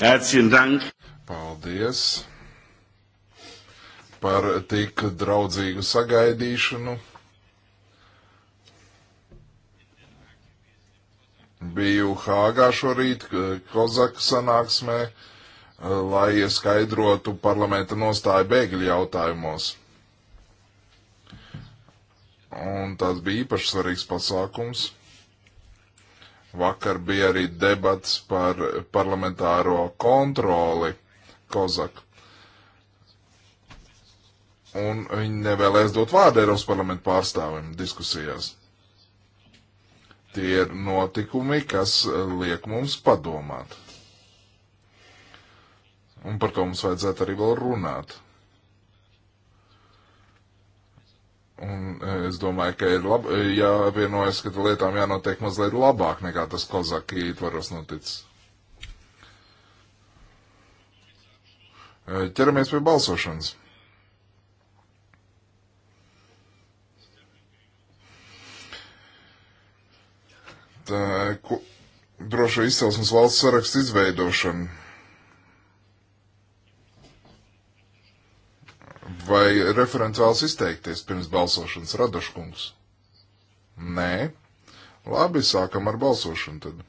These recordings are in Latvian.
Herzlichen Dank. Paldies par tik draudzīgu sagaidīšanu. Biju Hāgā šorīt Kozaku sanāksmē, e, lai ieskaidrotu parlamenta nostāju bēgļu jautājumos. Un tas bija īpaši svarīgs pasākums. Vakar bija arī debats par parlamentāro kontroli Kozak. Un viņi nevēlēs dot vārdu Eiropas parlamentu pārstāvim diskusijās. Tie ir notikumi, kas liek mums padomāt. Un par to mums vajadzētu arī vēl runāt. Un e, es domāju, ka ir labi, e, jāvienojas, ka lietām jānotiek mazliet labāk nekā tas Kozaki ietvaros noticis. E, ķeramies pie balsošanas. Tā, ko, drošo izcelsmes valsts sarakstu izveidošanu. Vai referents vēlas izteikties pirms balsošanas Radoškungs? Nē. Labi, sākam ar balsošanu tad.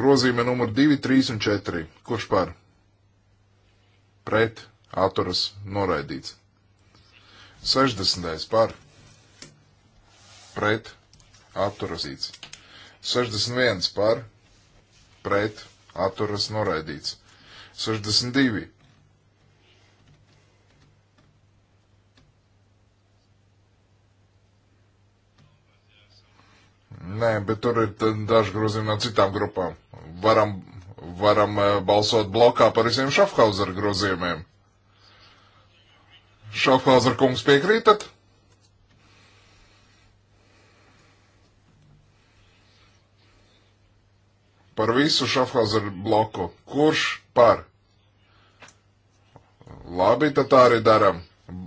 Grozījumi numur 2, 3 un 4. Kurš par? Pret, atturas, noraidīts. 60. par. Pret, atturas, noraidīts. 61. par. Pret, atturas, noraidīts. 62. Nē, bet tur ir daži grozījumi no citām grupām. Varam, varam eh, balsot blokā par visiem Šafhauser grozījumiem. Šafhauser kungs piekrītat? Par visu Šafhauser bloku. Kurš par? Labi, tad tā arī daram.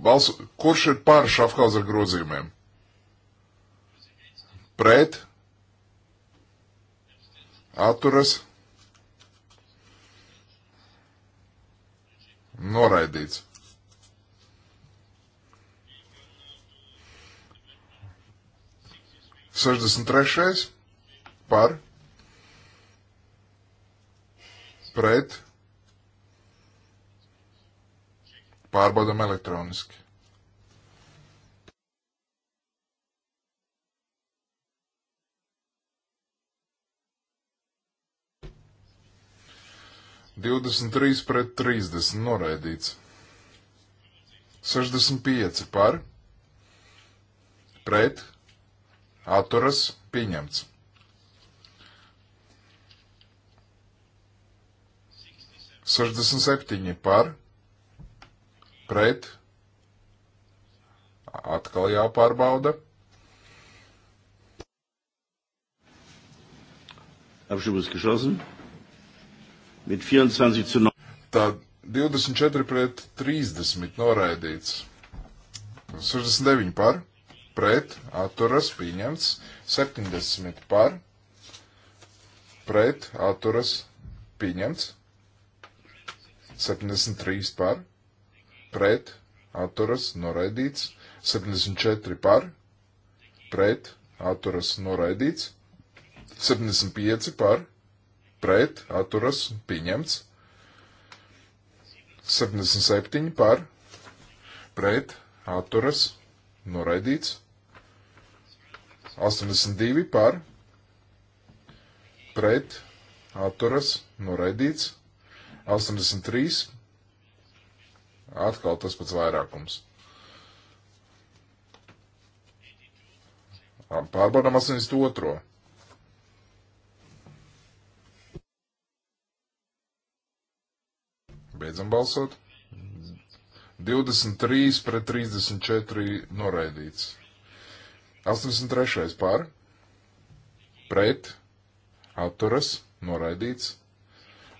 Balsu, kurš ir par Šafhauser grozījumiem? pret, atturas, noraidīts. Sešdesmit trešais par, pret, pārbaudam elektroniski. 23 pret 30 noraidīts. 65 par, pret, atturas pieņemts. 67 par, pret, atkal jāpārbauda. Apšības kašāsim. Mit 24 zu 9. Tā 24 pret 30 noraidīts. 69 par, pret, atturas, pieņemts. 70 par, pret, atturas, pieņemts. 73 par, pret, atturas, noraidīts. 74 par, pret, atturas, noraidīts. 75 par, pret, atturas, pieņemts. 77 par, pret, atturas, noraidīts. 82 par, pret, atturas, noraidīts. 83, atkal tas pats vairākums. Pārbaudām 82. Beidzam balsot. 23 pret 34 noraidīts. 83. pār. Pret. Atturas. Noraidīts.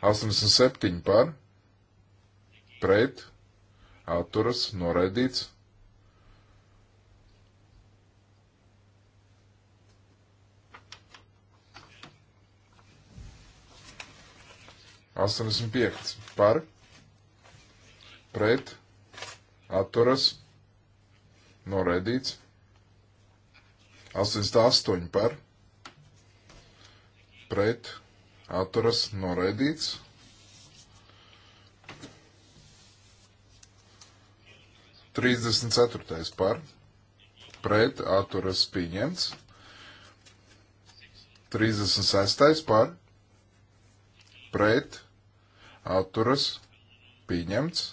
87 pār. Pret. Atturas. Noraidīts. Astoņdesmit piekts par pret, atturas, noraidīts. 88 par, pret, atturas, noraidīts. Trīsdesmit ceturtais par, pret, atturas pieņemts. 36. par, pret, atturas, pieņemts.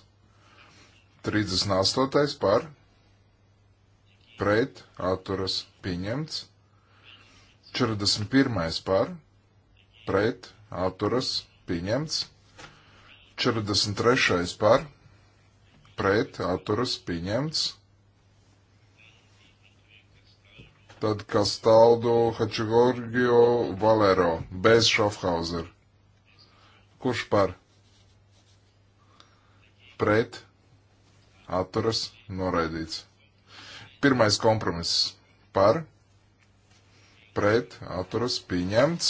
38. par pret atturas pieņemts. 41. par pret atturas pieņemts. 43. par pret atturas pieņemts. Tad Kastaldo Hačigorgio Valero bez Schaffhauser. Kurš par? Pret atturas noraidīts. Pirmais kompromiss par, pret, atturas pieņemts.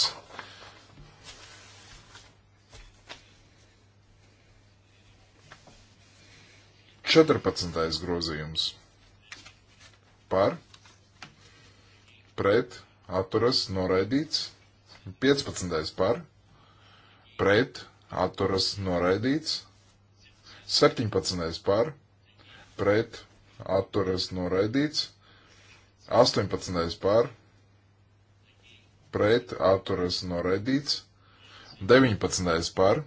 Četrpadsmitais grozījums par, pret, atturas noraidīts. Piecpadsmitais par, pret, atturas noraidīts. 17. par pret atturas noraidīts. 18. par pret atturas noraidīts. 19. par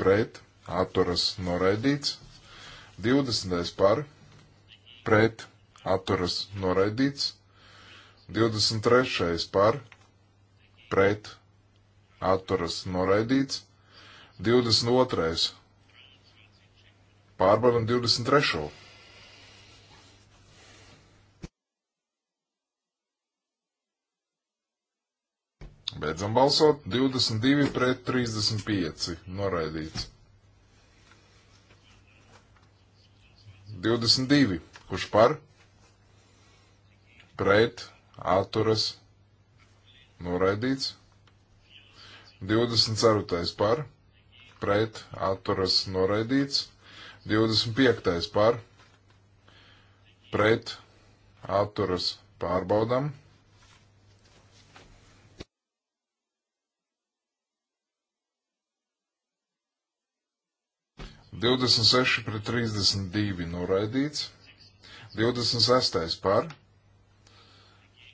pret atturas noraidīts. 20. par pret atturas noraidīts. 23. par pret atturas noraidīts. 22. Pārbaudam 23. Beidzam balsot 22 pret 35. Noraidīts. 22. Kurš par? Pret. Atturas. Noraidīts. 24. par. Pret. Atturas. Noraidīts. 25. par pret atturas pārbaudam. Divdesmit seši pret trīsdesmit divi noraidīts. Divdesmit sestais par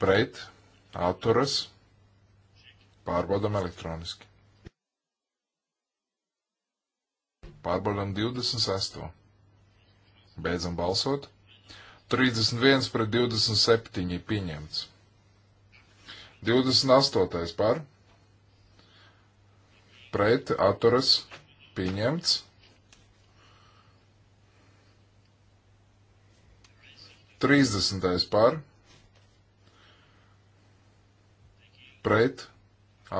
pret atturas pārbaudam elektroniski. Pārbaudām 26. Beidzam balsot. 31 pret 27 pieņemts. 28. par pret atturas pieņemts. Trīsdesmitais par pret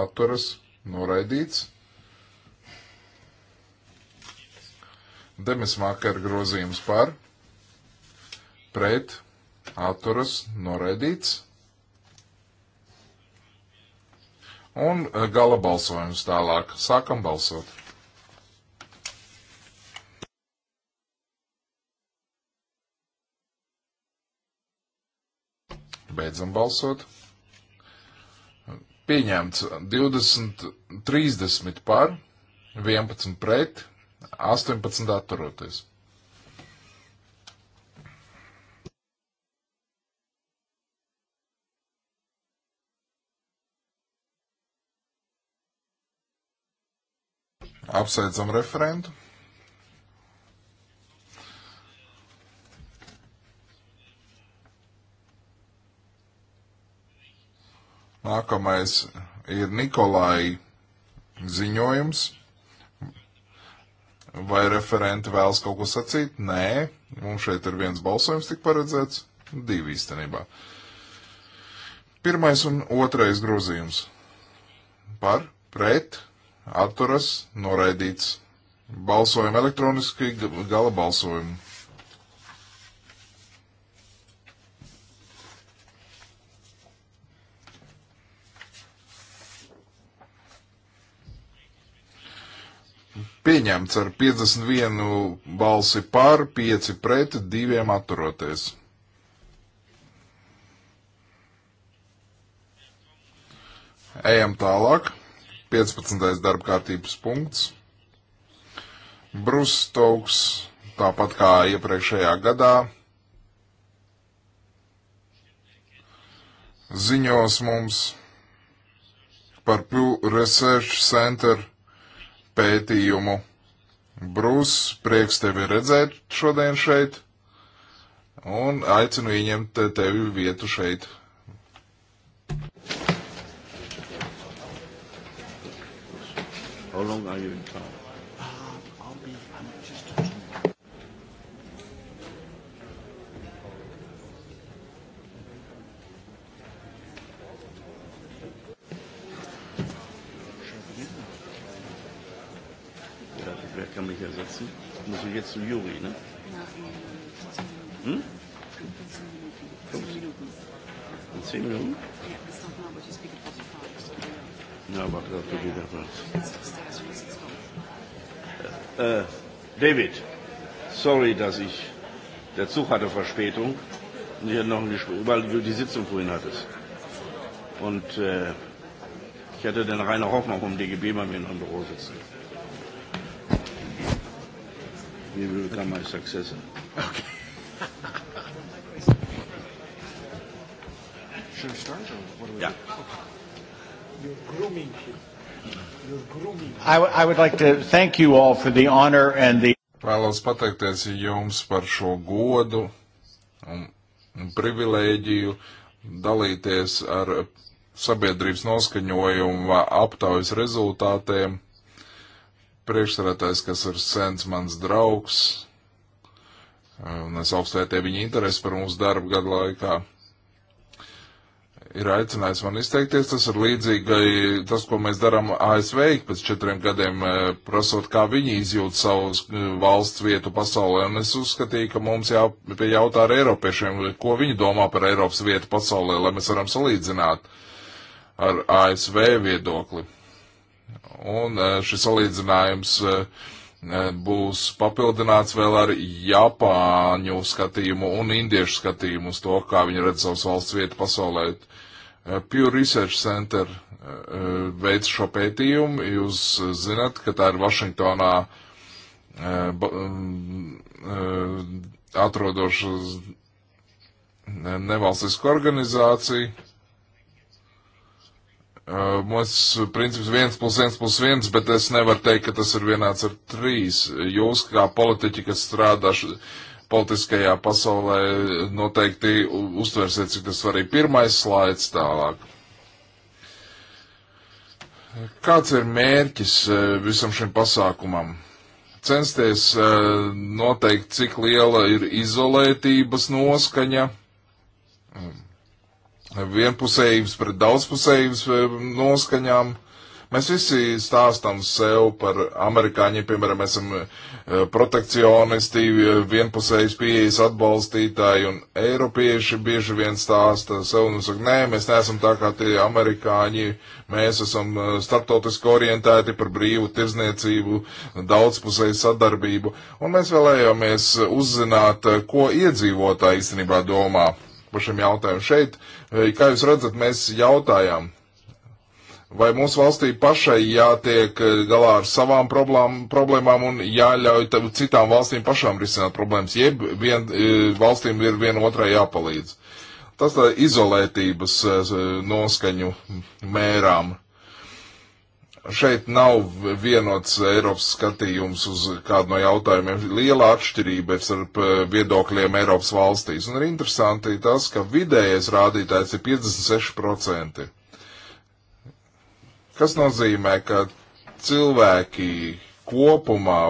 atturas noraidīts. Demis vakar grozījums par, pret, atturas, noraidīts. Un e, gala balsojums tālāk. Sākam balsot. Beidzam balsot. Pieņemts 20, 30 par, 11 pret, 18 atturoties. Apsveicam referentu. Nākamais ir Nikolai ziņojums. Vai referenti vēlas kaut ko sacīt? Nē, mums šeit ir viens balsojums tik paredzēts, divi īstenībā. Pirmais un otrais grozījums. Par, pret, atturas, noraidīts. Balsojam elektroniski, gala balsojumu. pieņemts ar 51 balsi par, 5 pret, 2 atturoties. Ejam tālāk. 15. darba kārtības punkts. Brustoks, tāpat kā iepriekšējā gadā, ziņos mums par Pew Research Center pētījumu. Brūs, prieks tevi redzēt šodien šeit, un aicinu ieņemt tevi vietu šeit. How long are you in town? kann mich ersetzen. Ich muss mich jetzt zum Juri, ne? Ähm, hm? In zehn Minuten? Ja, warte, ob du wieder warst. Äh, David, sorry, dass ich. Der Zug hatte Verspätung. Und ich hatte noch ein Gespräch, weil du die Sitzung vorhin hattest. Und äh, ich hatte den Rainer Hoffmann vom DGB bei mir in einem Büro sitzen. You will become okay. my successor. Okay. Should I start or what do we yeah. do? Okay. You're grooming him. You're grooming him. I, I would like to thank you all for the honor and the. Vēlos pateikties jums par šo godu un, un privilēģiju dalīties ar sabiedrības noskaņojumu aptaujas rezultātiem priekšsarētājs, kas ir sens mans draugs, un es augstvērtēju viņa interesi par mūsu darbu gadu laikā, ir aicinājis man izteikties. Tas ir līdzīgi tas, ko mēs darām ASV pēc četriem gadiem, eh, prasot, kā viņi izjūt savu eh, valsts vietu pasaulē. Un es uzskatīju, ka mums jāpajautā ar eiropiešiem, ko viņi domā par Eiropas vietu pasaulē, lai mēs varam salīdzināt ar ASV viedokli. Un e, šis salīdzinājums e, e, būs papildināts vēl ar Japāņu skatījumu un Indiešu skatījumu uz to, kā viņi redz savas valsts vietu pasaulē. Pew Research Center veids šo pētījumu. Jūs zinat, ka tā ir Vašingtonā atrodošas nevalstiska organizācija Uh, mums princips 1 plus 1 plus 1, bet es nevaru teikt, ka tas ir vienāds ar 3. Jūs kā politiķi, kas strādā š, politiskajā pasaulē, noteikti uztversiet, cik tas arī pirmais slaids tālāk. Kāds ir mērķis uh, visam šim pasākumam? Censties uh, noteikt, cik liela ir izolētības noskaņa. Um vienpusējības pret daudzpusējības eh, noskaņām. Mēs visi stāstam sev par amerikāņiem, piemēram, esam eh, protekcionisti, eh, vienpusējas pieejas atbalstītāji, un eiropieši bieži vien stāsta sev un saka, nē, mēs neesam tā kā tie amerikāņi, mēs esam starptautiski orientēti par brīvu tirzniecību, daudzpusēju sadarbību, un mēs vēlējāmies uzzināt, ko iedzīvotāji īstenībā domā par šiem jautājumiem. Šeit, eh, kā jūs redzat, mēs jautājām, vai mūsu valstī pašai jātiek eh, galā ar savām problēm, problēmām un jāļauj citām valstīm pašām risināt problēmas, jeb vien, eh, valstīm ir viena otrai jāpalīdz. Tas tā izolētības noskaņu mērām šeit nav vienots Eiropas skatījums uz kādu no jautājumiem. Liela atšķirība ir starp eh, viedokļiem Eiropas valstīs. Un ir interesanti tas, ka vidējais rādītājs ir 56%. Kas nozīmē, ka cilvēki kopumā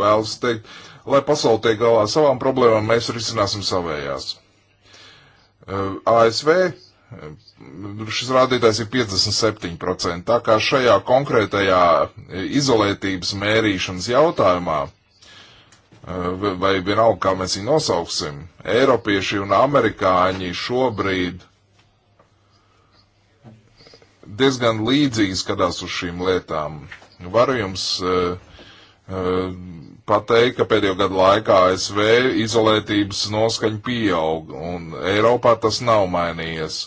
vēlas teikt, lai pasauli tiek galā savām problēmām, mēs risināsim savējās. Eh, ASV šis rādītājs ir 57%. Tā kā šajā konkrētajā e, izolētības mērīšanas jautājumā, e, vai vienalga, kā mēs viņu nosauksim, Eiropieši un Amerikāņi šobrīd diezgan līdzīgi skatās uz šīm lietām. Varu jums e, pateikt, ka pēdējo gadu laikā ASV izolētības noskaņa pieaug, un Eiropā tas nav mainījies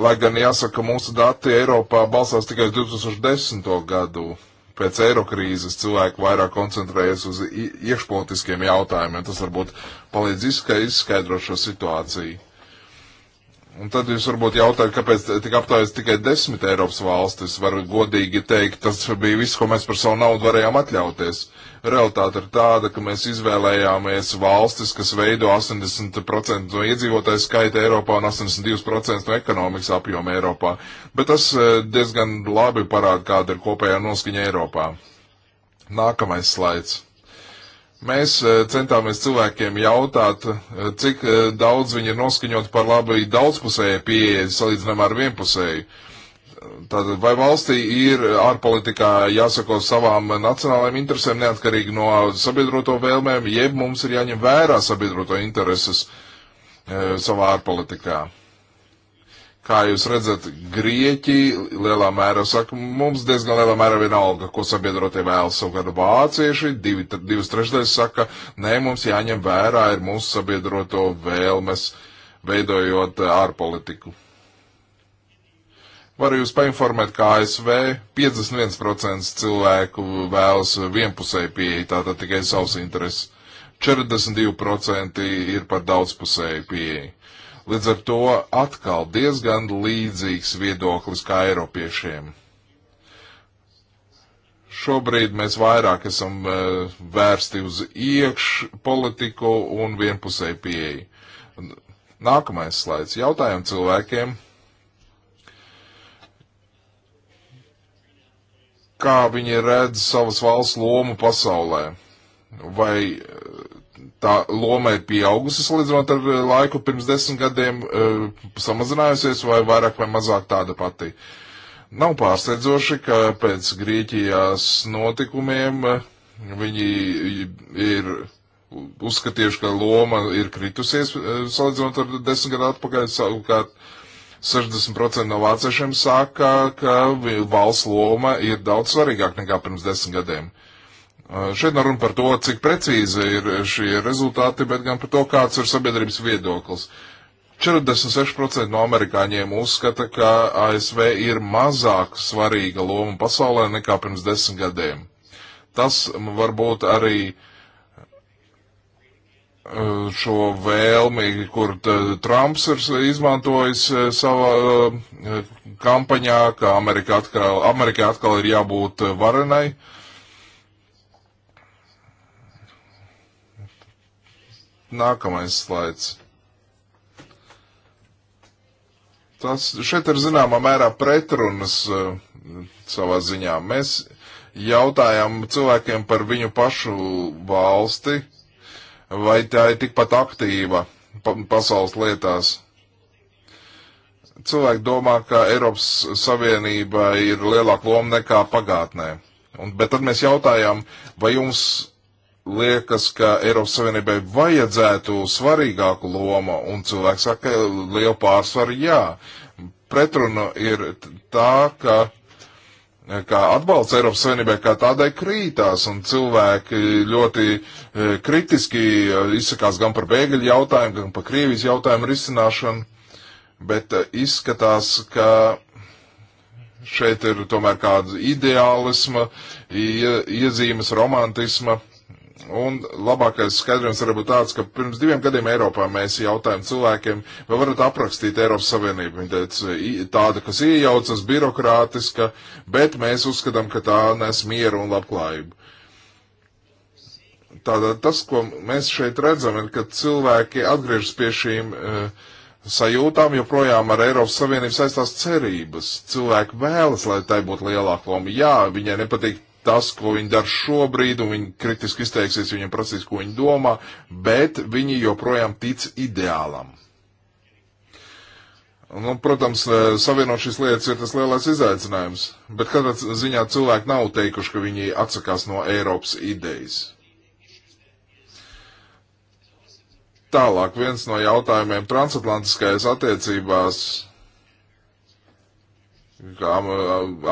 Lai gan jāsaka, mūsu dati Eiropā balstās tikai 2010. gadu. Pēc eirokrīzes cilvēki vairāk koncentrējas uz iekšpolitiskiem jautājumiem. Tas varbūt palīdz izskaidrot šo situāciju. Un tad jūs varbūt jautājat, kāpēc tika aptaujas tikai desmit Eiropas valstis. Varu godīgi teikt, tas bija viss, ko mēs par savu naudu varējām atļauties. Realtāte ir tāda, ka mēs izvēlējāmies valstis, kas veido 80% no iedzīvotāju skaita Eiropā un 82% no ekonomikas apjoma Eiropā. Bet tas eh, diezgan labi parāda, kāda ir kopējā noskaņa Eiropā. Nākamais slaids. Mēs eh, centāmies cilvēkiem jautāt, eh, cik daudz viņi ir noskaņoti par labu daudzpusēju pieeju salīdzinām ar vienpusēju. Uh, Tātad vai valstī ir ārpolitikā jāsako savām nacionālajām interesēm neatkarīgi no sabiedroto vēlmēm, jeb mums ir jāņem vērā sabiedroto intereses e, savā ārpolitikā? Kā jūs redzat, Grieķi lielā mērā saka, mums diezgan lielā mērā vienalga, ko sabiedrotie vēlas, savukārt vācieši, divi, divas trešdaļas saka, nē, mums jāņem vērā ir mūsu sabiedroto vēlmes, veidojot ārpolitiku. E, Varu jūs painformēt, ka ASV 51% cilvēku vēlas vienpusēju pieeju, tātad tikai savus intereses. 42% ir par daudzpusēju pieeju. Līdz ar to atkal diezgan līdzīgs viedoklis kā Eiropiešiem. Šobrīd mēs vairāk esam e, vērsti uz iekšpolitiku un vienpusēju pieeju. Nākamais slaids. Jautājam cilvēkiem, kā viņi redz savas valsts lomu pasaulē. Vai eh, tā loma ir pieaugusi salīdzinot ar eh, laiku pirms desmit gadiem, eh, samazinājusies vai vairāk vai mazāk tāda pati. Nav pārsteidzoši, ka pēc Grieķijās notikumiem viņi ir uzskatījuši, ka loma ir kritusies salīdzinot ar desmit gadu atpakaļ, savukārt 60% no vāciešiem saka, ka valsts loma ir daudz svarīgāk nekā pirms desmit gadiem. Uh, šeit nav runa par to, cik precīzi ir šie rezultāti, bet gan par to, kāds ir sabiedrības viedoklis. 46% no amerikāņiem uzskata, ka ASV ir mazāk svarīga loma pasaulē nekā pirms desmit gadiem. Tas varbūt arī uh, Eh, šo vēlmi, kur Trumps ir izmantojis eh, savā eh, kampaņā, ka Amerika atkal, Amerika atkal ir jābūt varenai. Nākamais slaids. Tas šeit ir zināmā mērā pretrunas savā ziņā. Mēs jautājām cilvēkiem par viņu pašu valsti, vai tā ir tikpat aktīva pa pasaules lietās? Cilvēki domā, ka Eiropas Savienība ir lielāka loma nekā pagātnē. Un, bet tad mēs jautājām, vai jums liekas, ka Eiropas Savienībai vajadzētu svarīgāku lomu, un cilvēks saka, liela pārsvaru jā. Pretruna ir tā, ka kā atbalsts Eiropas Savienībai kā tādai krītās, un cilvēki ļoti e, kritiski e, izsakās gan par bēgļu jautājumu, gan par Krievijas jautājumu risināšanu, bet e, izskatās, ka šeit ir tomēr kāda ideālisma, ie, iezīmes romantisma. Un labākais skaidrojums var būt tāds, ka pirms diviem gadiem Eiropā mēs jautājam cilvēkiem, vai varat aprakstīt Eiropas Savienību. Viņa teica, tāda, kas iejaucas, birokrātiska, bet mēs uzskatām, ka tā nes mieru un labklājību. Tātad tas, ko mēs šeit redzam, ir, ka cilvēki atgriežas pie šīm uh, sajūtām joprojām ar Eiropas Savienību saistās cerības. Cilvēki vēlas, lai tai būtu lielāka loma. Jā, viņai nepatīk tas, ko viņi dara šobrīd, un viņi kritiski izteiksies, viņiem prasīs, ko viņi domā, bet viņi joprojām tic ideālam. Nu, protams, eh, savienot šīs lietas ir tas lielais izaicinājums, bet katrā ziņā cilvēki nav teikuši, ka viņi atsakās no Eiropas idejas. Tālāk viens no jautājumiem transatlantiskajās attiecībās Kā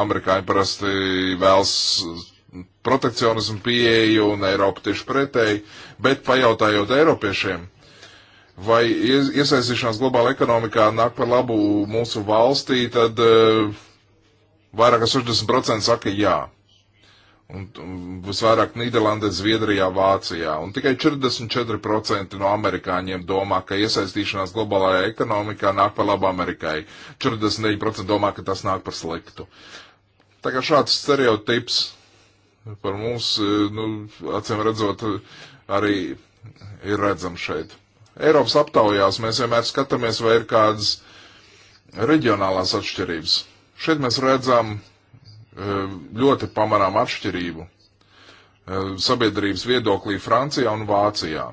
amerikāņi parasti vēlas protekcionismu pieeju un Eiropa tieši pretēji, bet pajautājot eiropiešiem, vai iesaistīšanās globāla ekonomikā nāk par labu mūsu valstī, tad vairāk kā 60% saka jā un, un visvairāk Nīderlandē, Zviedrijā, Vācijā. Un tikai 44% no amerikāņiem domā, ka iesaistīšanās globālajā ekonomikā nāk par labu Amerikai. 49% domā, ka tas nāk par sliktu. Tā kā šāds stereotips par mums, nu, acīm redzot, arī ir redzams šeit. Eiropas aptaujās mēs vienmēr skatāmies, vai ir kādas reģionālās atšķirības. Šeit mēs redzam Ehm, ļoti pamanām atšķirību ehm, sabiedrības viedoklī Francijā un Vācijā.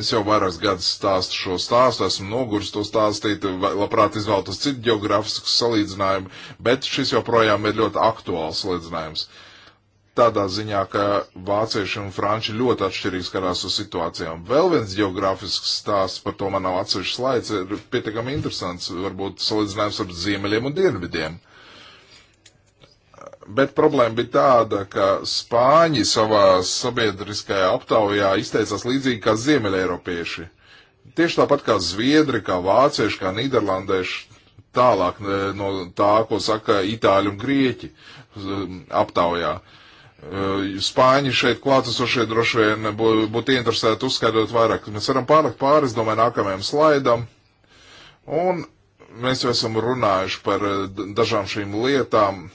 Es jau vairākus gadus stāstu šo stāstu, esmu noguris to stāstīt, labprāt izvēlētos citu geogrāfisku salīdzinājumu, bet šis joprojām ir ļoti aktuāls salīdzinājums. Tādā ziņā, ka vācieši un franči ļoti atšķirīgi skatās uz situācijām. Vēl viens geogrāfisks stāsts, par to man nav atsevišķs slaids, ir pietiekami interesants, varbūt salīdzinājums ar ziemeļiem un dienvidiem. Uh, Bet problēma bija tāda, ka Spāņi savā sabiedriskajā aptaujā izteicās līdzīgi kā Ziemeļeiropieši. Tieši tāpat kā Zviedri, kā Vācieši, kā Nīderlandieši, tālāk e, no tā, ko saka Itāļi un Grieķi aptaujā. E, Spāņi šeit klātesošie droši vien būtu interesēti uzskaidrot vairāk. Mēs varam pārlikt pāri, es domāju, nākamajam slaidam. Un mēs jau esam runājuši par e, dažām šīm lietām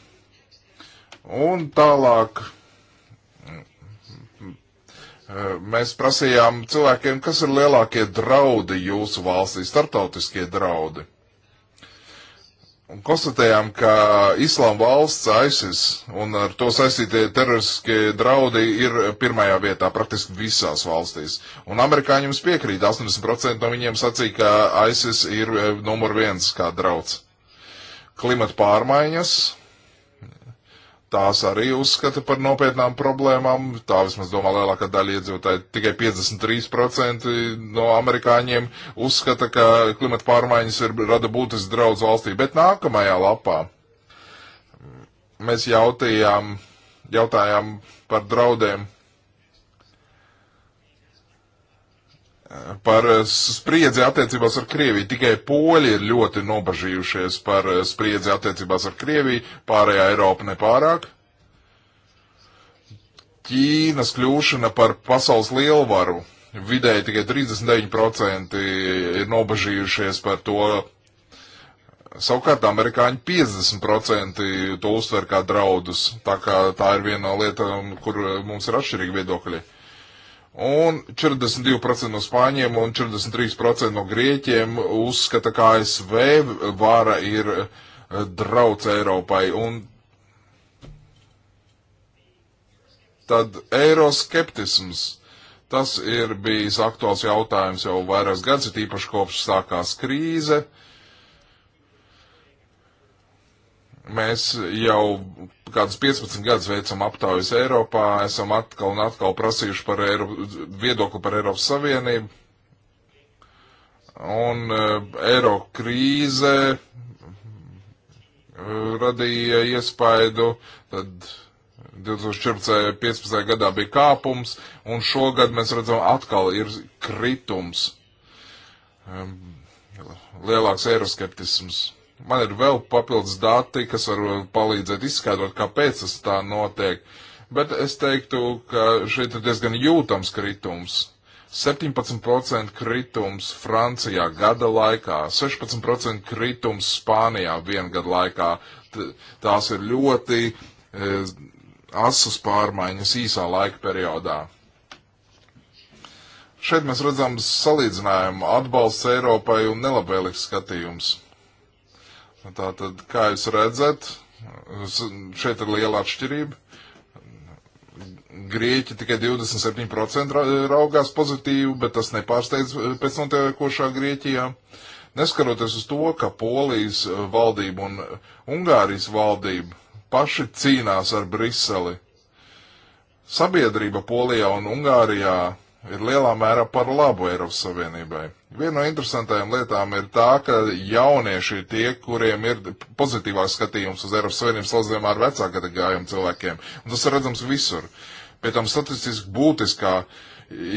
Un tālāk mēs prasījām cilvēkiem, kas ir lielākie draudi jūsu valstī, startautiskie draudi. Un konstatējām, ka Islāma valsts ISIS un ar to saistītie teroristiskie draudi ir pirmajā vietā praktiski visās valstīs. Un amerikāņi jums piekrīt, 80% no viņiem sacīja, ka ISIS ir eh, numur viens kā drauds. Klimata pārmaiņas, tās arī uzskata par nopietnām problēmām. Tā vismaz domā lielākā daļa iedzīvotāji. Tikai 53% no amerikāņiem uzskata, ka klimata pārmaiņas ir rada būtisks draudz valstī. Bet nākamajā lapā mēs jautājām, jautājām par draudiem par eh, spriedzi attiecībās ar Krieviju. Tikai poļi ir ļoti nobažījušies par eh, spriedzi attiecībās ar Krieviju, pārējā Eiropa nepārāk. Ķīnas kļūšana par pasaules lielvaru. Vidēji tikai 39% ir nobažījušies par to. Savukārt amerikāņi 50% to uztver kā draudus. Tā kā tā ir viena no lietām, kur eh, mums ir atšķirīgi viedokļi. Uh, un 42% no spāņiem un 43% no grieķiem uzskata, ka ASV vara ir eh, drauds Eiropai. Un tad eiroskeptisms. Tas ir bijis aktuāls jautājums jau vairākus gadus, ir īpaši kopš sākās krīze. Mēs jau kādus 15 gadus veicam aptaujas Eiropā, esam atkal un atkal prasījuši par Eiro, viedokli par Eiropas Savienību. Un e, eiro krīze e, radīja iespaidu, tad 2014. 15. gadā bija kāpums, un šogad mēs redzam atkal ir kritums, e, lielāks eiroskeptisms. Man ir vēl papildus dati, kas var palīdzēt izskaidrot, kāpēc tas tā notiek. Bet es teiktu, ka šeit ir diezgan jūtams kritums. 17% kritums Francijā gada laikā, 16% kritums Spānijā viena gada laikā. T tās ir ļoti e, asas pārmaiņas īsā laika periodā. Šeit mēs redzam salīdzinājumu atbalsts Eiropai un nelabvēlīgs skatījums. Nu, Tātad, kā jūs redzat, šeit ir liela atšķirība. Grieķi tikai 27% raugās pozitīvi, bet tas nepārsteidz pēc notiekošā Grieķijā. Neskaroties uz to, ka Polijas valdība un Ungārijas valdība paši cīnās ar Briseli, sabiedrība Polijā un Ungārijā ir lielā mērā par labu Eiropas Savienībai. Viena no interesantajām lietām ir tā, ka jaunieši ir tie, kuriem ir pozitīvāks skatījums uz Eiropas Savienības salīdzinājumā ar vecāku gadagājumu cilvēkiem. Un tas ir redzams visur. Pēc tam statistiski būtiskā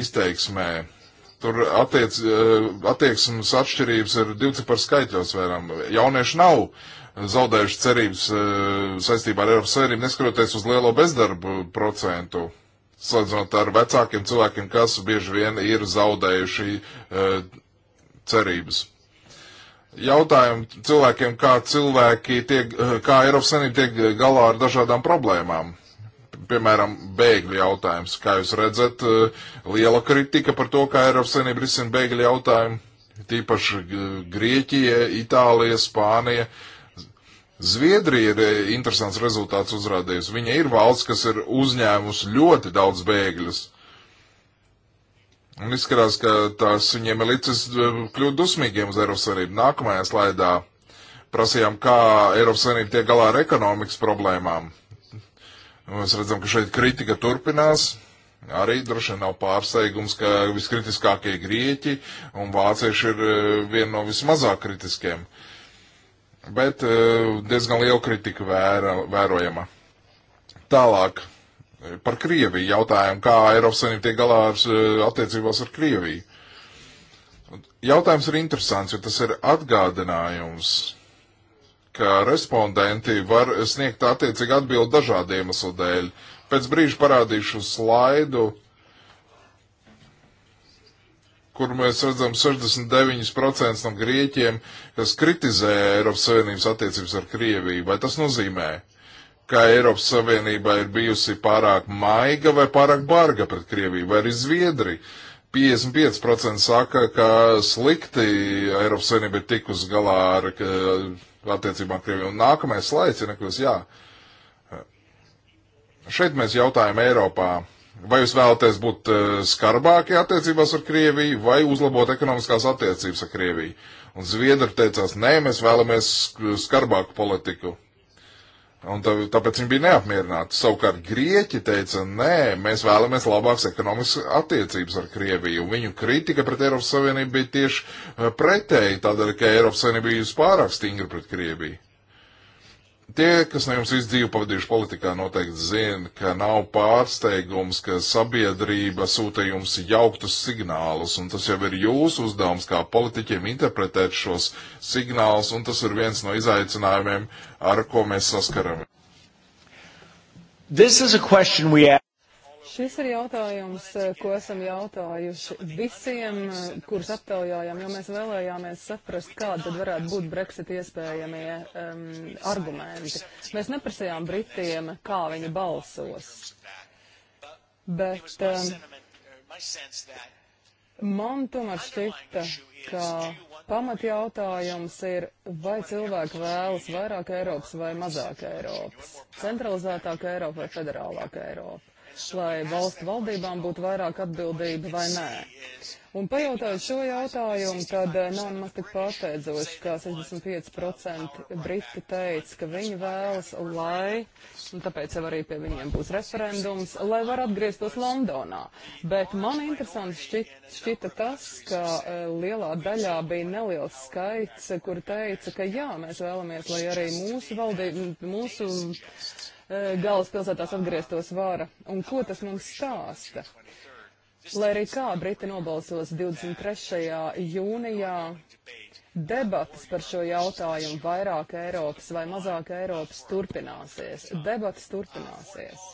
izteiksmē. Tur attiec, eh, attieksmes atšķirības ir divcipar skaitļos vērām. Jaunieši nav zaudējuši cerības eh, saistībā ar Eiropas Savienību, neskatoties uz lielo bezdarbu procentu salīdzinot ar vecākiem cilvēkiem, kas bieži vien ir zaudējuši e, cerības. Jautājumu cilvēkiem, kā cilvēki tiek, e, kā Eiropas Savienība tiek galā ar dažādām problēmām. Piemēram, bēgļu jautājums. Kā jūs redzat, e, liela kritika par to, kā Eiropas Savienība risina bēgļu jautājumu. Tīpaši Grieķija, Itālija, Spānija. Uh, Zviedrija ir eh, interesants rezultāts uzrādījusi. Viņa ir valsts, kas ir uzņēmusi ļoti daudz bēgļus. Un izskatās, ka tās viņiem ir licis eh, kļūt dusmīgiem uz Eiropas Savienību. Nākamajā slaidā prasījām, kā Eiropas Savienība tiek galā ar ekonomikas problēmām. Un mēs redzam, ka šeit kritika turpinās. Arī droši vien nav pārsteigums, ka viskritiskākie grieķi un vācieši ir eh, viena no vismazāk kritiskiem. Uh, bet eh, diezgan liela kritika vēra, vērojama. Tālāk eh, par Krieviju jautājumu, kā Eiropas Savienība tiek galā ar eh, attiecībās ar Krieviju. Jautājums ir interesants, jo tas ir atgādinājums, ka respondenti var sniegt attiecīgi atbildi dažādiem iemeslu dēļ. Pēc brīža parādīšu slaidu, kur mēs redzam 69% no grieķiem, kas kritizē Eiropas Savienības attiecības ar Krieviju. Vai tas nozīmē, ka Eiropas Savienība ir bijusi pārāk maiga vai pārāk barga pret Krieviju, vai arī Zviedri? 55% saka, ka slikti Eiropas Savienība ir tikus galā ar attiecībām Krieviju. Un nākamais slaids ir nekļūst, jā. Šeit mēs jautājam Eiropā, Vai jūs vēlaties būt eh, skarbākie attiecībās ar Krieviju vai uzlabot ekonomiskās attiecības ar Krieviju? Un Zviedri teicās, nē, mēs vēlamies skarbāku politiku. Un tā, tāpēc viņi bija neapmierināti. Savukārt Grieķi teica, nē, mēs vēlamies labākas ekonomiskas attiecības ar Krieviju. Viņu kritika pret Eiropas Savienību bija tieši eh, pretēji, tādēļ, ka Eiropas Savienība bija pārāk stingra pret Krieviju. Tie, kas no jums visu dzīvi pavadījuši politikā, noteikti zina, ka nav pārsteigums, ka sabiedrība sūta jums jauktus signālus, un tas jau ir jūsu uzdevums kā politiķiem interpretēt šos signālus, un tas ir viens no izaicinājumiem, ar ko mēs saskaramies. Šis ir jautājums, eh, ko esam jautājuši visiem, eh, kurus aptaujājām, jo mēs vēlējāmies saprast, kāda tad varētu būt Brexit iespējamie um, argumenti. Mēs neprasījām Britiem, kā viņi balsos. Bet um, man tomēr šķita, ka pamatjautājums ir, vai cilvēki vēlas vairāk Eiropas vai mazāk Eiropas, centralizētāk Eiropa vai federālāk Eiropa lai valstu valdībām būtu vairāk atbildība vai nē. Un pajautājot šo jautājumu, tad eh, nav nemaz tik pārsteidzoši, ka 65% briti teica, ka viņi vēlas, lai, un tāpēc jau arī pie viņiem būs referendums, lai var atgrieztos Londonā. Bet man interesanti šķit, šķita tas, ka eh, lielā daļā bija neliels skaits, kur teica, ka jā, mēs vēlamies, lai arī mūsu valdība, mūsu E, galvaspilsētās atgrieztos vara. Un ko tas mums stāsta? Lai arī kā Briti nobalsos 23. jūnijā, debatas par šo jautājumu vairāk Eiropas vai mazāk Eiropas turpināsies. Debatas turpināsies.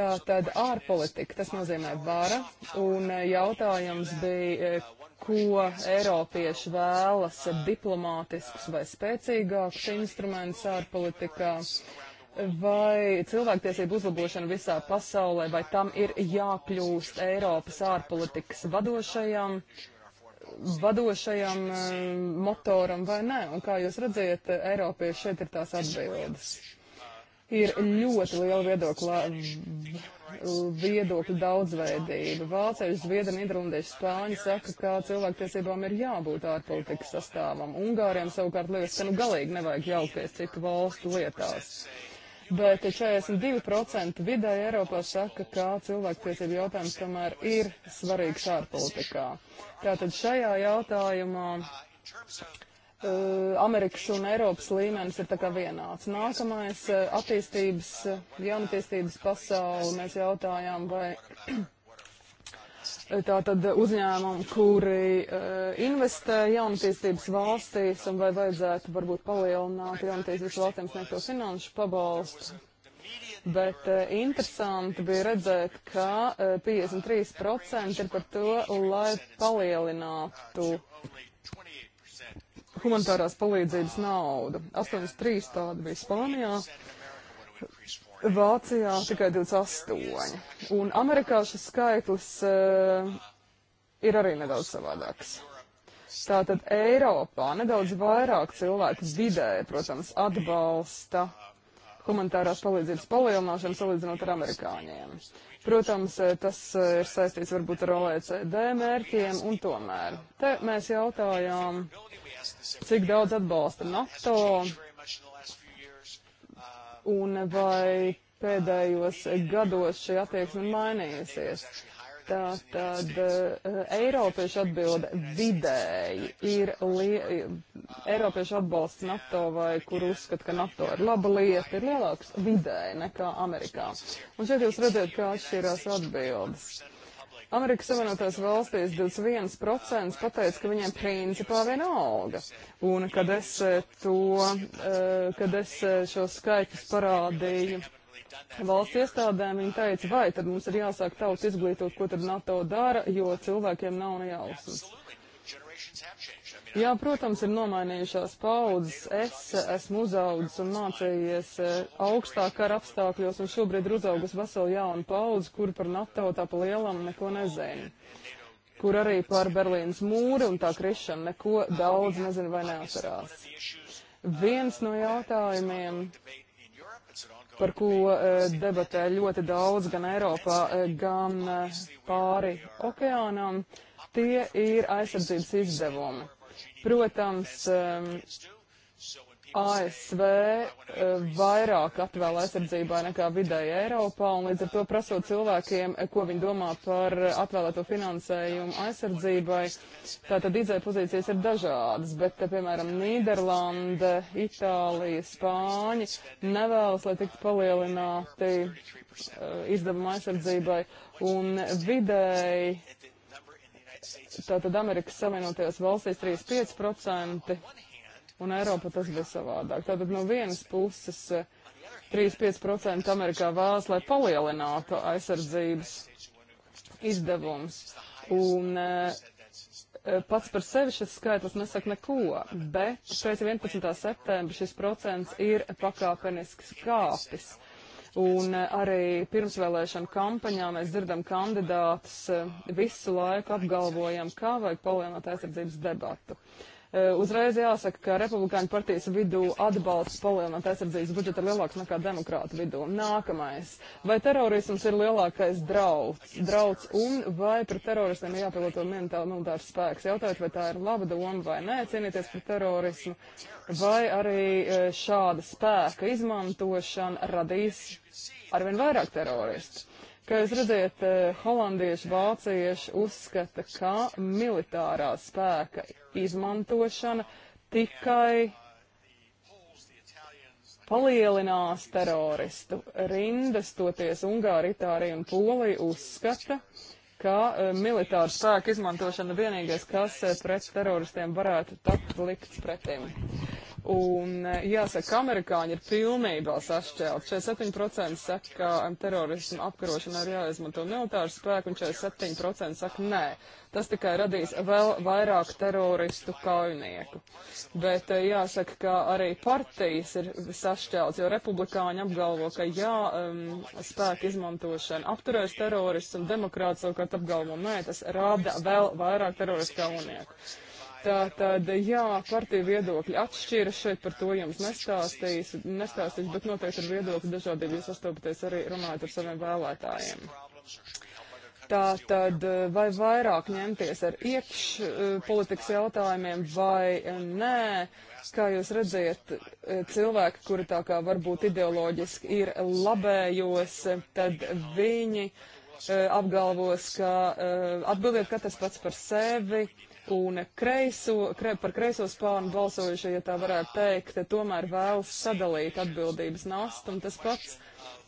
Tā tad ārpolitika, tas nozīmē vara, un jautājums bija, e, ko Eiropieši vēlas diplomātiskus vai spēcīgākus instrumentus ārpolitikā. Uh, Vai cilvēktiesību uzlabošana visā pasaulē, vai tam ir jākļūst Eiropas ārpolitikas vadošajam, vadošajam eh, motoram vai nē? Un kā jūs redziet, Eiropieši šeit ir tās atbildes. Ir ļoti liela viedokla, viedokļu daudzveidība. Vācieši, Zviedri, Nīderlandieši, Spāņi saka, ka cilvēktiesībām ir jābūt ārpolitikas sastāvam. Ungāriem savukārt liekas, ka nu galīgi nevajag jaukties citu valstu lietās bet 42% vidē Eiropā saka, ka cilvēktiesību jautājums tomēr ir svarīgs ārpolitikā. Tātad šajā jautājumā uh, Amerikas un Eiropas līmenis ir tā kā vienāds. Nākamais uh, attīstības, uh, jaunatīstības pasauli mēs jautājām, vai tātad uzņēmumi, kuri uh, investē jaunatīstības valstīs un vai vajadzētu varbūt palielināt jaunatīstības valstīm sniegto finanšu pabalstu. Bet uh, interesanti bija redzēt, ka uh, eh, 53% ir par to, lai palielinātu humanitārās palīdzības naudu. 83 tādi bija Spānijā. Vācijā tikai 28. Un Amerikā šis skaitlis uh, ir arī nedaudz savādāks. Tātad Eiropā nedaudz vairāk cilvēku vidē, protams, atbalsta humanitārās palīdzības palielināšanu salīdzinot ar amerikāņiem. Protams, eh, tas eh, ir saistīts varbūt ar OECD mērķiem, un tomēr te mēs jautājām, cik daudz atbalsta NATO, un vai pēdējos gados šī attieksme mainīsies. Tā tad eh, Eiropiešu atbilde vidēji ir Eiropiešu atbalsts NATO vai kur uzskata, ka NATO ir laba lieta, ir lielāks vidēji nekā Amerikā. Un šeit jūs redzat, kā atšķirās atbildes. Amerikas Savienotās valstīs 21% pateica, ka viņiem principā vienalga. Un kad es, eh, to, eh, kad es eh, šos skaitļus parādīju valsts iestādēm, viņi teica, vai tad mums ir jāsāk tauts izglītot, ko tad NATO dara, jo cilvēkiem nav nejausmas. Jā, protams, ir nomainījušās paudzes. Es esmu uzaudzis un mācījies e, augstāk ar apstākļos, un šobrīd ir uzaugusi vesela jauna paudze, kur par NATO tā pa lielam neko nezina. Kur arī par Berlīnas mūri un tā krišanu neko daudz nezina vai neatcerās. Viens no jautājumiem, par ko e, debatē ļoti daudz gan Eiropā, e, gan pāri okeānam, tie ir aizsardzības izdevumi. Protams, um, ASV uh, vairāk atvēl aizsardzībai nekā vidēji Eiropā, un līdz ar to prasot cilvēkiem, uh, ko viņi domā par atvēlēto finansējumu aizsardzībai, tātad idzēja pozīcijas ir dažādas, bet, te, uh, piemēram, Nīderlanda, Itālija, Spāņi nevēlas, lai tiktu palielināti izdevuma aizsardzībai, un vidēji Tātad Amerikas Savienotajās valstīs 35% un Eiropa tas bija savādāk. Tātad no vienas puses 35% eh, Amerikā vēlas, lai palielinātu aizsardzības izdevums. Un eh, eh, pats par sevi šis skaitlis nesaka neko, bet pēc 11. septembra šis procents ir pakāpeniski kāpis. Un eh, arī pirmsvēlēšana kampaņā mēs dzirdam kandidātus eh, visu laiku apgalvojam, kā vajag palielināt aizsardzības debatu. Uh, E, uzreiz jāsaka, ka Republikāņu partijas vidū atbalsts palielināt aizsardzības budžetu ir lielāks nekā demokrātu vidū. Nākamais. Vai terorisms ir lielākais draudz, draudz un vai pret teroristiem ir jāpiloto militārs spēks? Jautājot, vai tā ir laba doma vai nē, cīnīties pret terorismu, vai arī e, šāda spēka izmantošana radīs arvien vairāk teroristu. Kā jūs redzat, eh, holandieši, vācieši uzskata, ka militārā spēka izmantošana tikai palielinās teroristu rindas, toties Ungāri, Itālija un Polija uzskata, ka uh, militāra spēka izmantošana vienīgais, kas uh, pret teroristiem varētu tapt likts pretim. Un eh, jāsaka, amerikāņi ir pilnībā sašķēlti. 47% saka, ka terorismu apkarošanā ir jāizmanto militāru spēku, un 47% saka, nē. Tas tikai radīs vēl vairāk teroristu kaujinieku. Bet eh, jāsaka, ka arī partijas ir sašķēlts, jo republikāņi apgalvo, ka jā, um, spēku izmantošana apturēs teroristu, un demokrāts savukārt apgalvo, nē, tas rada vēl vairāk teroristu kaujinieku. Tā tad, jā, partiju viedokļi atšķiras šeit par to jums nestāstīs, nestāstīs, bet noteikti ir viedokļi dažādība, jūs sastopaties arī runājot ar saviem vēlētājiem. Tā tad, vai vairāk ņemties ar iekš eh, politikas jautājumiem vai nē, kā jūs redzat, eh, cilvēki, kuri tā kā varbūt ideoloģiski ir labējos, tad viņi eh, apgalvos, ka atbildiet katrs pats par sevi un kreiso, kre, par kreiso spānu balsojušie, ja tā varētu teikt, tomēr vēlas sadalīt atbildības nastu, un tas pats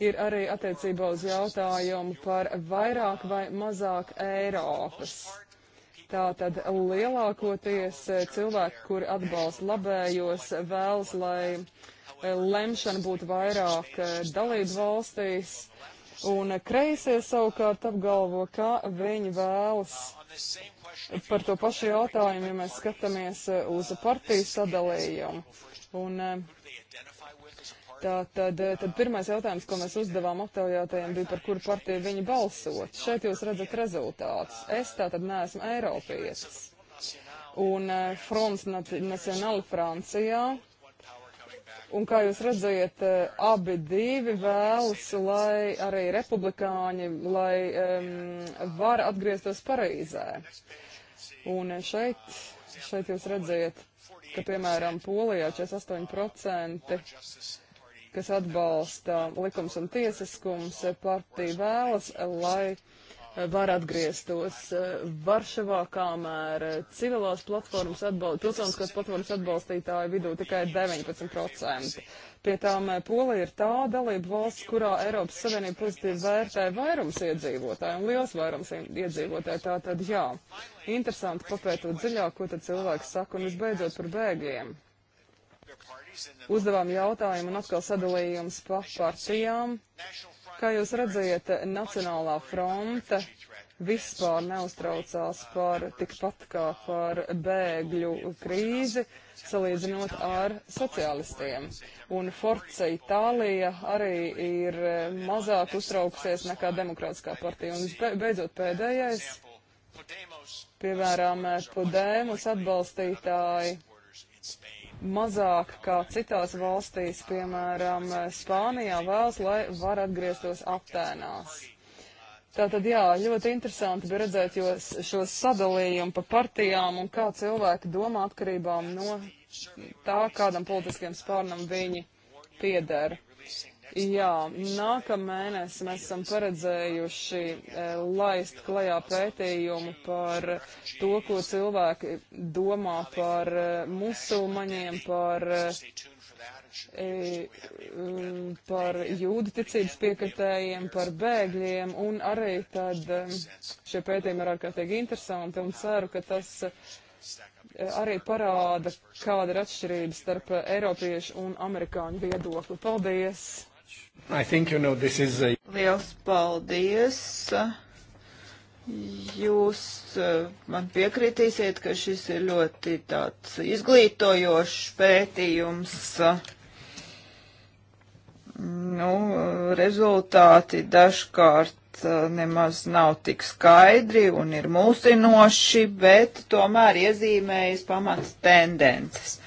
ir arī attiecībā uz jautājumu par vairāk vai mazāk Eiropas. Tātad lielākoties cilvēki, kuri atbalsta labējos, vēlas, lai eh, lemšana būtu vairāk eh, dalību valstīs, un kreisie savukārt apgalvo, ka viņi vēlas par to pašu jautājumu, ja mēs skatāmies eh, uz partiju sadalījumu. Un, eh, tā, tad, eh, tad pirmais jautājums, ko mēs uzdevām aptaujātajiem, bija par kuru partiju viņi balsot. Šeit jūs redzat rezultātus. Es tātad neesmu Eiropietis. Un Fronts Nacionāla Francijā. Un kā jūs redzat, abi divi vēlas, lai arī republikāņi, lai um, var atgrieztos Parīzē. Uh, Un šeit, šeit jūs redzējat, ka, piemēram, Polijā 48%, kas atbalsta likums un tiesiskums, partija vēlas, lai var atgrieztos eh, Varšavā, kamēr eh, civilās platformas atbalsta, pilsoniskās platformas atbalstītāju vidū tikai 19%. Pie tām eh, Polija ir tā dalība valsts, kurā Eiropas Savienība pozitīvi vērtē vairums iedzīvotāju un liels vairums iedzīvotāju. Tā tad jā, interesanti papētot dziļāk, ko tad cilvēki saka un visbeidzot par bēgļiem. Uzdevām jautājumu un atkal sadalījums pa partijām. Kā jūs redzējat, Nacionālā fronte vispār neuztraucās par tikpat kā par bēgļu krīzi, salīdzinot ar sociālistiem. Un Forca Itālija arī ir mazāk uztraukusies nekā Demokrātiskā partija. Un beidzot pēdējais, piemēram, Podēmus atbalstītāji mazāk kā citās valstīs, piemēram, Spānijā vēlas, lai var atgrieztos aptēnās. Tātad, jā, ļoti interesanti bija redzēt šo sadalījumu pa partijām un kā cilvēki domā atkarībām no tā, kādam politiskajam spārnam viņi piedara. Jā, nākamēnes mēs esam paredzējuši eh, laist klajā pētījumu par to, ko cilvēki domā par eh, musulmaņiem, par, eh, mm, par jūdu ticības piekritējiem, par bēgļiem, un arī tad šie pētījumi ir ārkārtīgi interesanti, un ceru, ka tas arī parāda, kāda ir atšķirība starp Eiropiešu un Amerikāņu viedokli. Paldies! You know, a... Liels paldies! Jūs eh, man piekritīsiet, ka šis ir ļoti tāds izglītojošs pētījums. Nu, rezultāti dažkārt eh, nemaz nav tik skaidri un ir mūsinoši, bet tomēr iezīmējas pamats tendences.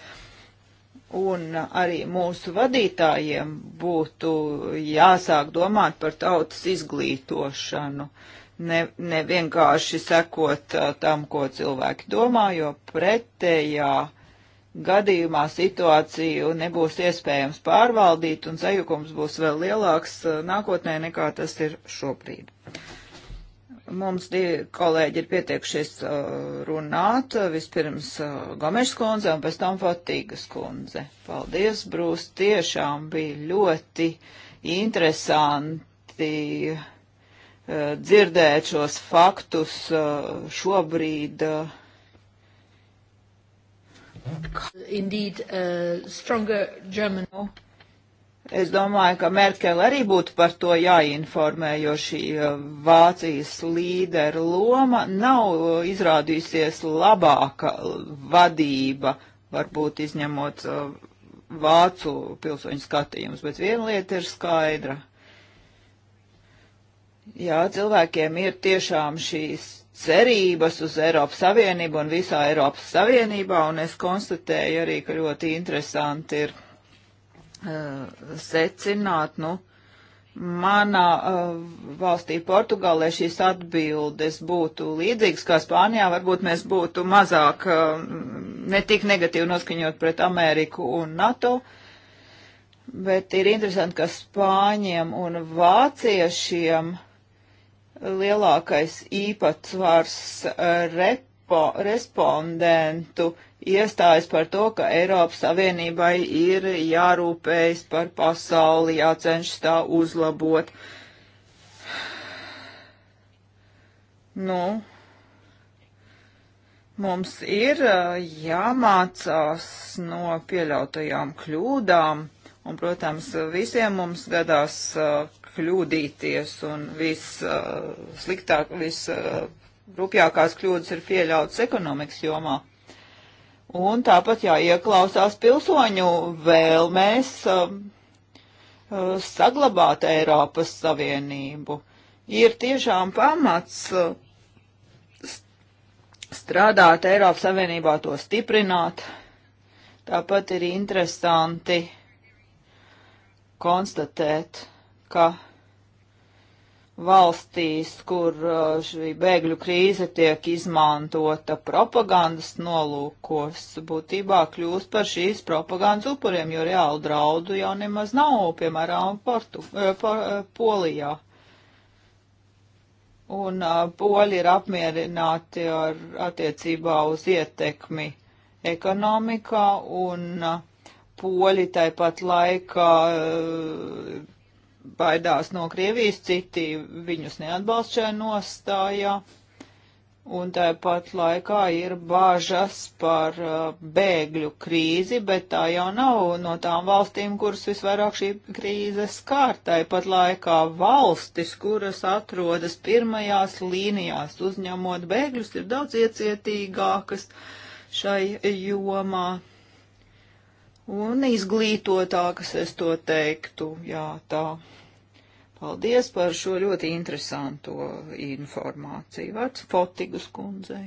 Un arī mūsu vadītājiem būtu jāsāk domāt par tautas izglītošanu, ne, ne vienkārši sekot uh, tam, ko cilvēki domā, jo pretējā gadījumā situāciju nebūs iespējams pārvaldīt un sajukums būs vēl lielāks uh, nākotnē nekā tas ir šobrīd. Mums divi kolēģi ir pieteikšies uh, runāt, vispirms uh, Gomeša kundze un pēc tam Fatīgas kundze. Paldies, Brūs, tiešām bija ļoti interesanti uh, dzirdēt šos faktus uh, šobrīd. Uh, Indeed, uh, stronger German. Nu, Es domāju, ka Merkele arī būtu par to jāinformē, jo šī eh, Vācijas līdera loma nav eh, izrādījusies labāka vadība, varbūt izņemot eh, vācu pilsoņu skatījumus, bet viena lieta ir skaidra. Jā, cilvēkiem ir tiešām šīs cerības uz Eiropas Savienību un visā Eiropas Savienībā, un es konstatēju arī, ka ļoti interesanti ir Eh, secināt, nu, manā uh, valstī Portugālē šīs atbildes būtu līdzīgas kā Spānijā, varbūt mēs būtu mazāk uh, eh, netik negatīvi noskaņot pret Ameriku un NATO, bet ir interesanti, ka Spāņiem un Vāciešiem lielākais īpatsvars repo, respondentu uh, iestājas par to, ka Eiropas Savienībai ir jārūpējas par pasauli, jācenšas tā uzlabot. Nu, mums ir eh, jāmācās no pieļautajām kļūdām, un, protams, visiem mums gadās eh, kļūdīties, un viss eh, sliktāk, viss rupjākās kļūdas ir pieļautas ekonomikas jomā. Un tāpat jāieklausās pilsoņu vēlmēs um, uh, saglabāt Eiropas Savienību. Ir tiešām pamats uh, strādāt Eiropas Savienībā, to stiprināt. Tāpat ir interesanti konstatēt, ka valstīs, kur uh, šī bēgļu krīze tiek izmantota propagandas nolūkos, būtībā kļūst par šīs propagandas upuriem, jo reāli draudu jau nemaz nav, piemēram, Portu, eh, pa, eh, Polijā. Un uh, poļi ir apmierināti ar attiecībā uz ietekmi ekonomikā, un uh, poļi tāpat laikā eh, baidās no Krievijas, citi viņus neatbalst šajā nostājā. Un tāpat laikā ir bāžas par uh, bēgļu krīzi, bet tā jau nav no tām valstīm, kuras visvairāk šī krīze skār. Tāpat laikā valstis, kuras atrodas pirmajās līnijās uzņemot bēgļus, ir daudz iecietīgākas šai jomā un izglītotākas, es to teiktu, jā, tā. Paldies par šo ļoti interesanto informāciju. Vārds Fotigus kundzei.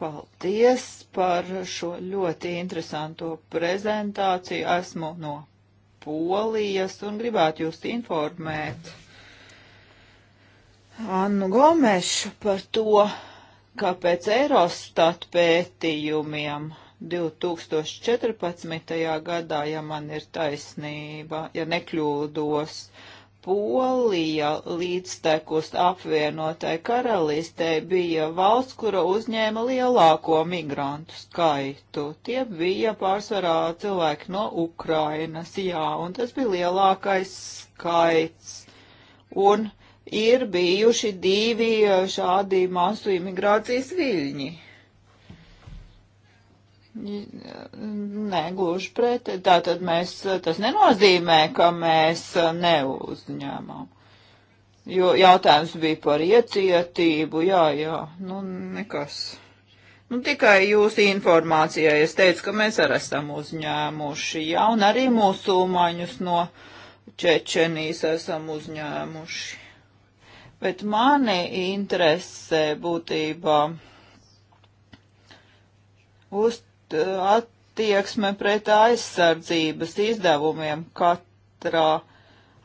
Paldies par šo ļoti interesanto prezentāciju. Esmu no Polijas un gribētu jūs informēt Annu Gomešu par to, ka pēc Eurostat pētījumiem 2014. gadā, ja man ir taisnība, ja nekļūdos, Polija līdztekus apvienotai karalistei bija valsts, kura uzņēma lielāko migrantu skaitu. Tie bija pārsvarā cilvēki no Ukrainas, jā, un tas bija lielākais skaits. Un ir bijuši divi šādi masu imigrācijas viļņi. Nē, gluži pret. Tātad mēs, tas nenozīmē, ka mēs neuzņēmām. Jo jautājums bija par iecietību, jā, jā, nu nekas. Nu, tikai jūsu informācijai es teicu, ka mēs arī esam uzņēmuši, jā, un arī musulmaņus no Čečenijas esam uzņēmuši. Bet mani interesē būtībā uz attieksme pret aizsardzības izdevumiem katrā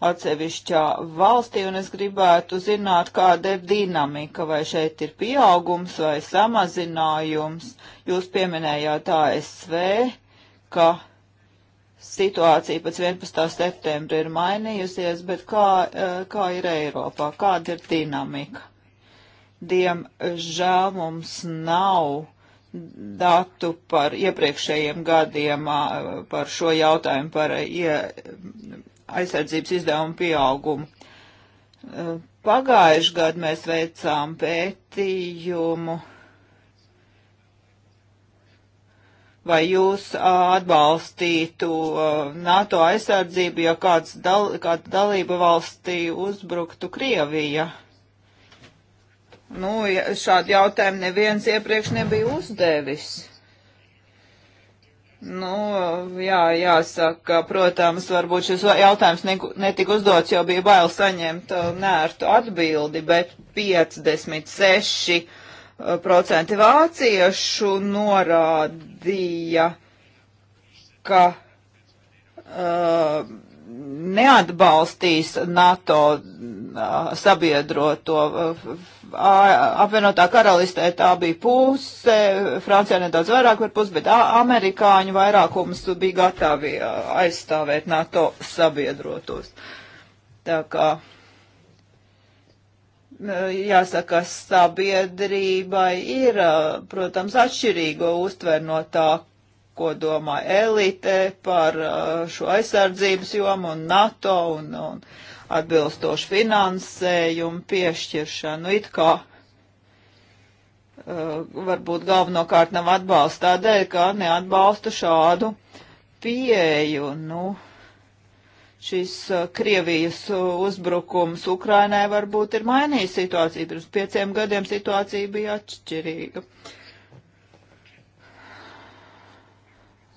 atsevišķā valstī, un es gribētu zināt, kāda ir dinamika, vai šeit ir pieaugums vai samazinājums. Jūs pieminējāt ASV, ka situācija pēc 11. septembra ir mainījusies, bet kā, eh, kā ir Eiropā, kāda ir dinamika? Diemžēl mums nav datu par iepriekšējiem gadiem, par šo jautājumu, par aizsardzības izdevumu pieaugumu. Pagājuši gadu mēs veicām pētījumu, vai jūs atbalstītu NATO aizsardzību, ja kāds dal, kāda dalība valstī uzbruktu Krievija. Nu, šādu jautājumu neviens iepriekš nebija uzdevis. Nu, jā, jāsaka, protams, varbūt šis jautājums netika uzdots, jo bija bail saņemt uh, nērtu atbildi, bet 56% uh, vāciešu norādīja, ka uh, neatbalstīs NATO sabiedroto. Apvienotā karalistē tā bija puse, Francijā nedaudz vairāk par pusi, bet amerikāņu vairākums bija gatavi aizstāvēt NATO sabiedrotos. Tā kā jāsaka, sabiedrībai ir, protams, atšķirīga uztver no tā, ko domā elite par uh, šo aizsardzības jomu un NATO un, un atbilstošu finansējumu piešķiršanu. It kā uh, varbūt galvenokārt nav atbalsts tādēļ, ka neatbalsta šādu pieeju. Nu, šis uh, Krievijas uzbrukums Ukrainai varbūt ir mainījis situāciju. Pirms pieciem gadiem situācija bija atšķirīga. Uh,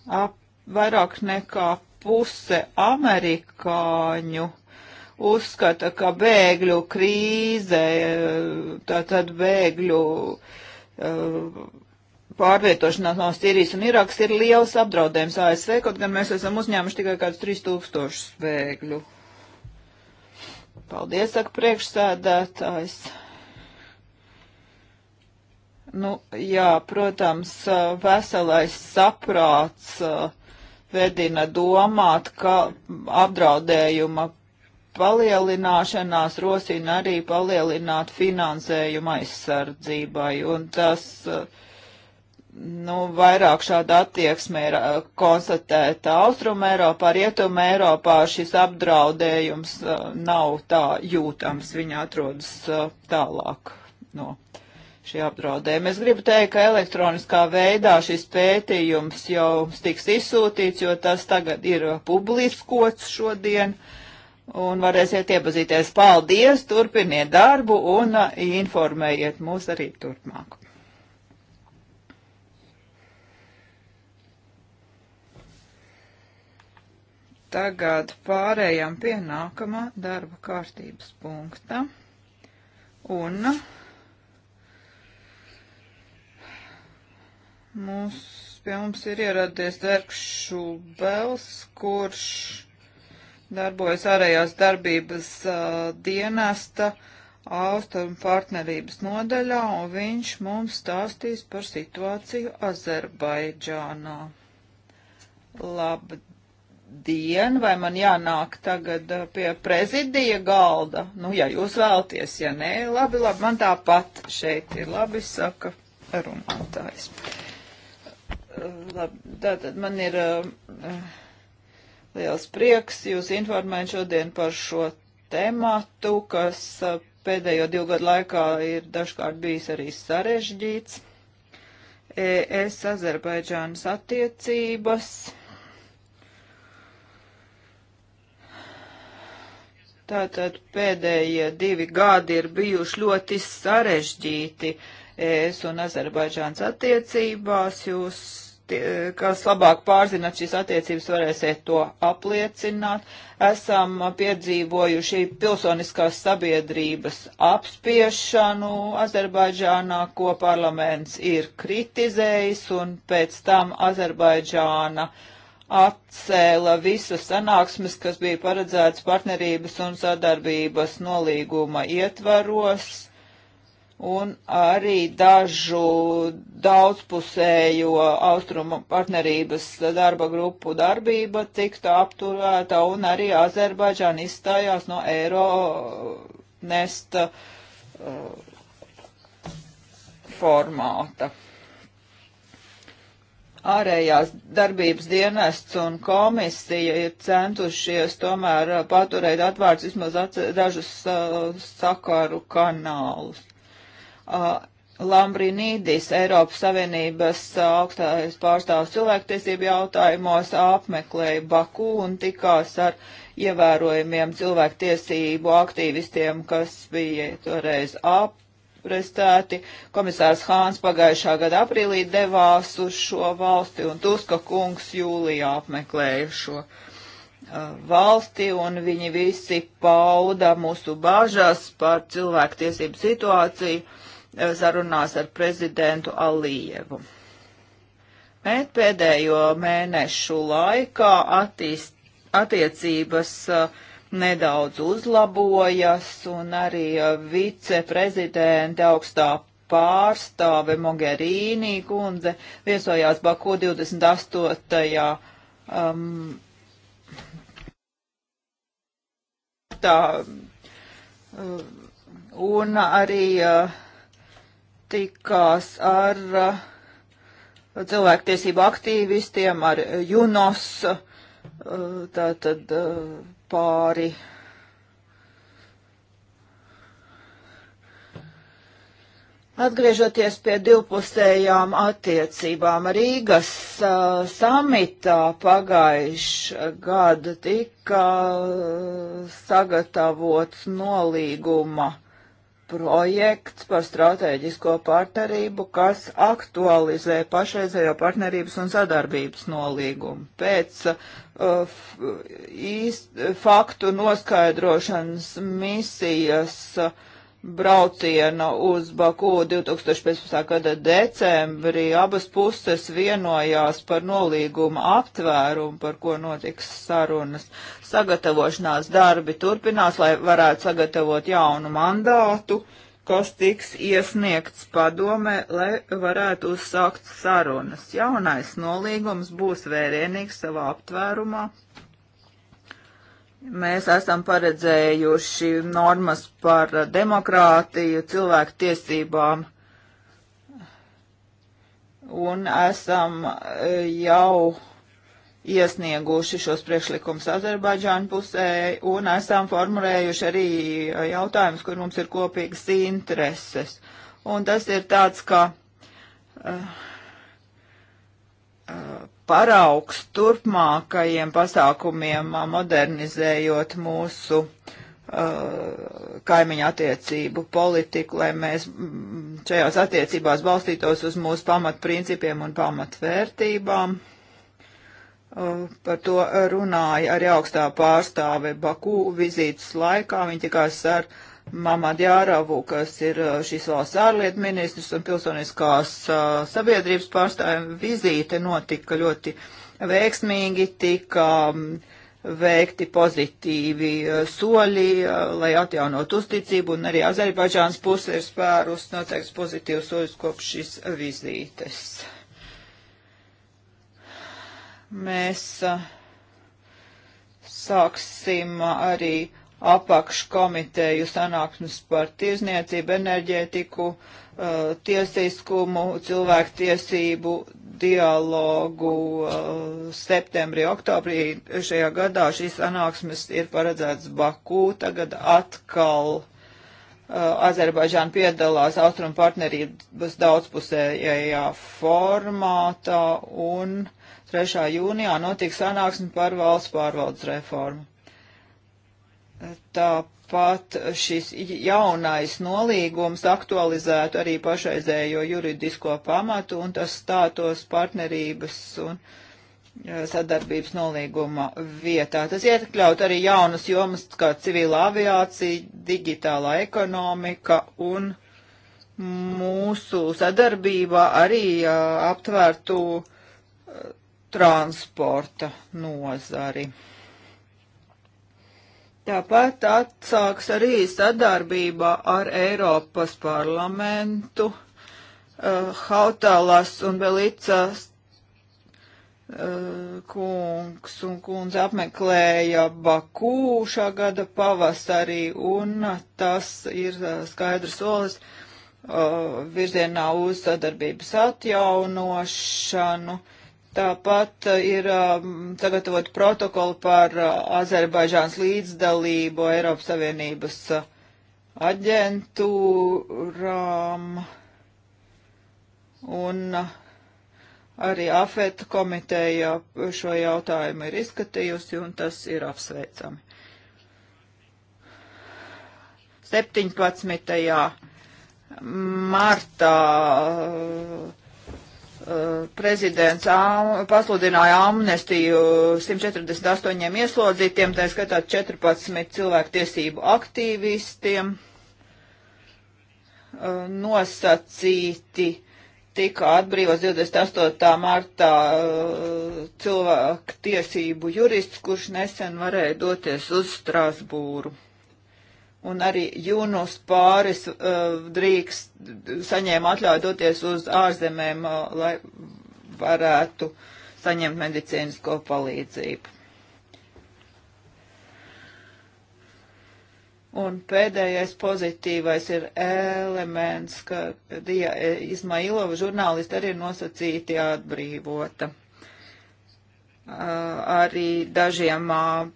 ap, vairāk nekā puse amerikāņu uzskata, ka bēgļu krīze, tātad bēgļu eh, pārvietošanās no Sīrijas un Irākas ir liels apdraudējums ASV, kaut gan mēs esam uzņēmuši tikai kādus 3000 bēgļu. Paldies, saka priekšsēdētājs. Nu, jā, protams, veselais saprāts vedina domāt, ka apdraudējuma palielināšanās rosina arī palielināt finansējumu aizsardzībai, un tas, nu, vairāk šāda attieksme ir konstatēta Austrum Eiropā, Rietum Eiropā šis apdraudējums nav tā jūtams, viņi atrodas tālāk no. Nu šie apdraudējumi. Es gribu teikt, ka elektroniskā veidā šis pētījums jau tiks izsūtīts, jo tas tagad ir publiskots šodien. Un varēsiet iepazīties. Paldies, turpiniet darbu un informējiet mūs arī turpmāk. Tagad pārējām pie nākamā darba kārtības punkta. Un Mums, pie mums ir ieradies Derks Šulbels, kurš darbojas ārējās darbības uh, dienesta austrumu partnerības nodaļā, un viņš mums stāstīs par situāciju Azerbaidžānā. Labdien, vai man jānāk tagad pie prezidija galda? Nu, ja jūs vēlties, ja nē, labi, labi, man tāpat šeit ir labi, saka runātājs. Labi, tātad man ir uh, liels prieks jūs informēt šodien par šo tematu, kas uh, pēdējo divu gadu laikā ir dažkārt bijis arī sarežģīts. ES Azerbaidžānas attiecības. Tātad pēdējie divi gadi ir bijuši ļoti sarežģīti. ES un Azerbaidžānas attiecībās jūs kas labāk pārzinat šīs attiecības, varēsiet to apliecināt. Esam piedzīvojuši pilsoniskās sabiedrības apspiešanu Azerbaidžānā, ko parlaments ir kritizējis, un pēc tam Azerbaidžāna atcēla visas sanāksmes, kas bija paredzētas partnerības un sadarbības nolīguma ietvaros un arī dažu daudzpusējo austrumu partnerības darba grupu darbība tiktu apturēta, un arī Azerbaidžāna izstājās no Eiro nesta uh, formāta. Ārējās darbības dienests un komisija ir centušies tomēr uh, paturēt atvērts vismaz dažus uh, sakaru kanālus Lambrinīdis, Eiropas Savienības augstākais pārstāvs cilvēktiesību jautājumos, apmeklēja Baku un tikās ar ievērojumiem cilvēktiesību aktīvistiem, kas bija toreiz aprestēti. Komisārs Hāns pagājušā gada aprīlī devās uz šo valsti un Tuska kungs jūlijā apmeklēja šo valsti, un viņi visi pauda mūsu bažas par cilvēktiesību situāciju sarunās ar prezidentu Alijevu. Mēs pēdējo mēnešu laikā attīst, attiecības uh, nedaudz uzlabojas un arī uh, viceprezidenta augstā pārstāve Mogherīnī kundze viesojās Baku 28. Um, tā, um, un arī uh, tikās ar uh, cilvēktiesību aktīvistiem, ar UNOS, uh, tātad uh, pāri. Atgriežoties pie divpusējām attiecībām, Rīgas uh, samitā pagājušā gada tika sagatavots nolīguma projekts par strateģisko partnerību, kas aktualizē pašreizējo partnerības un sadarbības nolīgumu. Pēc uh, īst, faktu noskaidrošanas misijas uh, brauciena uz Baku 2015. gada decembrī abas puses vienojās par nolīguma aptvērumu, par ko notiks sarunas. Sagatavošanās darbi turpinās, lai varētu sagatavot jaunu mandātu, kas tiks iesniegts padome, lai varētu uzsākt sarunas. Jaunais nolīgums būs vērienīgs savā aptvērumā Mēs esam paredzējuši normas par demokrātiju, cilvēku tiesībām, un esam eh, jau iesnieguši šos priekšlikumus Azerbaidžānu pusē, un esam formulējuši arī jautājumus, kur mums ir kopīgas intereses. Un tas ir tāds, ka. Uh, paraugs turpmākajiem pasākumiem, modernizējot mūsu uh, kaimiņu attiecību politiku, lai mēs šajās attiecībās balstītos uz mūsu pamatprincipiem un pamatvērtībām. Uh, par to runāja arī augstā pārstāve Baku vizītes laikā. Viņa tikās ar uh, Mamadjāravu, kas ir uh, šīs valsts ārlietu ministrs un pilsoniskās uh, sabiedrības pārstāvjiem. Vizīte notika ļoti veiksmīgi, tika um, veikti pozitīvi uh, soļi, lai atjaunot uzticību, un arī Azerbaidžāns puse ir spērus noteikti pozitīvus soļus kopš šīs vizītes. Mēs sāksim arī uh, apakškomiteju sanāksmes par tirzniecību, enerģētiku, uh, tiesiskumu, cilvēktiesību dialogu uh, septembrī, oktobrī. Šajā gadā šīs sanāksmes ir paredzēts Bakū, tagad atkal uh, Azerbaidžāna piedalās Austrum partnerības daudzpusējā formātā un 3. jūnijā notiks sanāksme par valsts pārvaldes reformu Tāpat šis jaunais nolīgums aktualizētu arī pašreizējo juridisko pamatu un tas stātos partnerības un sadarbības nolīguma vietā. Tas iekļaut arī jaunas jomas kā civilā aviācija, digitālā ekonomika un mūsu sadarbībā arī aptvērtu eh, transporta nozari. Tāpat atsāks arī sadarbība ar Eiropas parlamentu. Uh, eh, Hautalas un Belicas uh, eh, kungs un kundze apmeklēja Bakū šā gada pavasarī, un tas ir eh, skaidrs solis uh, virzienā uz sadarbības atjaunošanu Tāpat uh, ir um, sagatavot protokolu par uh, Azerbaidžāns līdzdalību Eiropas Savienības uh, aģentūrām un arī AFET komiteja šo jautājumu ir izskatījusi un tas ir apsveicami. 17. martā uh, prezidents am, pasludināja amnestiju 148 ieslodzītiem, tā skatā 14 cilvēktiesību aktīvistiem. Nosacīti tika atbrīvots 28. martā cilvēktiesību jurists, kurš nesen varēja doties uz Strasbūru un arī Jūnus pāris uh, drīkst saņēma atļauju doties uz ārzemēm, uh, lai varētu saņemt medicīnisko palīdzību. Un pēdējais pozitīvais ir elements, ka Dija Izmailova žurnālisti arī ir nosacīti atbrīvota arī dažiem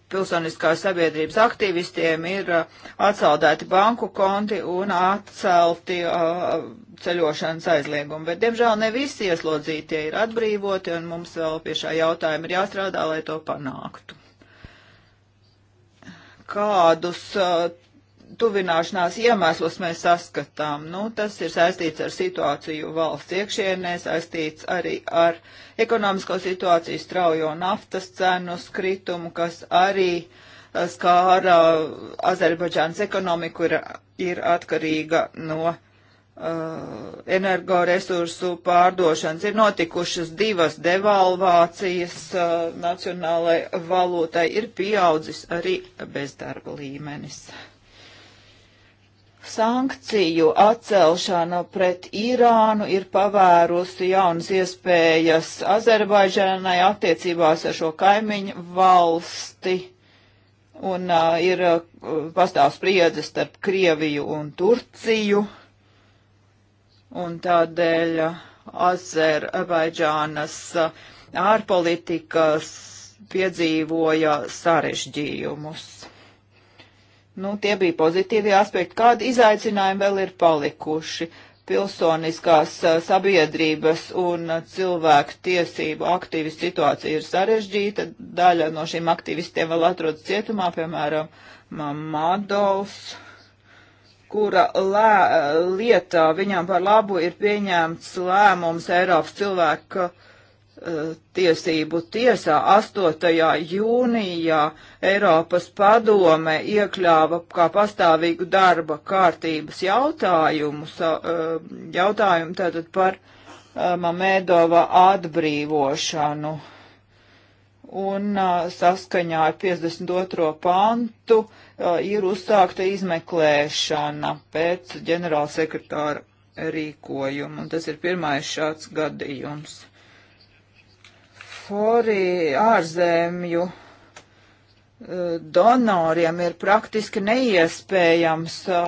pilsoniskās sabiedrības aktīvistiem ir atsaldēti banku konti un atcelti ceļošanas aizliegumi. Bet, diemžēl, ne visi ieslodzītie ir atbrīvoti, un mums vēl pie šā jautājuma ir jāstrādā, lai to panāktu. Kādus tuvināšanās iemeslus mēs saskatām. Nu, tas ir saistīts ar situāciju valsts iekšienē, saistīts arī ar ekonomisko situāciju straujo naftas cenu skritumu, kas arī eh, skāra Azerbaidžānas ekonomiku, ir, ir atkarīga no uh, energoresursu pārdošanas. Ir notikušas divas devalvācijas uh, eh, nacionālai valūtai, ir pieaudzis arī bezdarba līmenis. Sankciju atcelšana pret Irānu ir pavērusi jaunas iespējas Azerbaidžānai attiecībās ar šo kaimiņu valsti, un uh, ir uh, pastāv spriedze starp Krieviju un Turciju, un tādēļ uh, Azerbaidžānas uh, ārpolitikas piedzīvoja sarežģījumus. Nu, tie bija pozitīvie aspekti. Kādi izaicinājumi vēl ir palikuši? Pilsoniskās sabiedrības un cilvēku tiesību aktīvistu situācija ir sarežģīta. Daļa no šiem aktīvistiem vēl atrodas cietumā, piemēram, Mamadovs, kura lē, lietā viņam par labu ir pieņemts lēmums Eiropas cilvēku tiesību tiesā 8. jūnijā Eiropas padome iekļāva kā pastāvīgu darba kārtības jautājumu, e, jautājumu tātad par e, Mamēdova atbrīvošanu. Un e, saskaņā ar 52. pantu ir uzsākta izmeklēšana pēc ģenerālsekretāra rīkojuma. Un tas ir pirmais šāds gadījums fori ārzemju eh, donoriem ir praktiski neiespējams eh,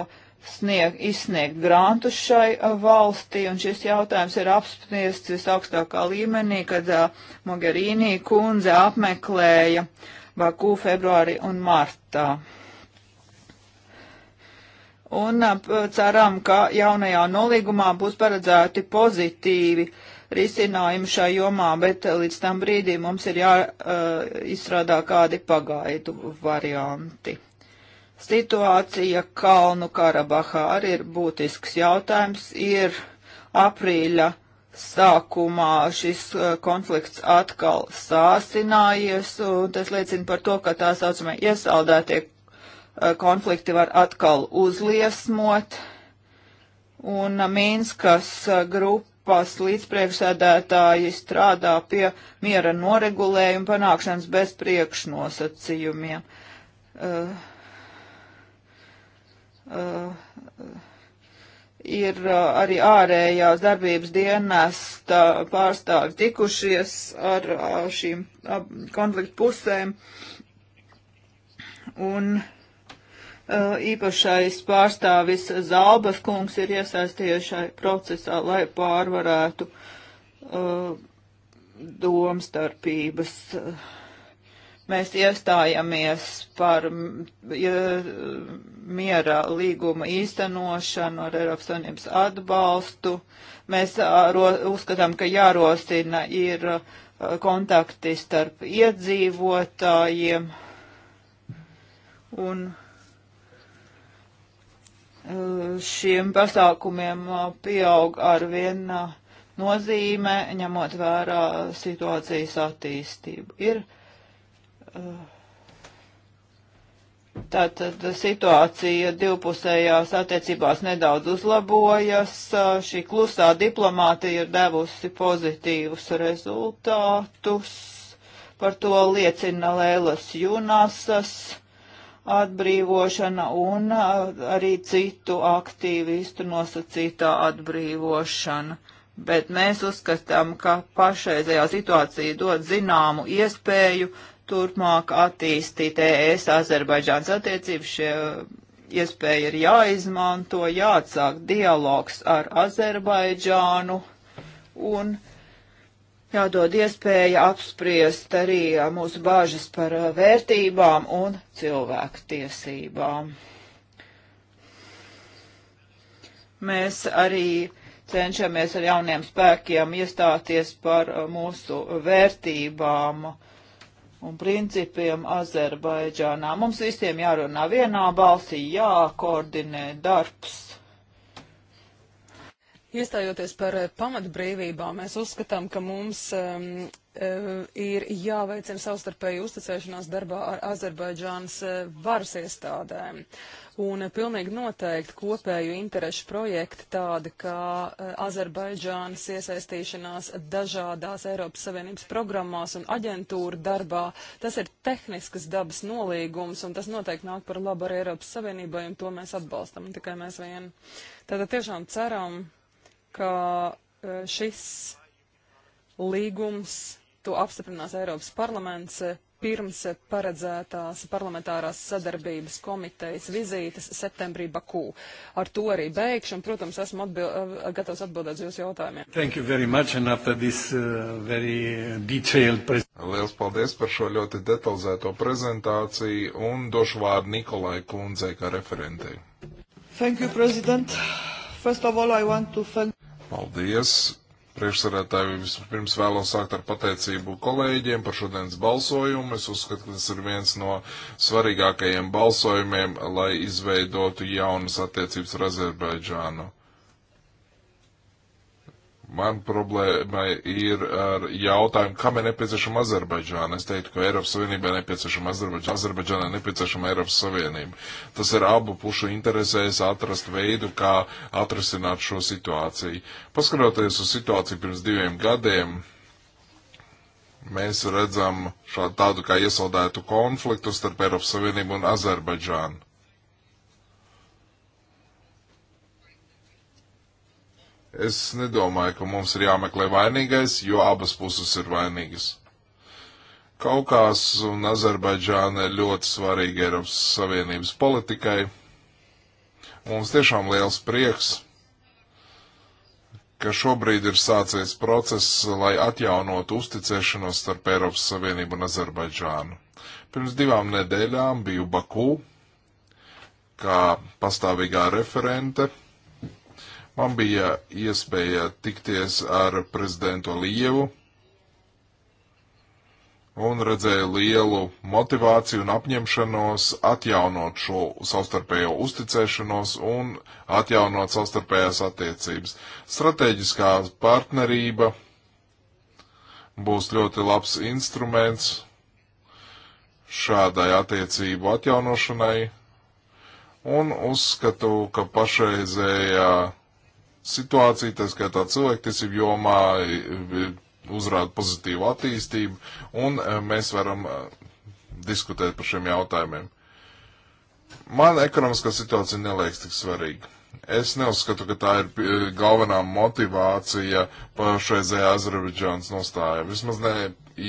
snieg, izsniegt grantus šai eh, valstī, un šis jautājums ir apspriests visaugstākā līmenī, kad Mogherīnī kundze apmeklēja Baku februārī un martā. Un ceram, ka jaunajā nolīgumā būs paredzēti pozitīvi uh, risinājumu šai jomā, bet eh, līdz tam brīdim mums ir jāizstrādā eh, uh, kādi pagaidu varianti. Situācija Kalnu Karabahā arī ir būtisks jautājums. Ir aprīļa sākumā šis eh, konflikts atkal sāsinājies, un tas liecina par to, ka tā saucamie iesaldētie konflikti var atkal uzliesmot. Un Mīnskas grupa grupas līdzpriekšsēdētāji strādā pie miera noregulējuma panākšanas bez priekšnosacījumiem. Uh, uh, uh ir uh, arī ārējās darbības dienesta pārstāvi tikušies ar uh, šīm konfliktu pusēm. Un uh, Uh, īpašais pārstāvis Zalbas kungs ir iesaistījies šai procesā, lai pārvarētu uh, domstarpības. Mēs iestājamies par ja, miera līguma īstenošanu ar Eiropas Savienības atbalstu. Mēs uh, ro, uzskatām, ka jārosina ir uh, kontakti starp iedzīvotājiem un uh, šiem pasākumiem uh, pieaug ar vien uh, nozīme, ņemot vērā uh, situācijas attīstību. Ir tātad situācija divpusējās attiecībās nedaudz uzlabojas, šī klusā diplomātija ir devusi pozitīvus rezultātus, par to liecina Lēlas Junasas atbrīvošana un arī citu aktīvistu nosacītā atbrīvošana. Bet mēs uzskatām, ka pašreizējā situācija dod zināmu iespēju turpmāk attīstīt ES Azerbaidžāns attiecības. Šie iespēja ir jāizmanto, jāatsāk dialogs ar Azerbaidžānu un jādod iespēja apspriest arī mūsu bāžas par vērtībām un cilvēku tiesībām. Mēs arī cenšamies ar jauniem spēkiem iestāties par mūsu vērtībām un principiem Azerbaidžānā. Mums visiem jārunā vienā balsī, jākoordinē darbs Iestājoties par eh, pamatbrīvībām, mēs uzskatām, ka mums um, ir jāveicina savstarpēju uzticēšanās darbā ar Azerbaidžānas eh, varas iestādēm. Un pilnīgi noteikti kopēju interešu projekti tādi, kā Azerbaidžānas iesaistīšanās dažādās Eiropas Savienības programmās un aģentūra darbā. Tas ir tehniskas dabas nolīgums, un tas noteikti nāk par labu arī Eiropas Savienībai, un to mēs atbalstam, un tikai mēs vien. Tātad tiešām ceram, ka e, šis līgums, to apstiprinās Eiropas parlaments e, pirms paredzētās parlamentārās sadarbības komitejas vizītes septembrī Bakū. Ar to arī beigšu, un, protams, esmu atbil e, gatavs atbildēt uz jūsu jautājumiem. Thank you very much, and after this uh, very detailed presentation. Liels paldies par šo ļoti detalizēto prezentāciju, un došu vārdu Nikolai Kundzei kā referentei. Thank you, President. First of all, I want to thank Paldies! Priekšsarētāji vispirms vēlos sākt ar pateicību kolēģiem par šodienas balsojumu. Es uzskatu, ka tas ir viens no svarīgākajiem balsojumiem, lai izveidotu jaunas attiecības ar Azerbaidžānu. Man problēma ir ar jautājumu, kam ir nepieciešama Azerbaidžāna. Es teiktu, ka Eiropas Savienībai nepieciešama Azerbaidžāna, Azerbaidžānai nepieciešama Eiropas Savienība. Tas ir abu pušu interesēs atrast veidu, kā atrasināt šo situāciju. Paskatoties uz situāciju pirms diviem gadiem, mēs redzam šādu tādu kā iesaldētu konfliktu starp Eiropas Savienību un Azerbaidžānu Es nedomāju, ka mums ir jāmeklē vainīgais, jo abas puses ir vainīgas. Kaukās un Azerbaidžāna ir ļoti svarīga Eiropas Savienības politikai. Mums tiešām liels prieks, ka šobrīd ir sācies process, lai atjaunotu uzticēšanos starp Eiropas Savienību un Azerbaidžānu. Pirms divām nedēļām biju Bakū kā pastāvīgā referente Man bija iespēja tikties ar prezidentu Lievu un redzēju lielu motivāciju un apņemšanos atjaunot šo savstarpējo uzticēšanos un atjaunot savstarpējās attiecības. Strateģiskā partnerība būs ļoti labs instruments šādai attiecību atjaunošanai, un uzskatu, ka pašreizējā situācija, tā skaitā cilvēktiesību jomā, uzrāda pozitīvu attīstību, un e, mēs varam e, diskutēt par šiem jautājumiem. Man ekonomiskā situācija neliekas tik svarīga. Es neuzskatu, ka tā ir e, galvenā motivācija pašreizējā Azerbaidžānas nostājā. Vismaz ne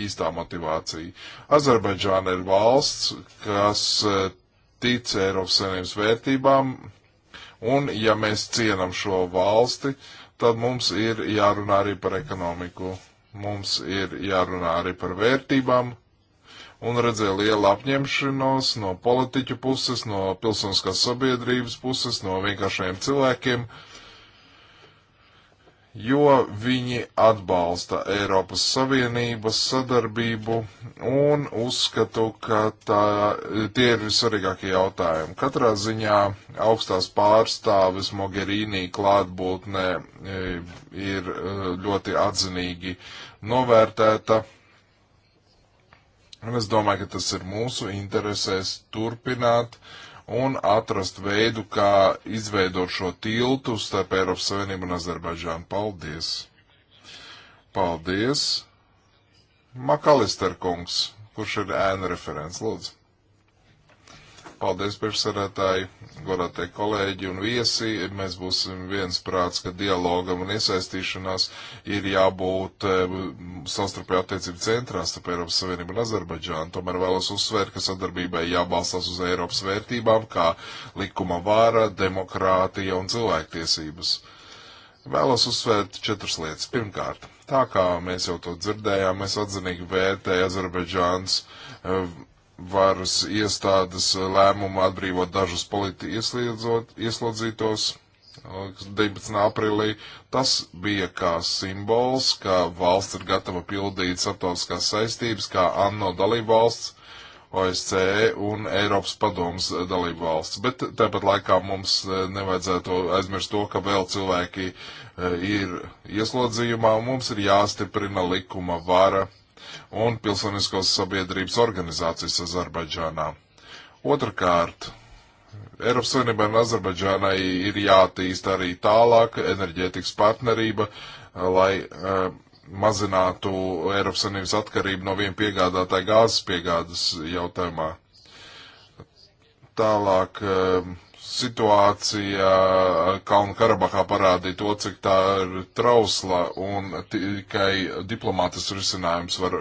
īstā motivācija. Azerbaidžāna ir valsts, kas tic Eiropas Savienības vērtībām, Un, ja mēs cienam šo valsti, tad mums ir jārunā arī par ekonomiku. Mums ir jārunā arī par vērtībām. Un redzēja lielu apņemšanos no politiķu puses, no pilsoniskās sabiedrības puses, no vienkāršajiem cilvēkiem. Uh, jo viņi atbalsta Eiropas Savienības sadarbību un uzskatu, ka tā, tie ir visvarīgākie jautājumi. Katrā ziņā augstās pārstāvis Mogherīnī klātbūtnē e, ir e, ļoti atzinīgi novērtēta. Un es domāju, ka tas ir mūsu interesēs turpināt uh, un atrast veidu, kā izveidot šo tiltu starp Eiropas Savienību un Azerbaidžānu. Paldies! Paldies! Makalister kungs, kurš ir ēna referents, lūdzu. Paldies, priekšsarētāji, godātie kolēģi un viesi. Mēs būsim viens prāts, ka dialogam un iesaistīšanās ir jābūt eh, savstarpēju attiecību centrā starp Eiropas Savienību un Azerbaidžānu. Tomēr vēlos uzsvērt, ka sadarbībai jābalstās uz Eiropas vērtībām, kā likuma vāra, demokrātija un cilvēktiesības. Vēlos uzsvērt četras lietas. Pirmkārt, tā kā mēs jau to dzirdējām, mēs atzinīgi vērtējam Azerbaidžānas uh, eh, varas iestādes lēmumu atbrīvot dažus politi ieslodzītos 19. Uh, aprīlī. Tas bija kā simbols, ka valsts ir gatava pildīt starptautiskās saistības, kā ANO dalība valsts, OSCE un Eiropas padomas dalība valsts. Bet tāpat laikā mums uh, nevajadzētu aizmirst to, ka vēl cilvēki uh, ir ieslodzījumā, un mums ir jāstiprina likuma vara un pilsoniskos sabiedrības organizācijas Azerbaidžānā. Otrakārt, Eiropas Savienībai un Azerbaidžānai ir jātīst arī tālāk enerģētikas partnerība, lai uh, mazinātu Eiropas Savienības atkarību no viena piegādātāja gāzes piegādes jautājumā. Tālāk uh, situācija Kalnu Karabahā parādīja to, cik tā ir trausla un tikai diplomātas risinājums var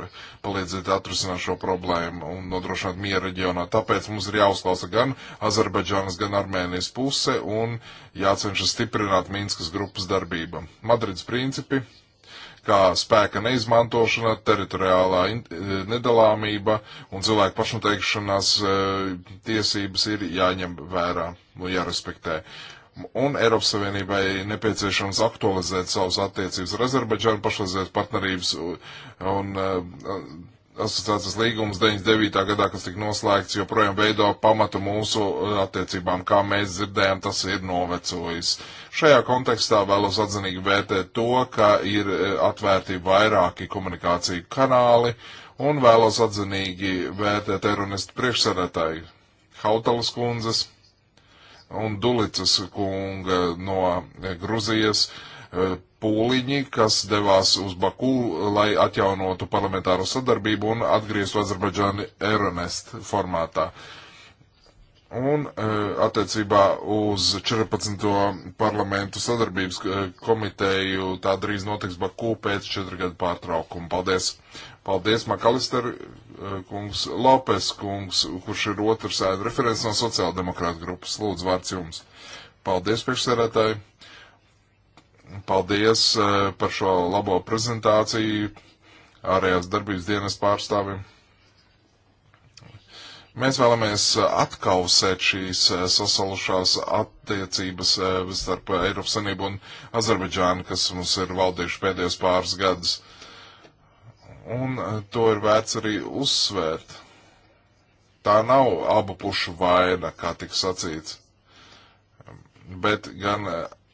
palīdzēt atrisināt šo problēmu un nodrošināt mieru reģionā. Tāpēc mums ir jāuzklausa gan Azerbaidžānas, gan Armēnijas puse un jācenšas stiprināt Minskas grupas darbību. Madrids principi kā spēka neizmantošana, teritoriālā e, nedalāmība un cilvēku pašnoteikšanās e, tiesības ir jāņem vērā un jārespektē. Un Eiropas Savienībai nepieciešams aktualizēt savus attiecības ar Azerbaidžānu, pašreizējās partnerības un e, asociācijas līgums 99. gadā, kas tika noslēgts, joprojām veido pamatu mūsu uh, attiecībām, kā mēs dzirdējām, tas ir novecojis. Šajā kontekstā vēlos atzinīgi vērtēt to, ka ir uh, atvērti vairāki komunikāciju kanāli un vēlos atzinīgi vērtēt Eironistu priekšsēdētāju Hautalas kundzes un Dulicas kunga no eh, Gruzijas. Uh, E, pūliņi, kas devās uz Baku, lai atjaunotu parlamentāro sadarbību un atgrieztu Azerbaidžānu Euronest formātā. Un e, attiecībā uz 14. parlamentu sadarbības e, komiteju tā drīz notiks Baku pēc 4 gadu pārtraukuma. Paldies! Paldies, Makalister kungs, Lopes kungs, kurš ir otrs referents no sociāldemokrāta grupas. Lūdzu, vārds jums. Paldies, priekšsēdētāji! Paldies eh, par šo labo prezentāciju ārējās darbības dienas pārstāvim. Mēs vēlamies atkausēt šīs eh, sasalušās attiecības eh, starp Eiropas Sanību un Azerbaidžānu, kas mums ir valdījuši pēdējos pāris gadus. Un to ir vērts arī uzsvērt. Tā nav abu pušu vaina, kā tika sacīts, bet gan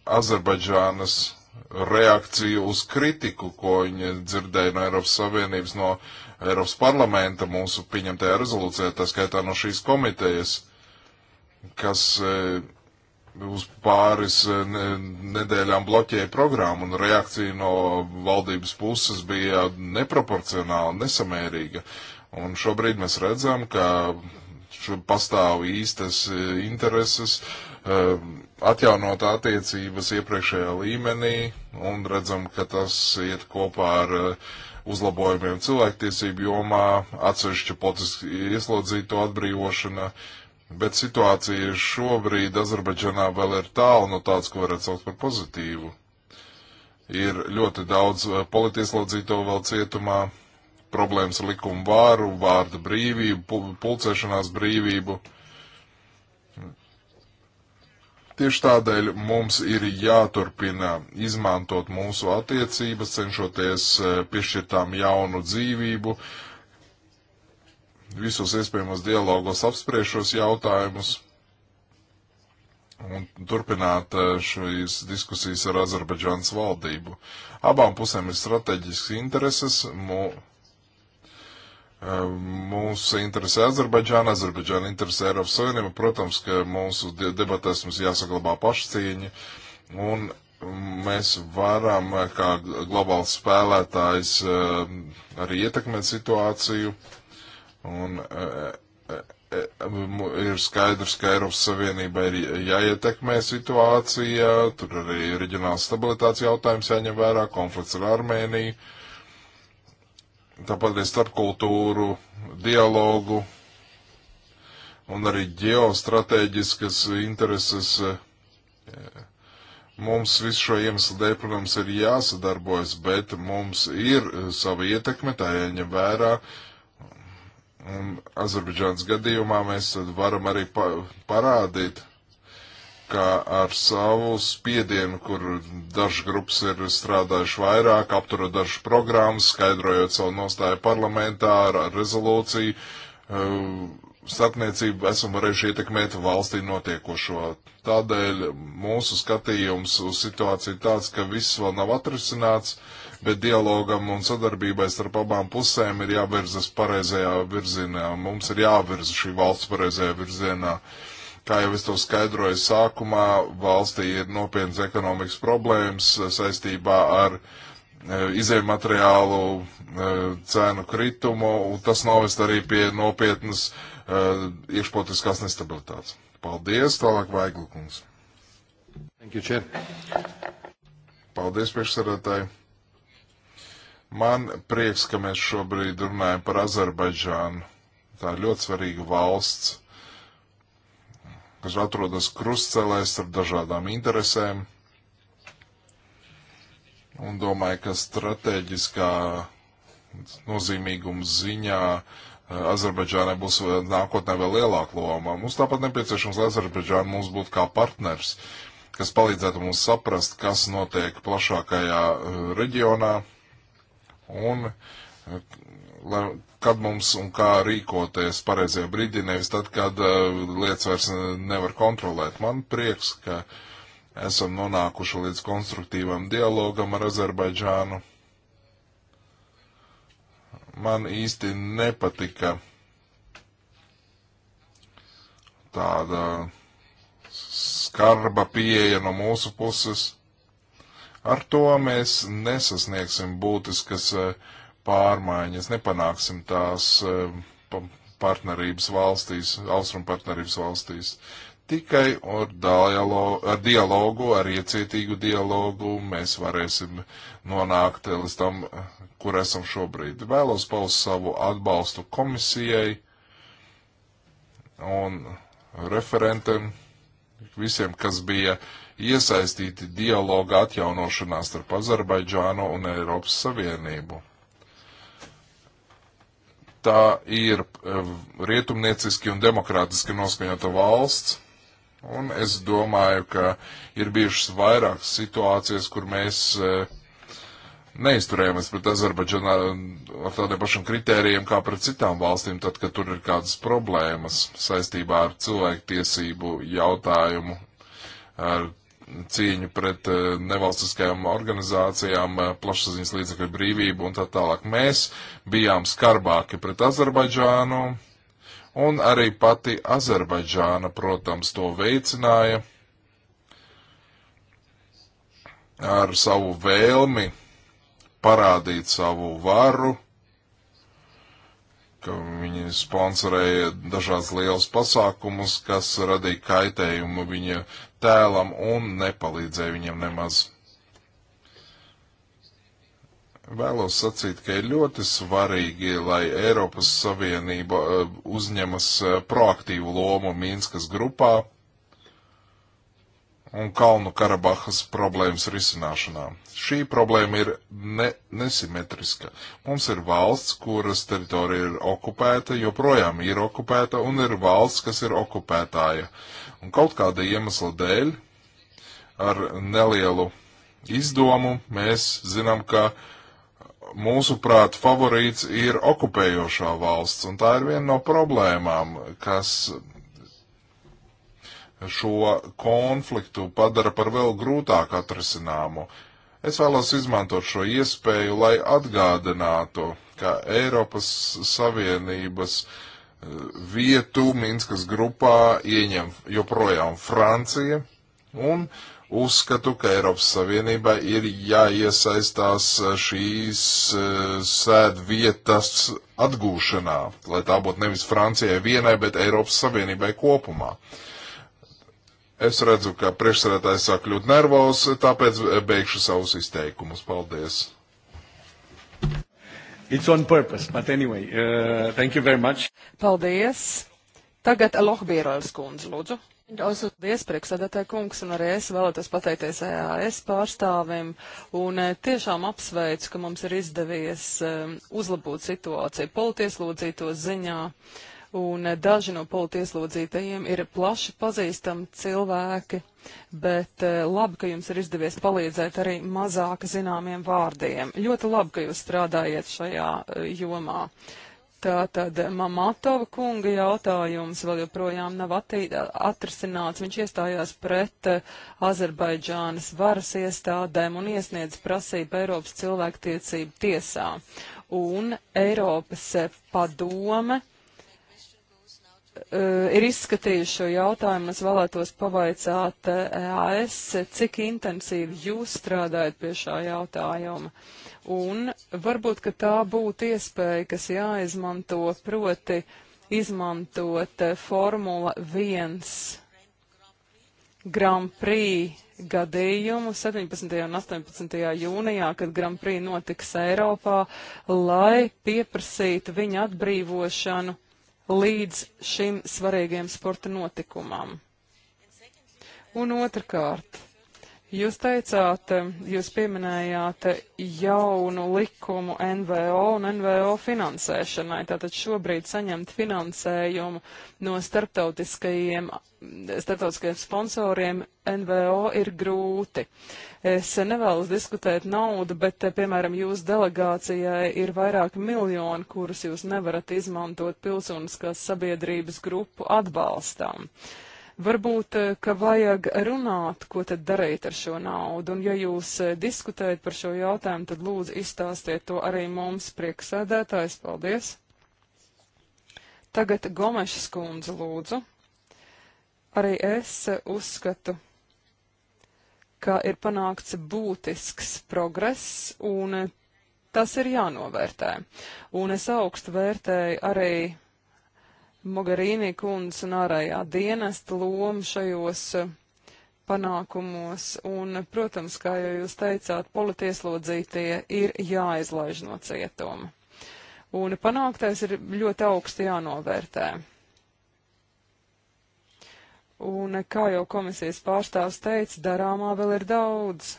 Azerbaidžānas reakciju uz kritiku, ko viņi dzirdēja no Eiropas Savienības, no Eiropas parlamenta mūsu pieņemtajā rezolūcijā, tā skaitā no šīs komitejas, kas e, uz pāris e, nedēļām bloķēja programmu, un reakcija no valdības puses bija neproporcionāla, nesamērīga. Un šobrīd mēs redzam, ka pastāv īstas e, intereses uh, Um, atjaunot attiecības iepriekšējā līmenī un redzam, ka tas iet kopā ar uh, uzlabojumiem cilvēktiesību jomā, atsevišķa politiski ieslodzīto atbrīvošana, bet situācija šobrīd Azerbaidžanā vēl ir tālu no tāds, ko varētu saukt par pozitīvu. Ir ļoti daudz uh, politieslodzīto vēl cietumā, problēmas ar likumu vāru, vārda brīvību, pulcēšanās brīvību. Tieši tādēļ mums ir jāturpina izmantot mūsu attiecības, cenšoties eh, piešķirtām jaunu dzīvību, visos iespējamos dialogos apspriešos jautājumus un turpināt eh, šīs diskusijas ar Azerbaidžānas valdību. Abām pusēm ir strateģisks intereses. Mū Ehm, mūs interesē Azerbaidžāna, Azerbaidžāna interesē Eiropas Savienība. Protams, ka mūsu debatēs mums jāsaglabā pašcīņa, un mēs varam, kā globāls spēlētājs, ehm, arī ietekmēt situāciju. Un e, e, e, ir skaidrs, ka Eiropas Savienība ir jāietekmē situācija, tur arī reģionāls stabilitātes jautājums jāņem vērā, konflikts ar Armēniju tāpat arī starpkultūru dialogu un arī ģeostrateģiskas intereses. Mums visu šo iemeslu dēļ, protams, ir jāsadarbojas, bet mums ir sava ietekme, tā jāņem vērā. Un Azerbaidžānas gadījumā mēs varam arī pa parādīt, ka ar savu spiedienu, kur dažas grupas ir strādājuši vairāk, apturot dažas programmas, skaidrojot savu nostāju parlamentā ar, ar rezolūciju, eh, starpniecību esam varējuši ietekmēt valstī notiekošo. Tādēļ mūsu skatījums uz situāciju tāds, ka viss vēl nav atrisināts, bet dialogam un sadarbībai starp abām pusēm ir jāvirzas pareizajā virzienā. Mums ir jāvirza šī valsts pareizajā virzienā. Uh, Kā jau es to skaidroju sākumā, valstī ir nopietnas ekonomikas problēmas eh, saistībā ar eh, izējuma materiālu eh, cēnu kritumu, un tas novest arī pie nopietnas iekšpolitiskās nestabilitātes. Paldies, tālāk Vaiglukums. Thank you, Chair. Paldies, priekšsarētāji. Man prieks, ka mēs šobrīd runājam par Azerbaidžānu. Tā ir ļoti svarīga valsts kas atrodas krustcelēs ar dažādām interesēm. Un domāju, ka strateģiskā nozīmīguma ziņā eh, Azerbaidžānai būs nākotnē vēl lielāka loma. Mums tāpat nepieciešams, lai Azerbaidžāna mums būtu kā partners, kas palīdzētu mums saprast, kas notiek plašākajā eh, reģionā un eh, lai kad mums un kā rīkoties pareizajā brīdī, nevis tad, kad uh, lietas vairs uh, nevar kontrolēt. Man prieks, ka esam nonākuši līdz konstruktīvam dialogam ar Azerbaidžānu. Man īsti nepatika tāda skarba pieeja no mūsu puses. Ar to mēs nesasniegsim būtiskas uh, pārmaiņas, nepanāksim tās e, partnerības valstīs, austrumu partnerības valstīs. Tikai ar, dialogu, ar dialogu, ar iecietīgu dialogu mēs varēsim nonākt līdz tam, kur esam šobrīd. Vēlos paust savu atbalstu komisijai un referentiem, visiem, kas bija iesaistīti dialoga atjaunošanā starp Azerbaidžānu un Eiropas Savienību tā ir eh, rietumnieciski un demokrātiski noskaņota valsts. Un es domāju, ka ir bijušas vairākas situācijas, kur mēs eh, neizturējāmies pret Azerbaidžanu eh, ar tādiem pašiem kritērijiem kā pret citām valstīm, tad, kad tur ir kādas problēmas saistībā ar cilvēktiesību jautājumu, ar cīņu pret eh, nevalstiskajām organizācijām, eh, plašsaziņas līdzekļu brīvību un tā tālāk. Mēs bijām skarbāki pret Azerbaidžānu, un arī pati Azerbaidžāna, protams, to veicināja ar savu vēlmi parādīt savu varu, ka viņi sponsorēja dažādas lielas pasākumus, kas radīja kaitējumu viņa uh, tēlam un nepalīdzēja viņam nemaz. Vēlos sacīt, ka ir ļoti svarīgi, lai Eiropas Savienība eh, uzņemas eh, proaktīvu lomu Mīnskas grupā un Kalnu Karabahas problēmas risināšanā. Šī problēma ir ne, nesimetriska. Mums ir valsts, kuras teritorija ir okupēta, joprojām ir okupēta, un ir valsts, kas ir okupētāja. Uh, Un kaut kāda iemesla dēļ ar nelielu izdomu mēs zinām, ka mūsuprāt favorīts ir okupējošā valsts, un tā ir viena no problēmām, kas šo konfliktu padara par vēl grūtāk atrisināmu. Es vēlos izmantot šo iespēju, lai atgādinātu, ka Eiropas Savienības uh, vietu Minskas grupā ieņem joprojām Francija, un uzskatu, ka Eiropas Savienībai ir jāiesaistās šīs eh, sēdu vietas atgūšanā, lai tā būtu nevis Francijai vienai, bet Eiropas Savienībai kopumā. Es redzu, ka priekšsarētājs sāk kļūt nervos, tāpēc beigšu savus izteikumus. Paldies! It's on purpose, but anyway, uh, thank you very much. Paldies. Tagad Lohbīrāls kundze, lūdzu. Also, paldies, priekšsēdētāji kungs, un arī es vēlētos pateikties EAS pārstāvim, un eh, tiešām apsveicu, ka mums ir izdevies um, uzlabot situāciju politieslūdzīto ziņā. Uh, un eh, daži no politieslodzītajiem ir plaši pazīstami cilvēki, bet eh, labi, ka jums ir izdevies palīdzēt arī mazāk zināmiem vārdiem. Ļoti labi, ka jūs strādājat šajā eh, jomā. Tātad Mamatova kunga jautājums vēl joprojām nav atrisināts. Viņš iestājās pret Azerbaidžānas varas iestādēm un iesniedz prasību Eiropas cilvēktiecību tiesā. Un Eiropas padome uh, Eh, ir izskatījuši šo jautājumu, es vēlētos pavaicāt EAS, eh, cik intensīvi jūs strādājat pie šā jautājuma. Un varbūt, ka tā būtu iespēja, kas jāizmanto, proti izmantot eh, Formula 1 Grand Prix gadījumu 17. un 18. jūnijā, kad Grand Prix notiks Eiropā, lai pieprasītu viņa atbrīvošanu līdz šim svarīgiem sporta notikumam. Un otrkārt, Jūs teicāt, jūs pieminējāt jaunu likumu NVO un NVO finansēšanai. Tātad šobrīd saņemt finansējumu no starptautiskajiem, starptautiskajiem sponsoriem NVO ir grūti. Es nevēlas diskutēt naudu, bet, piemēram, jūsu delegācijai ir vairāk miljoni, kurus jūs nevarat izmantot pilsoniskās sabiedrības grupu atbalstām. Uh, Varbūt, eh, ka vajag runāt, ko tad darīt ar šo naudu, un ja jūs eh, diskutējat par šo jautājumu, tad lūdzu izstāstiet to arī mums prieksēdētājs. Paldies! Tagad Gomešas kundze lūdzu. Arī es eh, uzskatu ka ir panākts būtisks progress, un tas ir jānovērtē. Un es augstu vērtēju arī Mogarīnī kundas un ārējā dienesta loma šajos eh, panākumos. Un, protams, kā jau jūs teicāt, politieslodzītie ir jāizlaiž no cietuma. Un panāktais ir ļoti augsti jānovērtē. Un, eh, kā jau komisijas pārstāvs teica, darāmā vēl ir daudz.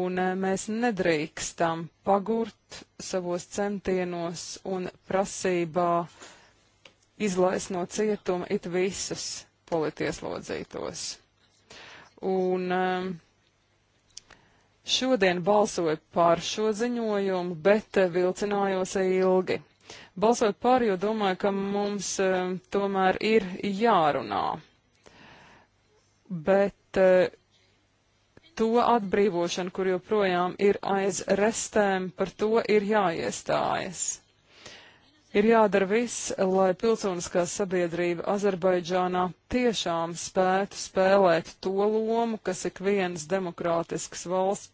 Un eh, mēs nedrīkstam pagurt savos centienos un prasībā uh, izlaist no cietuma it visus politieslodzītos. Un um, šodien balsoju par šo ziņojumu, bet eh, vilcinājos ilgi. Balsoju par, jo domāju, ka mums um, tomēr ir jārunā. Bet eh, to atbrīvošanu, kur joprojām ir aiz restēm, par to ir jāiestājas. Ir jādara viss, lai pilsoniskā sabiedrība Azerbaidžānā tiešām spētu spēlēt to lomu, kas ik vienas demokrātiskas valsts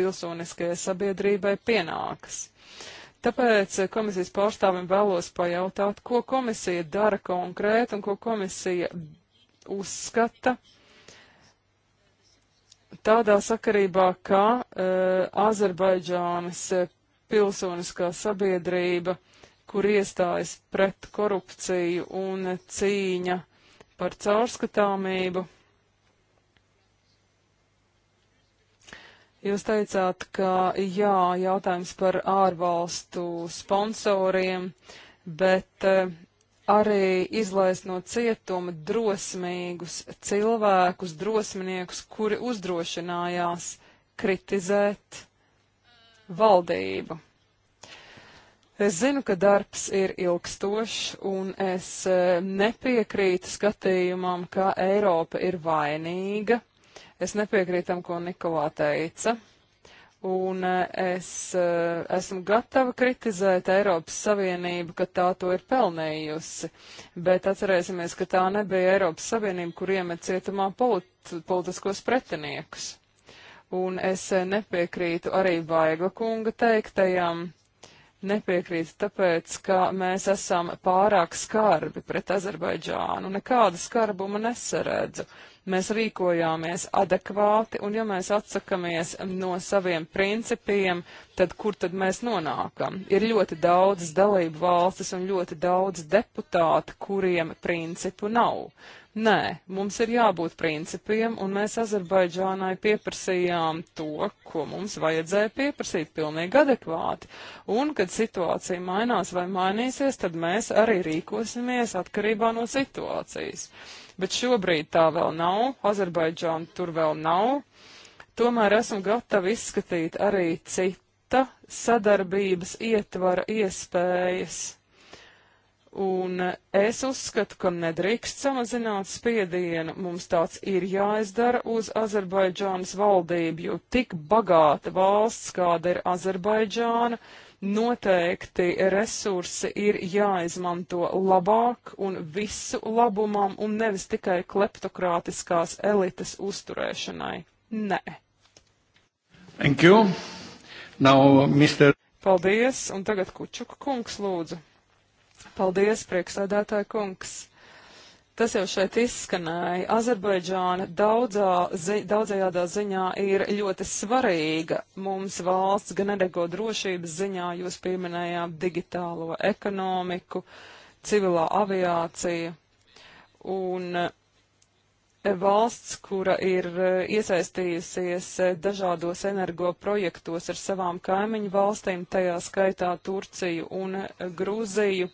pilsoniskajai sabiedrībai pienākas. Tāpēc eh, komisijas pārstāvim vēlos pajautāt, ko komisija dara konkrēti un ko komisija uzskata tādā sakarībā, ka uh, Azerbaidžānas eh, pilsoniskā sabiedrība, kur iestājas pret korupciju un cīņa par caurskatāmību. Jūs teicāt, ka jā, jautājums par ārvalstu sponsoriem, bet eh, arī izlaist no cietuma drosmīgus cilvēkus, drosminiekus, kuri uzdrošinājās kritizēt valdību. Es zinu, ka darbs ir ilgstošs, un es e, nepiekrītu skatījumam, ka Eiropa ir vainīga. Es nepiekrītu tam, ko Nikolā teica. Un e, es e, esmu gatava kritizēt Eiropas Savienību, ka tā to ir pelnījusi. Bet atcerēsimies, ka tā nebija Eiropas Savienība, kur iemet cietumā polit politiskos pretiniekus un es nepiekrītu arī Vaiga kunga teiktajam. Nepiekrītu tāpēc, ka mēs esam pārāk skarbi pret Azerbaidžānu. Nekāda skarbuma nesaredzu mēs rīkojāmies adekvāti, un ja mēs atsakamies no saviem principiem, tad kur tad mēs nonākam? Ir ļoti daudz dalību valstis un ļoti daudz deputāti, kuriem principu nav. Nē, mums ir jābūt principiem, un mēs Azerbaidžānai pieprasījām to, ko mums vajadzēja pieprasīt pilnīgi adekvāti. Un, kad situācija mainās vai mainīsies, tad mēs arī rīkosimies atkarībā no situācijas bet šobrīd tā vēl nav, Azerbaidžāna tur vēl nav. Tomēr esmu gatava izskatīt arī cita sadarbības ietvara iespējas. Un es uzskatu, ka nedrīkst samazināt spiedienu. Mums tāds ir jāizdara uz Azerbaidžānas valdību, jo tik bagāta valsts, kāda ir Azerbaidžāna, uh, Noteikti resursi ir jāizmanto labāk un visu labumam un nevis tikai kleptokrātiskās elites uzturēšanai. Nē. Thank you. Now, Mr. Paldies, un tagad Kučuka kungs lūdzu. Paldies, prieksēdētāja kungs. Tas jau šeit izskanēja. Azerbaidžāna daudzā, zi, daudzajādā ziņā ir ļoti svarīga mums valsts, gan energo drošības ziņā, jūs pieminējāt digitālo ekonomiku, civilā aviācija. Un e, valsts, kura ir e, iesaistījusies e, dažādos energo projektos ar savām kaimiņu valstīm, tajā skaitā Turciju un Grūziju.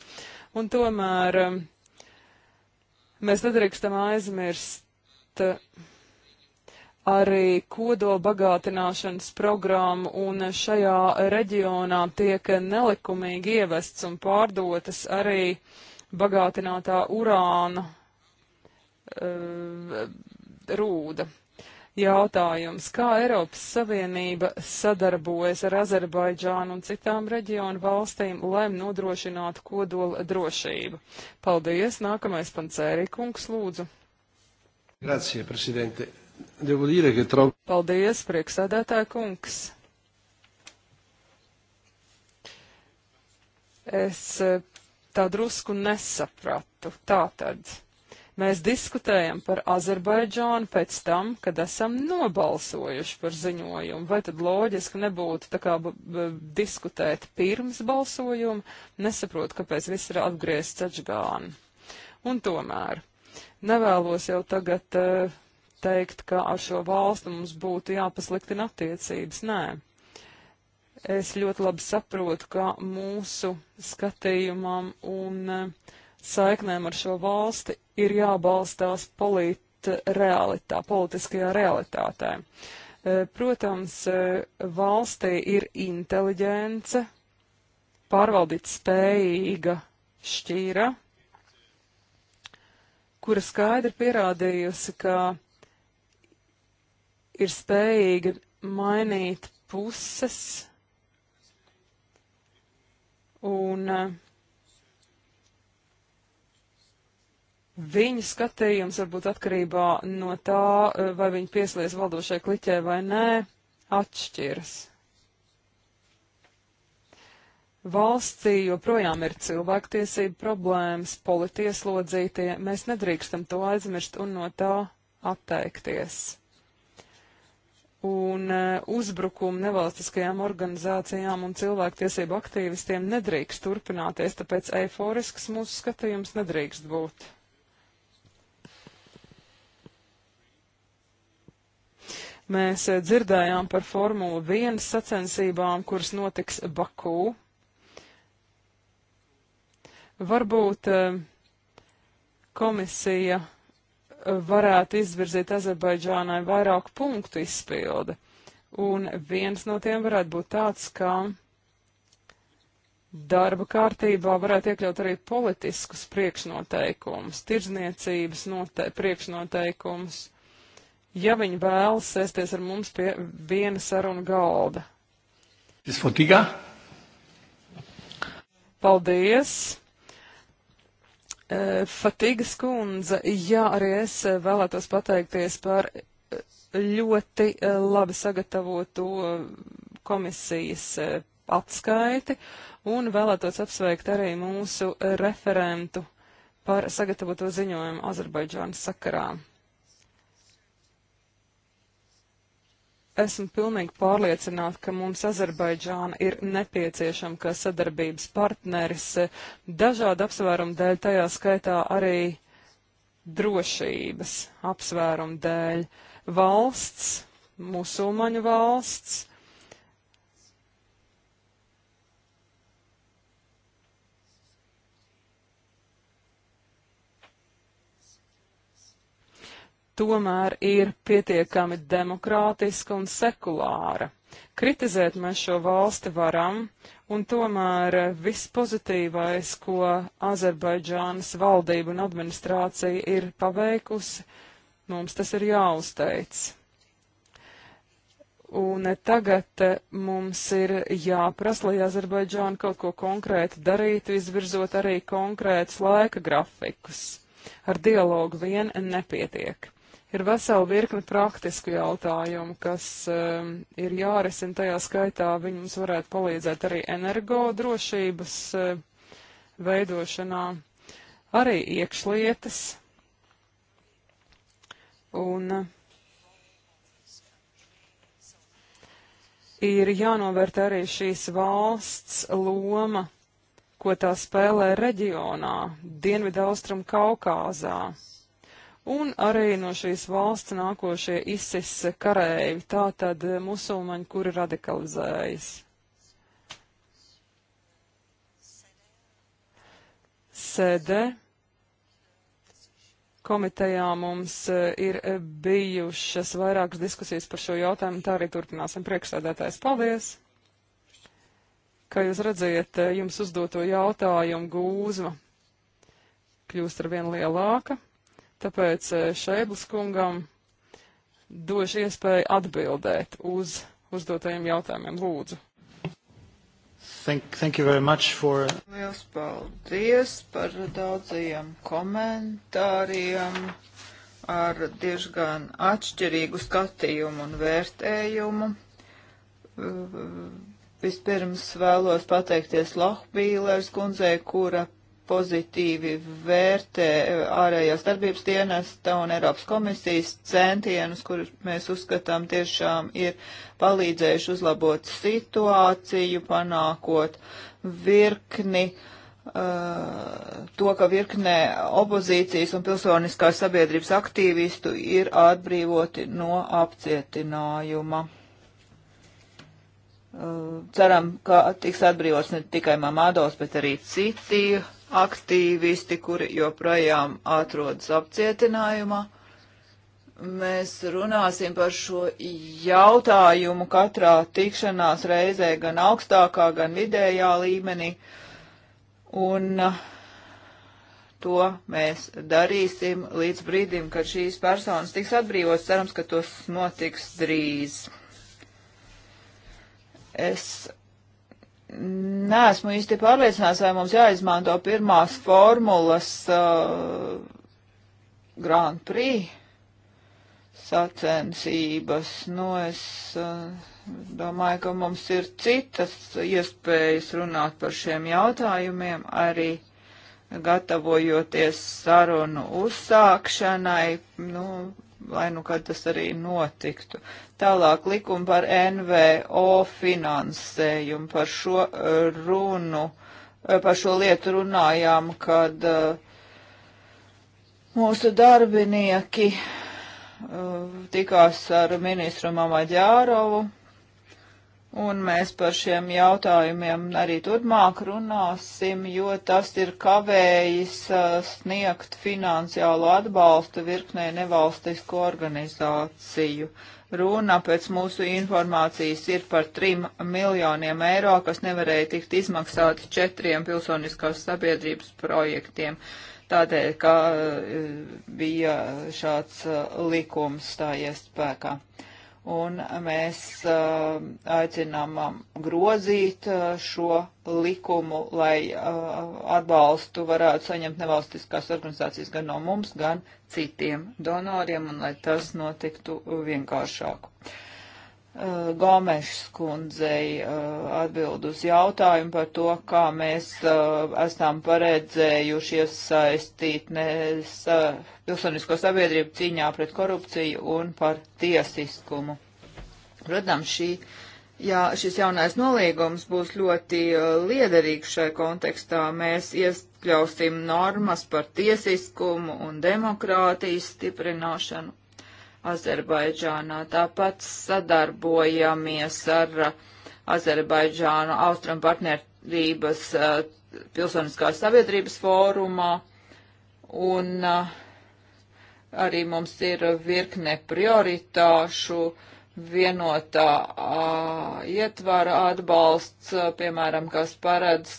Un tomēr Mēs nedrīkstam aizmirst arī kodobagātināšanas programmu, un šajā reģionā tiek nelikumīgi ievests un pārdotas arī bagātinātā urāna uh, rūda jautājums, kā Eiropas Savienība sadarbojas ar Azerbaidžānu un citām reģionu valstīm, lai nodrošinātu kodola drošību. Paldies, nākamais pancēri kungs lūdzu. Grazie, prezidente. Devo dire che trovo. Paldies, prieksēdētāja kungs. Es eh, tā drusku nesapratu. Tā tad. Mēs diskutējam par Azerbaidžānu pēc tam, kad esam nobalsojuši par ziņojumu. Vai tad loģiski nebūtu tā kā diskutēt pirms balsojuma? Nesaprotu, kāpēc viss ir atgriezts atžgāni. Un tomēr nevēlos jau tagad uh, teikt, ka ar šo valstu mums būtu jāpasliktina attiecības. Nē. Es ļoti labi saprotu, ka mūsu skatījumam un uh, saiknēm ar šo valsti ir jābalstās polit realitā, politiskajā realitātē. E, protams, e, valstī ir inteliģence, pārvaldīt spējīga šķīra, kura skaidri pierādījusi, ka ir spējīga mainīt puses un uh, Viņa skatījums varbūt atkarībā no tā, eh, vai viņa pieslēdz valdošai kliķē vai nē, atšķiras. Valstī joprojām ir cilvēktiesība problēmas, politieslodzītie, mēs nedrīkstam to aizmirst un no tā atteikties. Un eh, uzbrukumi nevalstiskajām organizācijām un cilvēktiesību aktīvistiem nedrīkst turpināties, tāpēc eiforisks mūsu skatījums nedrīkst būt. Mēs eh, dzirdējām par Formulu 1 sacensībām, kuras notiks Bakū. Varbūt eh, komisija eh, varētu izvirzīt Azerbaidžānai vairāku punktu izpildi. Un viens no tiem varētu būt tāds, ka darba kārtībā varētu iekļaut arī politiskus priekšnoteikumus, tirdzniecības note priekšnoteikumus ja viņi vēlas sēsties ar mums pie viena saruna galda. Es fotīgā. Paldies! Eh, Fatiga skundze, jā, arī es eh, vēlētos pateikties par eh, ļoti labi sagatavotu komisijas atskaiti un vēlētos apsveikt arī mūsu referentu par sagatavoto ziņojumu Azerbaidžānas sakarā. Esmu pilnīgi pārliecināta, ka mums Azerbaidžāna ir nepieciešama kā sadarbības partneris dažādu apsvērumu dēļ, tajā skaitā arī drošības apsvērumu dēļ. Valsts, musulmaņu valsts, tomēr ir pietiekami demokrātiska un sekulāra. Kritizēt mēs šo valsti varam, un tomēr viss pozitīvais, ko Azerbaidžānas valdība un administrācija ir paveikusi, mums tas ir jāuzteic. Un tagad mums ir jāprasa, lai Azerbaidžāna kaut ko konkrēti darītu, izvirzot arī konkrētus laika grafikus. Ar dialogu vien nepietiek. Ir vesela virkne praktisku jautājumu, kas um, ir jārisina tajā skaitā. Viņi mums varētu palīdzēt arī energodrošības uh, veidošanā, arī iekšlietas. Un uh, ir jānovērt arī šīs valsts loma, ko tā spēlē reģionā, Dienvidaustrum Kaukāzā un arī no šīs valsts nākošie ISIS karēji, tātad musulmaņi, kuri radikalizējas. Sēdē komitejā mums e, ir bijušas vairākas diskusijas par šo jautājumu, tā arī turpināsim priekšsēdētājs. Paldies! Kā jūs redzējat, e, jums uzdoto jautājumu gūzma kļūst ar vien lielāka. Tāpēc eh, Šeiblis kungam došu iespēju atbildēt uz uzdotajiem jautājumiem. Lūdzu. Thank, thank you very much for... Liels paldies par daudzajiem komentāriem ar diezgan atšķirīgu skatījumu un vērtējumu. Vispirms vēlos pateikties Lohbīlers kundzei, kura pozitīvi vērtē ārējās darbības dienesta un Eiropas komisijas centienus, kurus mēs uzskatām tiešām ir palīdzējuši uzlabot situāciju, panākot virkni uh, to, ka virknē opozīcijas un pilsoniskās sabiedrības aktīvistu ir atbrīvoti no apcietinājuma. Uh, ceram, ka tiks atbrīvots ne tikai Mamados, bet arī citi aktīvisti, kuri joprojām atrodas apcietinājumā. Mēs runāsim par šo jautājumu katrā tikšanās reizē, gan augstākā, gan vidējā līmenī. Un uh, to mēs darīsim līdz brīdim, kad šīs personas tiks atbrīvotas. Cerams, ka tas notiks drīz. Es neesmu īsti pārliecināts, vai mums jāizmanto pirmās formulas uh, Grand Prix sacensības. Nu, es uh, domāju, ka mums ir citas iespējas runāt par šiem jautājumiem arī gatavojoties sarunu uzsākšanai, nu, lai nu kad tas arī notiktu. Tālāk likuma par NVO finansējumu. Par šo eh, runu, eh, par šo lietu runājām, kad eh, mūsu darbinieki tikās ar ministru Mamaģārovu, un mēs par šiem jautājumiem arī turpmāk runāsim, jo tas ir kavējis sniegt finansiālu atbalstu virknē nevalstisko organizāciju. Runa pēc mūsu informācijas ir par 3 miljoniem eiro, kas nevarēja tikt izmaksāti četriem pilsoniskās sabiedrības projektiem, tādēļ, ka eh, bija šāds eh, likums stājies spēkā. Uh, un mēs uh, aicinām um, grozīt uh, šo likumu, lai uh, atbalstu varētu saņemt nevalstiskās organizācijas gan no mums, gan citiem donoriem, un lai tas notiktu vienkāršāk. Uh, Eh, Gomešs kundzei eh, atbild uz jautājumu par to, kā mēs eh, esam paredzējuši iesaistīt nes, pilsonisko sabiedrību cīņā pret korupciju un par tiesiskumu. Protams, šī, jā, šis jaunais nolīgums būs ļoti liederīgs šai kontekstā. Mēs iekļausim normas par tiesiskumu un demokrātijas stiprināšanu Azerbaidžānā. Tāpat sadarbojamies ar uh, Azerbaidžānu Austrum partnerības uh, pilsoniskās sabiedrības fórumā. Un uh, arī mums ir virkne prioritāšu vienotā ietvara atbalsts, piemēram, kas paredz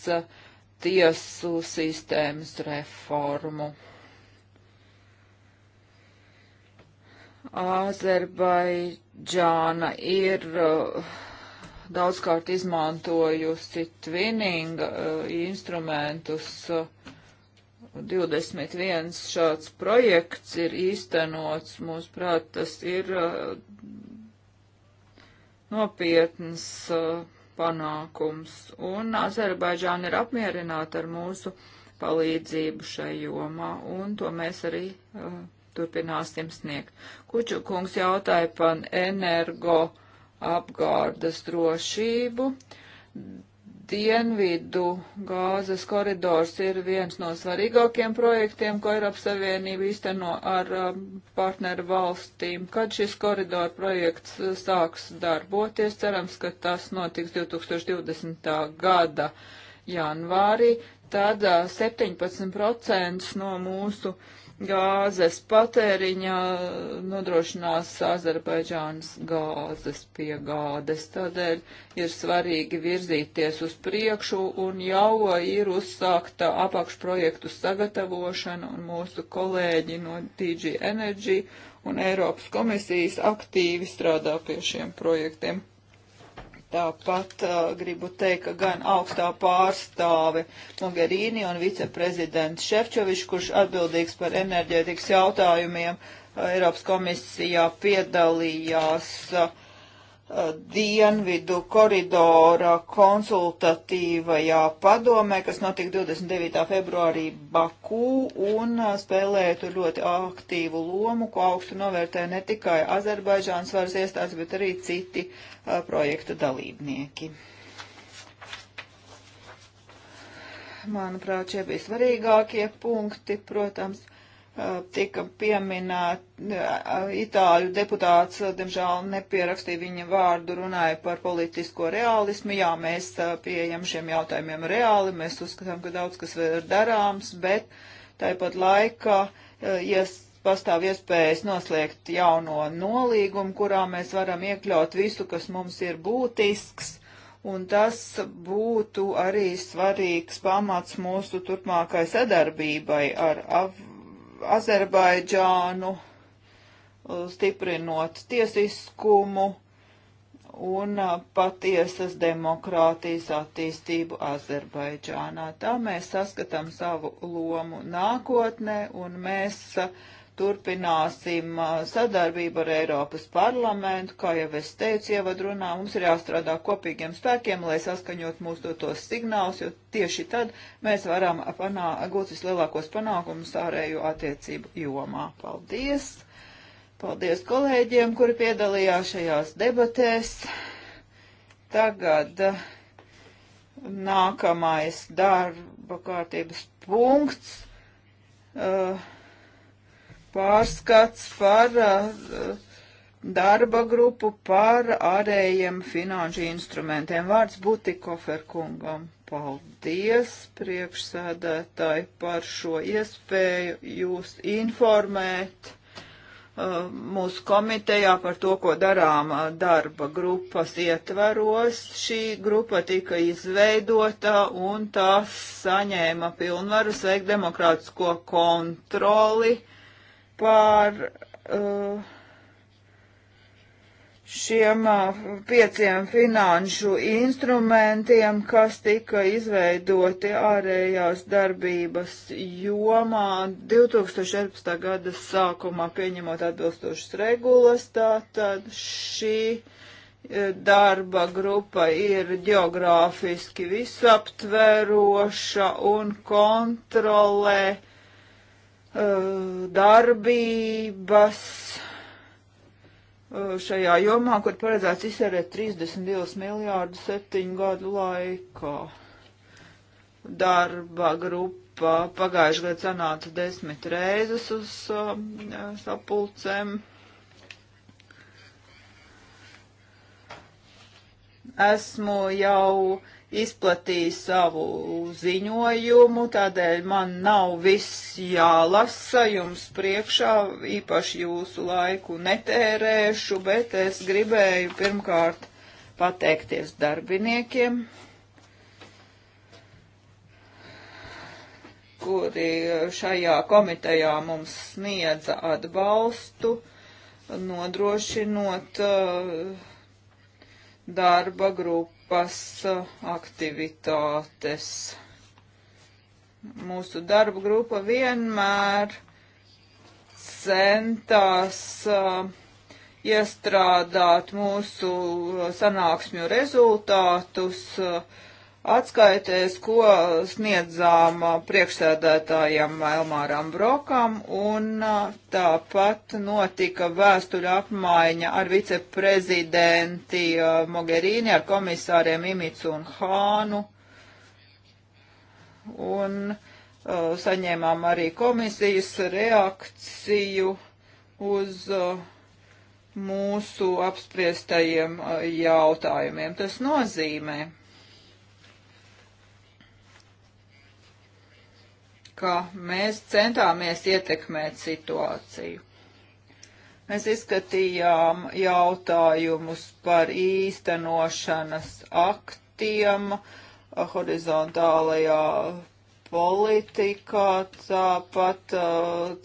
tiesu sistēmas reformu. Azerbaidžāna ir uh, daudzkārt izmantojusi twinning uh, instrumentus. 21 uh, šāds projekts ir īstenots, mūsuprāt, tas ir nopietns panākums, un Azerbaidžāna ir apmierināta ar mūsu palīdzību šai jomā, un to mēs arī uh, turpināsim sniegt. Kuču kungs jautāja par energo apgārdas drošību. Dienvidu gāzes koridors ir viens no svarīgākiem projektiem, ko Eiropas Savienība īsteno ar um, partneru valstīm. Kad šis koridoru projekts uh, sāks darboties, cerams, ka tas notiks 2020. gada janvārī, tad uh, 17% no mūsu uh, gāzes patēriņa nodrošinās Azerbaidžānas gāzes piegādes. Tādēļ ir svarīgi virzīties uz priekšu un jau ir uzsākta apakšprojektu sagatavošana un mūsu kolēģi no DG Energy un Eiropas komisijas aktīvi strādā pie šiem projektiem. Tāpat uh, gribu teikt, ka gan augstā pārstāve Mogherini un viceprezidents Šefčovičs, kurš atbildīgs par enerģētikas jautājumiem, uh, Eiropas komisijā piedalījās uh, dienvidu koridora konsultatīvajā padomē, kas notika 29. februārī Bakū un uh, spēlēja tur ļoti aktīvu lomu, ko augstu novērtē ne tikai Azerbaidžāns varas iestādes, bet arī citi a, uh, projekta dalībnieki. Manuprāt, šie bija svarīgākie punkti, protams. Eh, tika pieminēta eh, itāļu deputāts, eh, diemžēl nepierakstīja viņa vārdu, runāja par politisko realismu. Jā, mēs pieejam šiem jautājumiem reāli, mēs uzskatām, ka daudz kas vēl ir darāms, bet tāpat laikā ja pastāv iespējas noslēgt jauno nolīgumu, kurā mēs varam iekļaut visu, kas mums ir būtisks. Un tas būtu arī svarīgs pamats mūsu turpmākai sadarbībai ar Afganistānu Azerbaidžānu, uh, stiprinot tiesiskumu un uh, patiesas demokrātijas attīstību Azerbaidžānā. Tā mēs saskatām savu lomu nākotnē un mēs uh, turpināsim uh, sadarbību ar Eiropas parlamentu, kā jau es teicu ievadrunā, mums ir jāstrādā kopīgiem spēkiem, lai saskaņot mūsu dotos signālus, jo tieši tad mēs varam panā, gūt vislielākos panākumus ārēju attiecību jomā. Paldies! Paldies kolēģiem, kuri piedalījās šajās debatēs. Tagad uh, nākamais darba kārtības punkts. Uh, pārskats par uh, darba grupu par ārējiem finanšu instrumentiem. Vārds Butikofer kungam. Paldies priekšsēdētāji par šo iespēju jūs informēt uh, mūsu komitejā par to, ko darām uh, darba grupas ietvaros. Šī grupa tika izveidota un tā saņēma pilnvaru veikt demokrātisko kontroli par uh, šiem uh, pieciem finanšu instrumentiem, kas tika izveidoti ārējās darbības jomā 2014. gada sākumā pieņemot atbilstošas regulas. Tātad šī e, darba grupa ir geogrāfiski visaptveroša un kontrolē Eh, darbības eh, šajā jomā, kur paredzēts izsērēt 32 miljārdu septiņu gadu laikā. Darba grupa pagājušajā gadā sanāca desmit reizes uz um, eh, sapulcēm. Esmu jau uh, izplatīja savu ziņojumu, tādēļ man nav viss jālasa jums priekšā, īpaši jūsu laiku netērēšu, bet es gribēju pirmkārt pateikties darbiniekiem, kuri šajā komitejā mums sniedza atbalstu, nodrošinot uh, darba grupu grupas uh, aktivitātes. Mūsu darba grupa vienmēr centās uh, iestrādāt mūsu uh, sanāksmju rezultātus uh, atskaitēs, ko sniedzām uh, priekšsēdētājiem Elmāram Brokam, un uh, tāpat notika vēstuļa apmaiņa ar viceprezidenti uh, Mogherini, ar komisāriem Imicu un Hānu, un uh, saņēmām arī komisijas reakciju uz uh, mūsu apspriestajiem uh, jautājumiem. Tas nozīmē, ka mēs centāmies ietekmēt situāciju. Mēs izskatījām jautājumus par īstenošanas aktiem horizontālajā politikā, tāpat uh,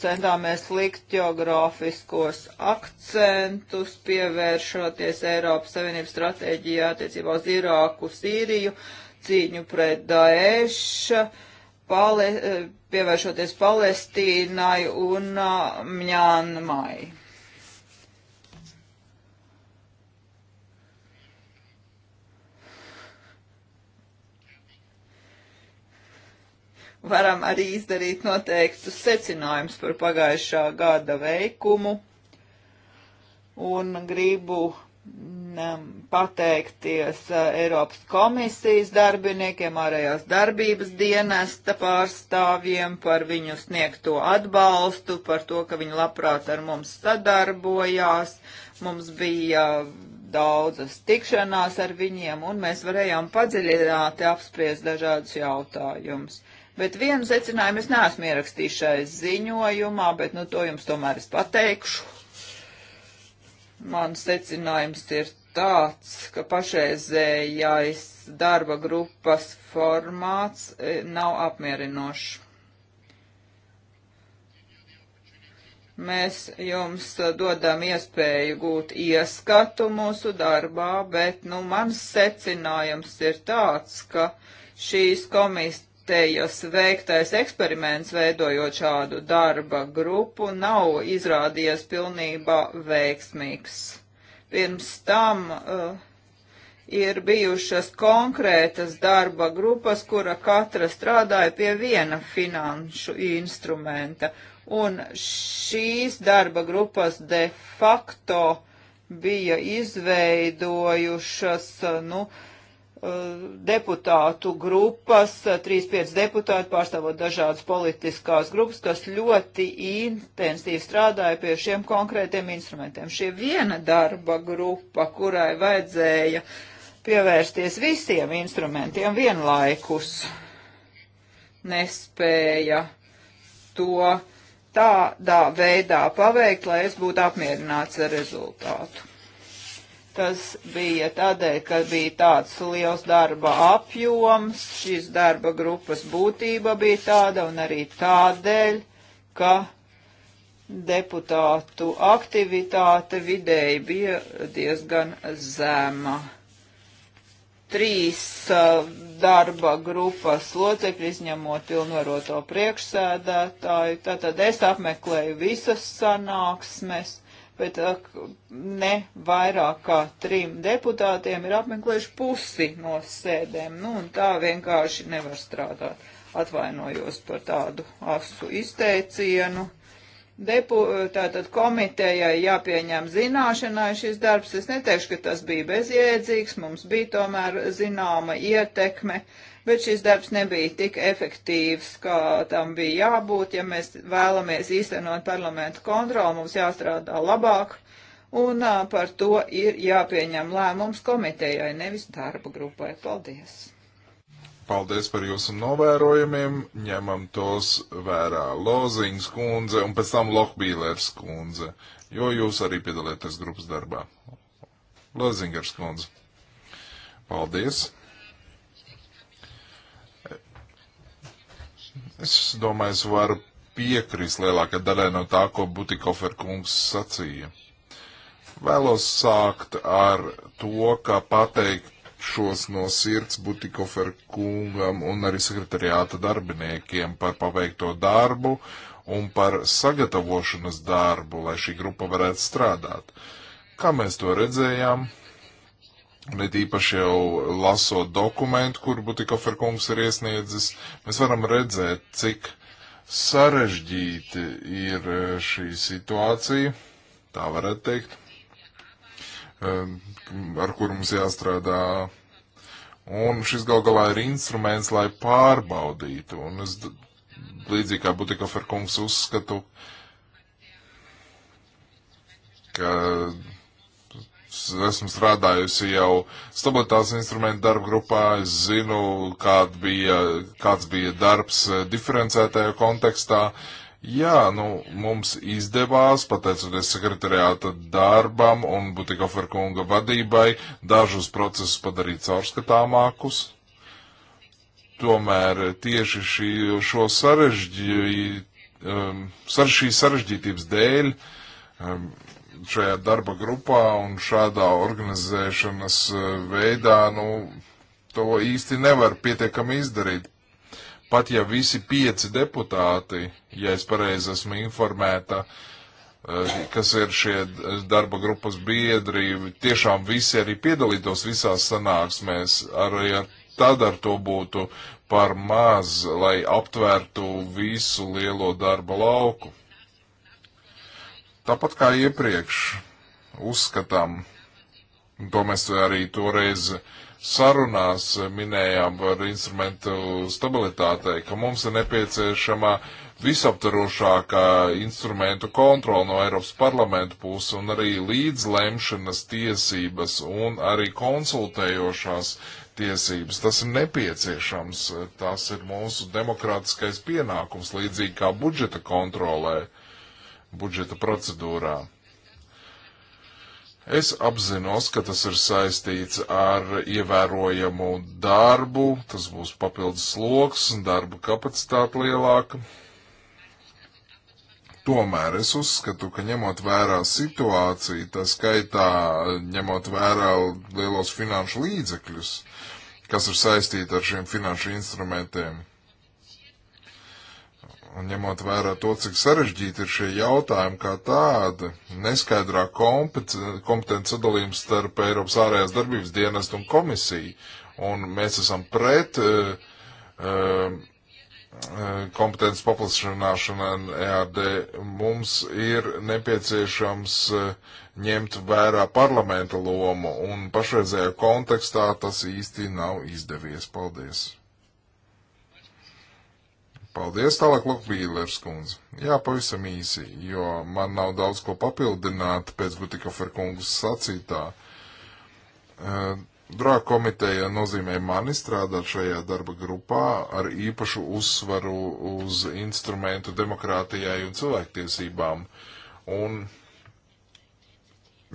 centāmies likt geogrāfiskos akcentus, pievēršoties Eiropas Savienības stratēģijā attiecībā uz Irāku, Sīriju, cīņu pret Daešu, pievēršoties Palestīnai un uh, Mņānmai. Varam arī izdarīt noteiktus secinājumus par pagājušā gada veikumu un gribu pateikties eh, Eiropas komisijas darbiniekiem, ārējās darbības dienesta pārstāvjiem par viņu sniegto atbalstu, par to, ka viņi labprāt ar mums sadarbojās. Mums bija daudzas tikšanās ar viņiem, un mēs varējām padziļināti apspriest dažādus jautājumus. Bet vienu secinājumu es neesmu ierakstījis šai ziņojumā, bet nu to jums tomēr es pateikšu. Mans secinājums ir tāds, ka pašreizējais darba grupas formāts e, nav apmierinošs. Mēs jums dodam iespēju gūt ieskatu mūsu darbā, bet, nu, mans secinājums ir tāds, ka šīs komitejas veiktais eksperiments veidojot šādu darba grupu nav izrādījies pilnībā veiksmīgs Pirms tam uh, ir bijušas konkrētas darba grupas, kura katra strādāja pie viena finanšu instrumenta. Un šīs darba grupas de facto bija izveidojušas, eh, nu, uh, Eh, deputātu grupas, 3-5 eh, deputāti pārstāvot dažādas politiskās grupas, kas ļoti intensīvi strādāja pie šiem konkrētiem instrumentiem. Šie viena darba grupa, kurai vajadzēja pievērsties visiem instrumentiem vienlaikus, nespēja to tādā veidā paveikt, lai es būtu apmierināts ar rezultātu. Tas bija tādēļ, ka bija tāds liels darba apjoms, šīs darba grupas būtība bija tāda un arī tādēļ, ka deputātu aktivitāte vidēji bija diezgan zema. Trīs uh, darba grupas locekļi izņemot pilnvaroto priekšsēdētāju, tātad es apmeklēju visas sanāksmes bet ne vairāk kā trim deputātiem ir apmeklējuši pusi no sēdēm. Nu, un tā vienkārši nevar strādāt. Atvainojos par tādu asu izteicienu. Depu, tātad komitejai jāpieņem zināšanai šis darbs. Es neteikšu, ka tas bija bezjēdzīgs, mums bija tomēr zināma ietekme. Uh, bet šis darbs nebija tik efektīvs, kā tam bija jābūt. Ja mēs vēlamies īstenot parlamentu kontroli, mums jāstrādā labāk, un uh, par to ir jāpieņem lēmums komitejai, nevis darba grupai. Paldies! Paldies par jūsu novērojumiem, ņemam tos vērā Lozings kundze un pēc tam Lohbīlērs kundze, jo jūs arī piedalieties grupas darbā. Lozingers kundze. Paldies! Es domāju, es varu piekrist lielākā daļai no tā, ko Butikofer kungs sacīja. Vēlos sākt ar to, kā pateikšos no sirds Butikofer kungam un arī sekretariāta darbiniekiem par paveikto darbu un par sagatavošanas darbu, lai šī grupa varētu strādāt. Kā mēs to redzējām, Un it īpaši jau lasot dokumentu, kur Butikofer kungs ir iesniedzis, mēs varam redzēt, cik sarežģīti ir e, šī situācija, tā varētu teikt, e, ar kur mums jāstrādā. Un šis gal galā ir instruments, lai pārbaudītu. Un es līdzīgi kā Butikofer kungs uzskatu, ka esmu strādājusi jau stabilitātes instrumentu darba grupā, es zinu, kād bija, kāds bija darbs eh, diferencētajā kontekstā. Jā, nu, mums izdevās, pateicoties sekretariāta darbam un Butikofer kunga vadībai, dažus procesus padarīt caurskatāmākus. Tomēr tieši šī, šo sarežģī, um, sar, šī sarežģītības dēļ um, šajā darba grupā un šādā organizēšanas eh, veidā, nu, to īsti nevar pietiekami izdarīt. Pat ja visi pieci deputāti, ja es pareizi esmu informēta, eh, kas ir šie darba grupas biedri, tiešām visi arī piedalītos visās sanāksmēs, arī ar, tad ar to būtu par maz, lai aptvērtu visu lielo darba lauku. Tāpat kā iepriekš uzskatām, to mēs arī toreiz sarunās minējām par instrumentu stabilitātei, ka mums ir nepieciešama visaptarošākā instrumentu kontrola no Eiropas parlamenta puses un arī līdzlemšanas tiesības un arī konsultējošās tiesības. Tas ir nepieciešams, tas ir mūsu demokrātiskais pienākums, līdzīgi kā budžeta kontrolē budžeta procedūrā. Es apzinos, ka tas ir saistīts ar ievērojamu darbu, tas būs papildus sloks un darba kapacitāte lielāka. Tomēr es uzskatu, ka ņemot vērā situāciju, tā skaitā ņemot vērā lielos finanšu līdzekļus, kas ir saistīti ar šiem finanšu instrumentiem, Un ņemot vērā to, cik sarežģīti ir šie jautājumi kā tāda, neskaidrā kompetence sadalījuma starp Eiropas ārējās darbības dienestu un komisiju, un mēs esam pret uh, uh, kompetences paplašināšanā EAD, mums ir nepieciešams uh, ņemt vērā parlamenta lomu, un pašreizējā kontekstā tas īsti nav izdevies. Paldies! Paldies, tālāk Lokbīlers kundze. Jā, pavisam īsi, jo man nav daudz ko papildināt pēc Butikofer kungas sacītā. E, drā komiteja nozīmē mani strādāt šajā darba grupā ar īpašu uzsvaru uz instrumentu demokrātijai un cilvēktiesībām. Un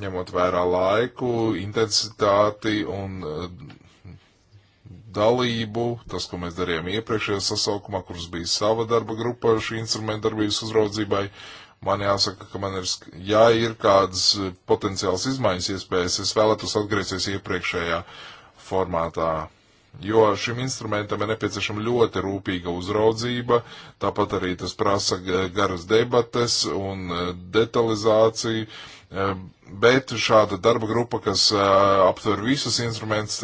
ņemot vērā laiku, intensitāti un e, dalību, tas, ko mēs darījām iepriekšējā sasaukumā, kuras bija sava darba grupa šī instrumenta darbības uzraudzībai. Man jāsaka, ka man ir, ja ir kādas eh, potenciāls izmaiņas iespējas, es vēlētos atgriezties iepriekšējā formātā jo šim instrumentam ir nepieciešama ļoti rūpīga uzraudzība, tāpat arī tas prasa garas debates un e, detalizāciju, e, bet šāda darba grupa, kas e, aptver visus instrumentus,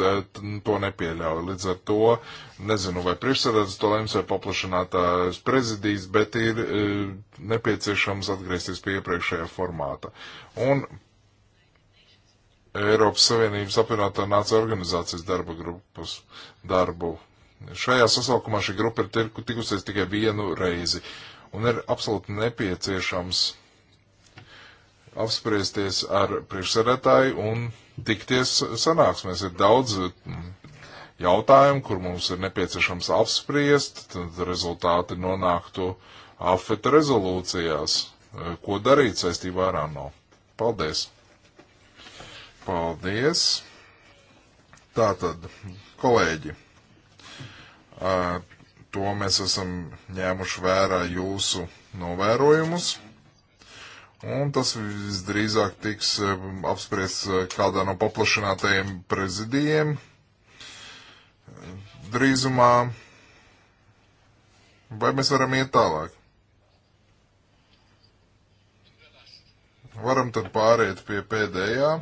to nepieļauj. Līdz ar to nezinu, vai priekšsēdētājs to lems vai paplašinātājs prezidijas, bet ir nepieciešams atgriezties pie iepriekšējā formāta. Un Eiropas Savienības apvienotā nācija organizācijas darba grupas darbu. Šajā sasaukumā šī grupa ir tikusies tikai vienu reizi un ir absolūti nepieciešams apspriesties ar priekšsēdētāju un tikties sanāksmēs. Ir daudz mm, jautājumu, kur mums ir nepieciešams apspriest, tad rezultāti nonāktu afeta rezolūcijās. Ko darīt saistībā ar ANO? Paldies! Paldies! Tātad, kolēģi, to mēs esam ņēmuši vērā jūsu novērojumus. Un tas visdrīzāk tiks apspriests kādā no paplašinātajiem prezidijiem drīzumā. Vai mēs varam iet tālāk? Varam tad pāriet pie pēdējā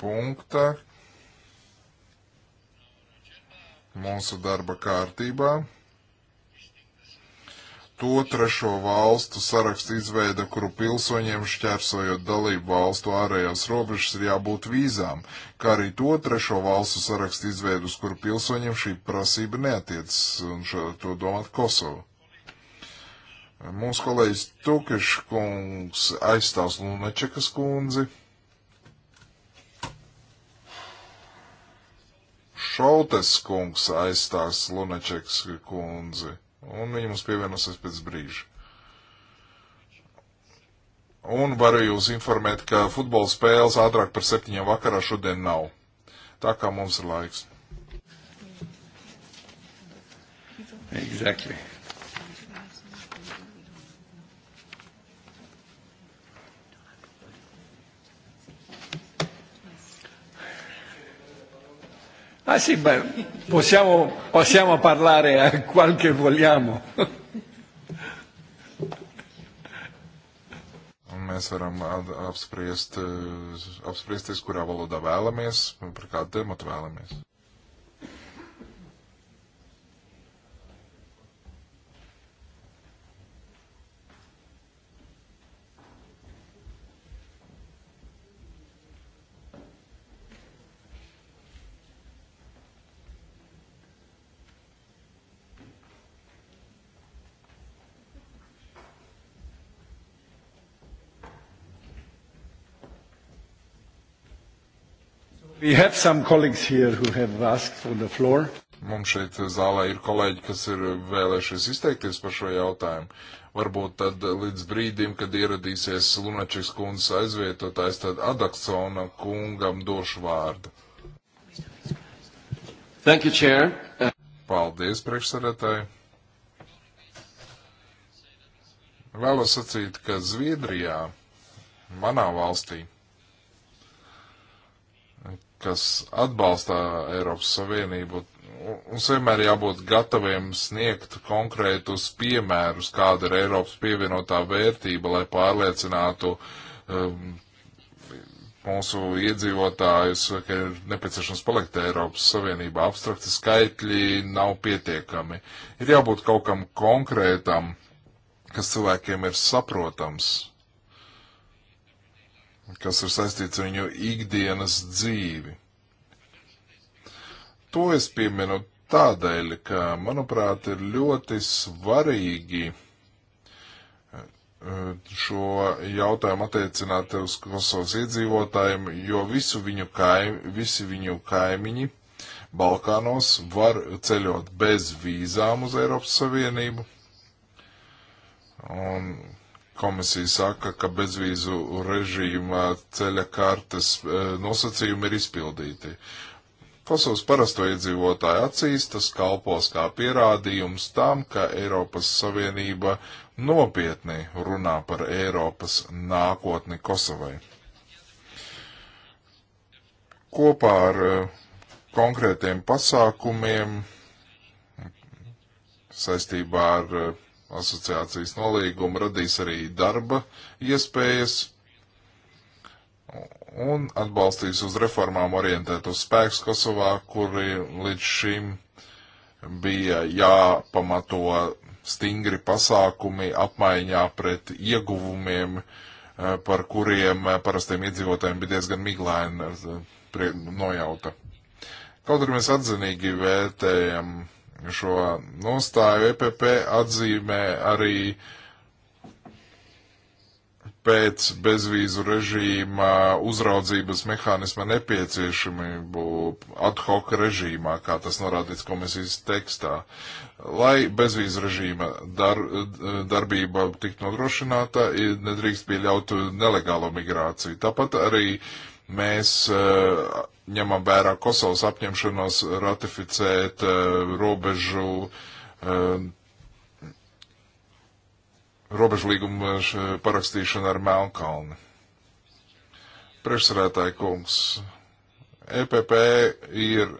punkta mūsu darba kārtībā. To trešo valstu sarakstu izveida, kuru pilsoņiem šķērsojot dalību valstu ārējās robežas ir jābūt vīzām, kā arī to trešo valstu sarakstu izveidu, uz kuru pilsoņiem šī prasība neatiec, un šo, to domāt Kosovu. Mūsu kolēģis Tukeškungs aizstāv Lunačekas kundzi. Šoltes kungs aizstās Lunačeks kundzi, un viņa mums pievienosies pēc brīža. Un varu jūs informēt, ka futbola spēles ātrāk par septiņiem vakarā šodien nav. Tā kā mums ir laiks. Exactly. Ah sì, beh, possiamo, possiamo parlare a qual che vogliamo. Mēs varam apspriest, eh, apspriesties, kurā valodā vēlamies, par kādu tematu vēlamies. Mums šeit zālē ir kolēģi, kas ir vēlējušies izteikties par šo jautājumu. Varbūt tad līdz brīdim, kad ieradīsies Lunačiks kundzes aizvietotājs, tad Adaksona kungam došu vārdu. Thank you, Chair. Paldies, priekšsarētāji. Vēlos sacīt, ka Zviedrijā, manā valstī, kas atbalstā Eiropas Savienību. Mums vienmēr jābūt gataviem sniegt konkrētus piemērus, kāda ir Eiropas pievienotā vērtība, lai pārliecinātu um, mūsu iedzīvotājus, ka ir nepieciešams palikt Eiropas Savienībā. Abstrakti skaitļi nav pietiekami. Ir jābūt kaut kam konkrētam, kas cilvēkiem ir saprotams kas ir saistīts ar viņu ikdienas dzīvi. To es pieminu tādēļ, ka, manuprāt, ir ļoti svarīgi eh, šo jautājumu attiecināt uz Kosovas iedzīvotājiem, jo visu viņu kaim, visi viņu kaimiņi Balkānos var ceļot bez vīzām uz Eiropas Savienību. Un Komisija saka, ka bezvīzu režīma ceļa kartes e, nosacījumi ir izpildīti. Kosovas parasto iedzīvotāju acīs tas kalpos kā pierādījums tam, ka Eiropas Savienība nopietni runā par Eiropas nākotni Kosovai. Kopā ar e, konkrētiem pasākumiem saistībā ar e, asociācijas nolīgumu radīs arī darba iespējas un atbalstīs uz reformām orientētos spēkus Kosovā, kuri līdz šim bija jāpamato stingri pasākumi apmaiņā pret ieguvumiem, eh, par kuriem eh, parastiem iedzīvotājiem bija diezgan miglaina eh, nojauta. Kaut arī mēs atzinīgi vērtējam šo nostāju EPP atzīmē arī pēc bezvīzu režīma uzraudzības mehānisma nepieciešamību ad hoc režīmā, kā tas norādīts komisijas tekstā. Lai bezvīzu režīma dar, darbība tiktu nodrošināta, nedrīkst pieļaut nelegālo migrāciju. Tāpat arī uh, mēs eh, ņemam vērā Kosovas apņemšanos ratificēt eh, robežu, eh, robežu līgumu parakstīšanu ar Melnkalni. Priekšsarētāji kungs, EPP ir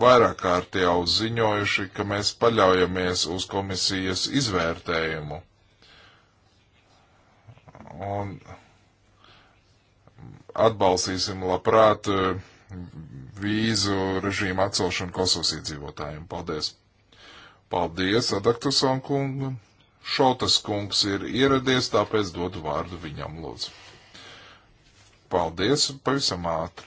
vairāk kārt jau ziņojuši, ka mēs paļaujamies uz komisijas izvērtējumu. Un atbalstīsim labprāt eh, vīzu režīmu atcelšanu Kosovas iedzīvotājiem. Paldies! Paldies, Adaktusam kungam! Šautas kungs ir ieradies, tāpēc dodu vārdu viņam, lūdzu. Paldies, pavisam ātri.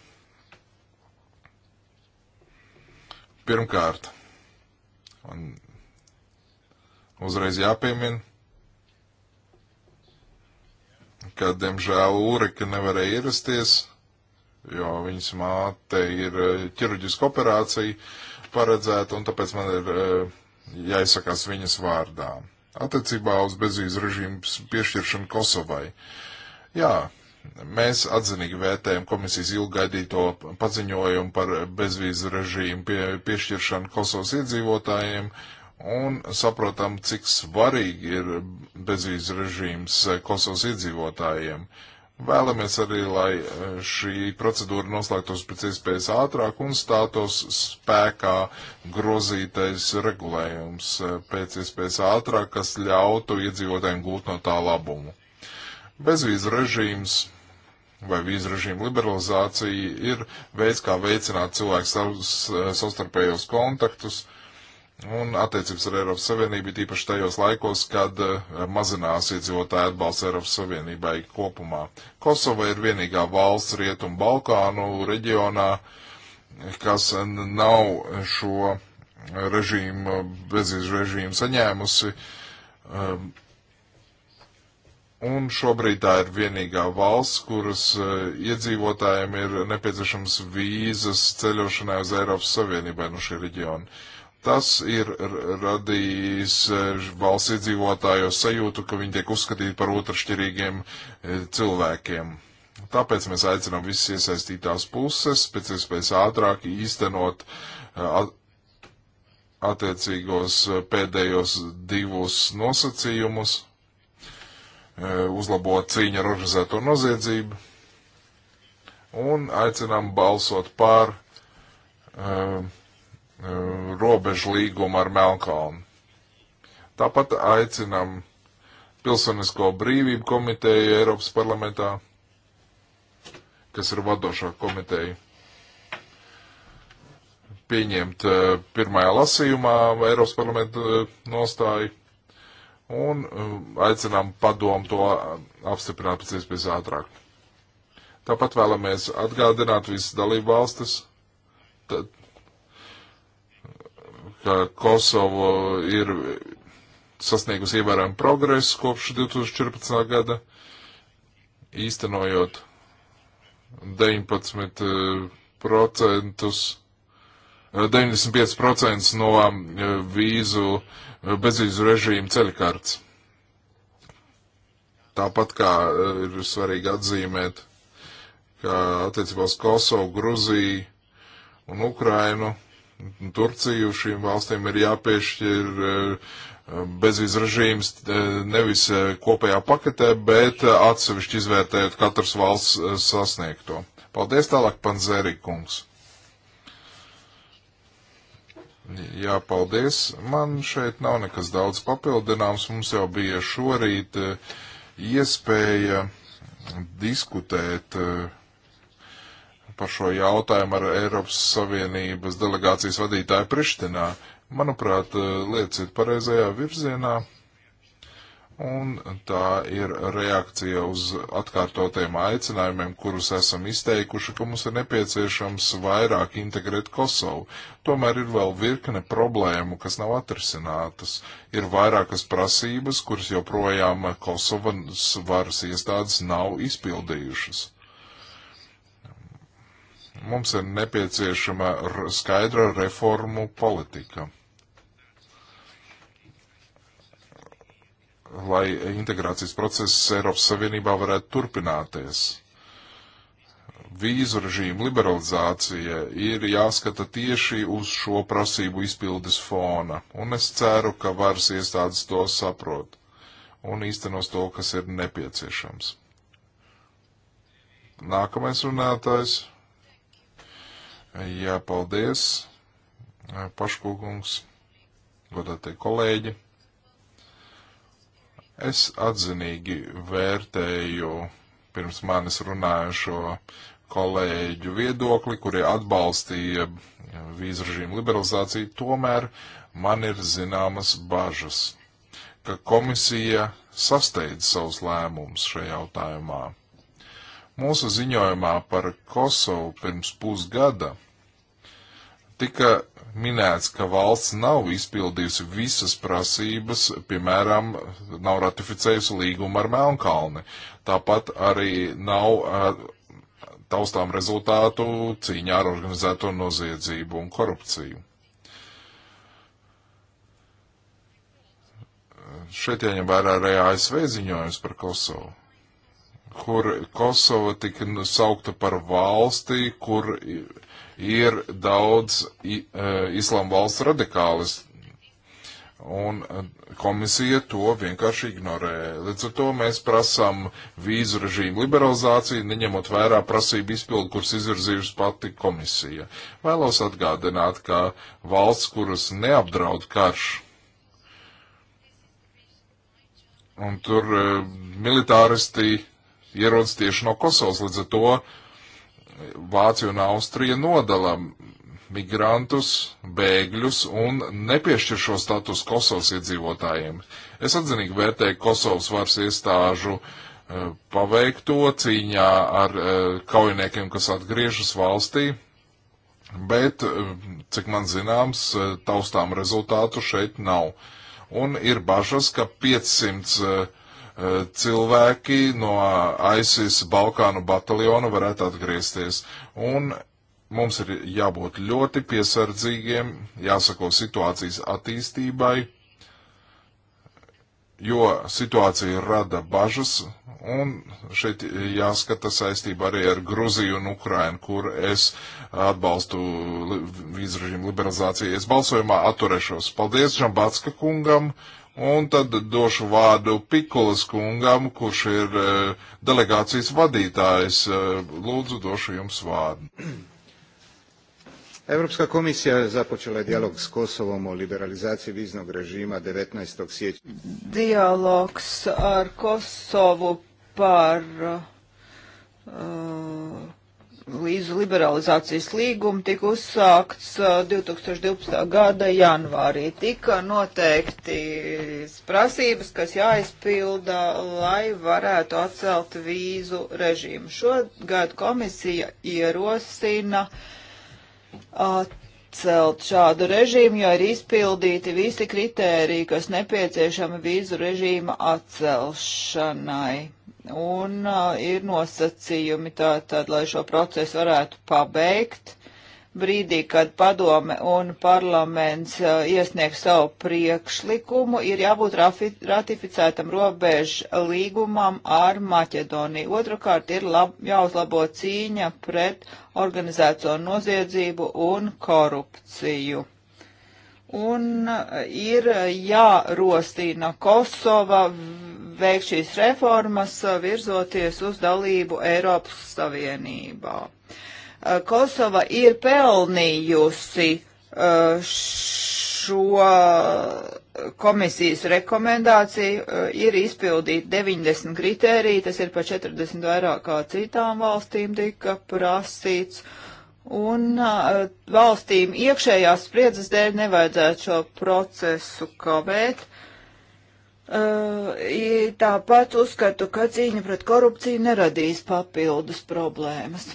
Pirmkārt, un uzreiz jāpiemina, ka, diemžēl, Ulrika nevarēja ierasties, jo viņas māte ir e, ķirurģiska operācija paredzēta, un tāpēc man ir e, jāizsakās viņas vārdā. Attiecībā uz bezvīzu režīmu piešķiršanu Kosovai. Jā, mēs atzinīgi vērtējam komisijas ilgaidīto paziņojumu par bezvīzu režīmu pie, piešķiršanu Kosovas iedzīvotājiem, un saprotam, cik svarīgi ir bezvīzu režīms Kosovas iedzīvotājiem. Vēlamies arī, lai e, šī procedūra noslēgtos pēc iespējas ātrāk un stātos spēkā grozītais regulējums e, pēc iespējas ātrāk, kas ļautu iedzīvotājiem gūt no tā labumu. Bezvīzu režīms vai vīzu režīmu liberalizācija ir veids, kā veicināt cilvēku savs, e, savstarpējos kontaktus, uh, un attiecības ar Eiropas Savienību, tīpaši tajos laikos, kad eh, mazinās iedzīvotāju atbalsts Eiropas Savienībai kopumā. Kosova ir vienīgā valsts Rietumu Balkānu reģionā, kas nav šo režīmu, bezvīzu režīmu saņēmusi. Eh, un šobrīd tā ir vienīgā valsts, kuras uh, iedzīvotājiem ir nepieciešams vīzas ceļošanai uz Eiropas Savienībai no šī reģiona. Uh, Tas ir radījis eh, valsts iedzīvotājos sajūtu, ka viņi tiek uzskatīti par otršķirīgiem eh, cilvēkiem. Tāpēc mēs aicinām visas iesaistītās puses pēc iespējas ātrāk īstenot eh, attiecīgos pēdējos divus nosacījumus, uzlabot cīņu ar organizēto noziedzību un aicinām balsot par uh, Eh, robežu līgumu ar Melkalnu. Tāpat aicinam Pilsonisko brīvību komiteju Eiropas parlamentā, kas ir vadošā komiteja, pieņemt eh, pirmajā lasījumā Eiropas parlamenta eh, nostāju un aicinām padomu to apstiprināt pēc iespējas ātrāk. Tāpat vēlamies atgādināt visas dalību valstis, ka Kosovo ir sasniegusi ievērojumu progresu kopš 2014. gada, īstenojot 19%, 95% eh, eh, no eh, vīzu, bezvīzu režīmu ceļkārts. Tāpat kā ir svarīgi atzīmēt, ka attiecībā uz Kosovu, Gruziju un Ukrainu Turciju šīm valstīm ir jāpiešķir eh, bezvīz režīms eh, nevis eh, kopējā paketē, bet atsevišķi izvērtējot katras valsts sasniegto. Paldies tālāk, Panzeri kungs. Jā, paldies. Man šeit nav nekas daudz papildināms. Mums jau bija šorīt iespēja diskutēt uh, par šo jautājumu ar Eiropas Savienības delegācijas vadītāju Prištinā, manuprāt, eh, liecina pareizajā virzienā. Un tā ir reakcija uz atkārtotiem aicinājumiem, kurus esam izteikuši, ka mums ir nepieciešams vairāk integrēt Kosovu. Tomēr ir vēl virkne problēmu, kas nav atrisinātas. Ir vairākas prasības, kuras joprojām Kosovas varas iestādes nav izpildījušas. Mums ir nepieciešama skaidra reformu politika, lai integrācijas process Eiropas Savienībā varētu turpināties vīzu režīmu liberalizācija ir jāskata tieši uz šo prasību izpildes fona, un es ceru, ka varas iestādes to saprot un īstenos to, kas ir nepieciešams. Nākamais runātājs Jā, paldies, paškūkungs, godātie kolēģi. Es atzinīgi vērtēju pirms manis runājušo kolēģu viedokli, kuri atbalstīja vīzu režīmu liberalizāciju, tomēr man ir zināmas bažas, ka komisija sasteidz savus lēmumus šajā jautājumā. Mūsu ziņojumā par Kosovu pirms pusgada tika minēts, ka valsts nav izpildījusi visas prasības, piemēram, nav ratificējusi līgumu ar Melnkalni. Tāpat arī nav eh, taustām rezultātu cīņā ar organizēto noziedzību un korupciju. Šeit jāņem vērā arī ASV ziņojums par Kosovu kur Kosova tika saukta par valstī, kur ir daudz e, islāma valsts radikālis. Un e, komisija to vienkārši ignorē. Līdz ar to mēs prasām vīzu režīmu liberalizāciju, neņemot vērā prasību izpildu, kuras izvirzījusi pati komisija. Vēlos atgādināt, ka valsts, kuras neapdraud karš, un tur uh, militāristi ierodas tieši no Kosovas. Līdz ar to Vācija un Austrija nodala migrantus, bēgļus un nepiešķir šo status Kosovas iedzīvotājiem. Es atzinīgi vērtēju Kosovas varas iestāžu uh, paveikto cīņā ar uh, kaujiniekiem, kas atgriežas valstī, bet, uh, cik man zināms, taustām rezultātu šeit nav. Un ir bažas, ka 500 cilvēki no ISIS Balkānu bataljona varētu atgriezties. Un mums ir jābūt ļoti piesardzīgiem, jāsako situācijas attīstībai, jo situācija rada bažas, un šeit jāskata saistībā arī ar Gruziju un Ukrainu, kur es atbalstu vīzrežīmu liberalizāciju. Es balsojumā atturēšos. Paldies Žambatska kungam, Un tad došu vārdu Pikulas kungam, kurš ir e, delegācijas vadītājs. E, lūdzu, došu jums vārdu. Europska komisija započela je dijalog s Kosovom o liberalizaciji viznog režima 19. siječnja. Dijalog s ar Kosovu par uh, vīzu liberalizācijas līguma tika uzsākts 2012. Uh, gada janvārī. Tika noteikti prasības, kas jāizpilda, lai varētu atcelt vīzu režīmu. Šogad komisija ierosina atcelt šādu režīmu, jo ir izpildīti visi kritēriji, kas nepieciešami vīzu režīma atcelšanai un uh, ir nosacījumi tātad, lai šo procesu varētu pabeigt. Brīdī, kad padome un parlaments uh, iesniegs savu priekšlikumu, ir jābūt ratificētam robežu līgumam ar Maķedoniju. Otrakārt ir lab, jāuzlabo cīņa pret organizēto noziedzību un korupciju un uh, ir uh, jārostina Kosova veikt šīs reformas, uh, virzoties uz dalību Eiropas Savienībā. Kosova ir pelnījusi šo komisijas rekomendāciju, ir izpildīt 90 kritēriju, tas ir pa 40 vairāk kā citām valstīm tika prasīts. Uh, Un uh, valstīm iekšējās spriedzes dēļ nevajadzētu šo procesu kavēt. Uh, tāpat uzskatu, ka cīņa pret korupciju neradīs papildus problēmas.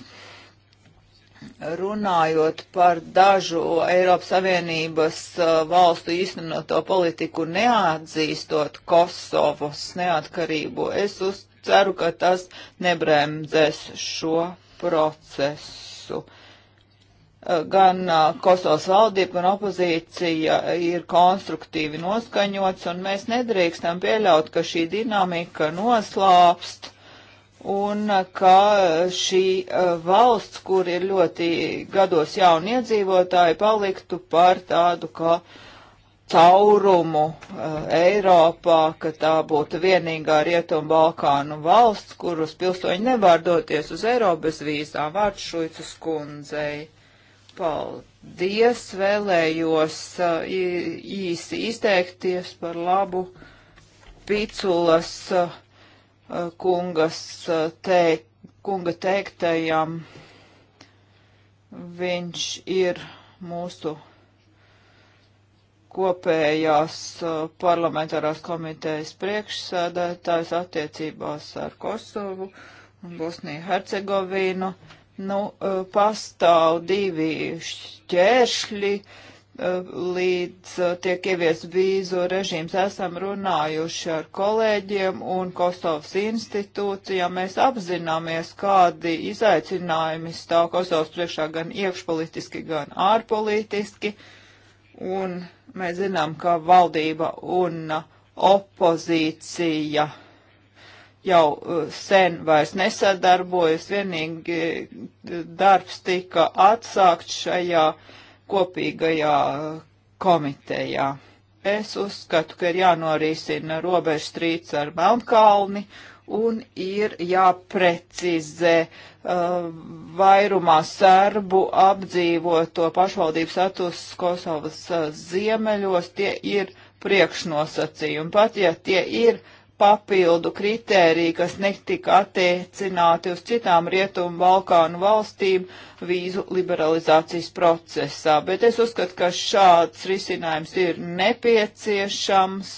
Runājot par dažu Eiropas Savienības uh, valstu īstenoto politiku neatzīstot Kosovas neatkarību, es ceru, ka tas nebremzēs šo procesu. Uh, Eh, gan eh, Kosovas valdība, gan opozīcija ir konstruktīvi noskaņots, un mēs nedrīkstam pieļaut, ka šī dinamika noslāpst un eh, ka šī valsts, kur ir ļoti gados jauni iedzīvotāji, paliktu par tādu kā caurumu Eiropā, ka tā būtu vienīgā Rietumu Balkānu valsts, kurus pilsoņi nevar doties uz Eiropu bez vīzām. Vārds Šuicas kundzei. Paldies, vēlējos uh, īsi izteikties par labu Piculas uh, uh, kungas teik, kunga teiktajam. Viņš ir mūsu kopējās parlamentārās komitejas priekšsēdētājs attiecībās ar Kosovu un Bosniju Hercegovīnu. Uh, nu, eh, pastāv divi šķēršļi, eh, līdz eh, tiek ieviests vīzu režīms. Esam runājuši ar kolēģiem un Kosovas institūcijām. Mēs apzināmies, kādi izaicinājumi stāv Kosovas priekšā gan iekšpolitiski, gan ārpolitiski. Un mēs zinām, ka valdība un opozīcija jau uh, sen vairs nesadarbojas, vienīgi uh, darbs tika atsākts šajā kopīgajā uh, komitejā. Es uzskatu, ka ir jānorīsina robežu strīds ar Melnkalni un ir jāprecizē uh, vairumā serbu apdzīvoto pašvaldību status Kosovas uh, ziemeļos. Tie ir priekšnosacījumi. Pat ja tie ir uh, papildu kritēriji, kas netika attiecināti uz citām Rietumu Balkānu valstīm vīzu liberalizācijas procesā. Bet es uzskatu, ka šāds risinājums ir nepieciešams,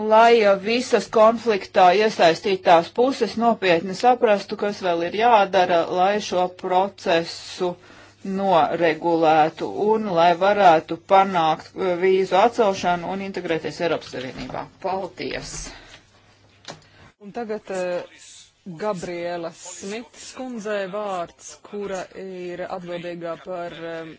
lai visas konfliktā iesaistītās puses nopietni saprastu, kas vēl ir jādara, lai šo procesu uh, noregulētu un lai varētu panākt uh, vīzu atcelšanu un integrēties Eiropas Savienībā. Paldies! Un tagad uh, Gabriela Smits kundzei vārds, kura ir atbildīgā par um,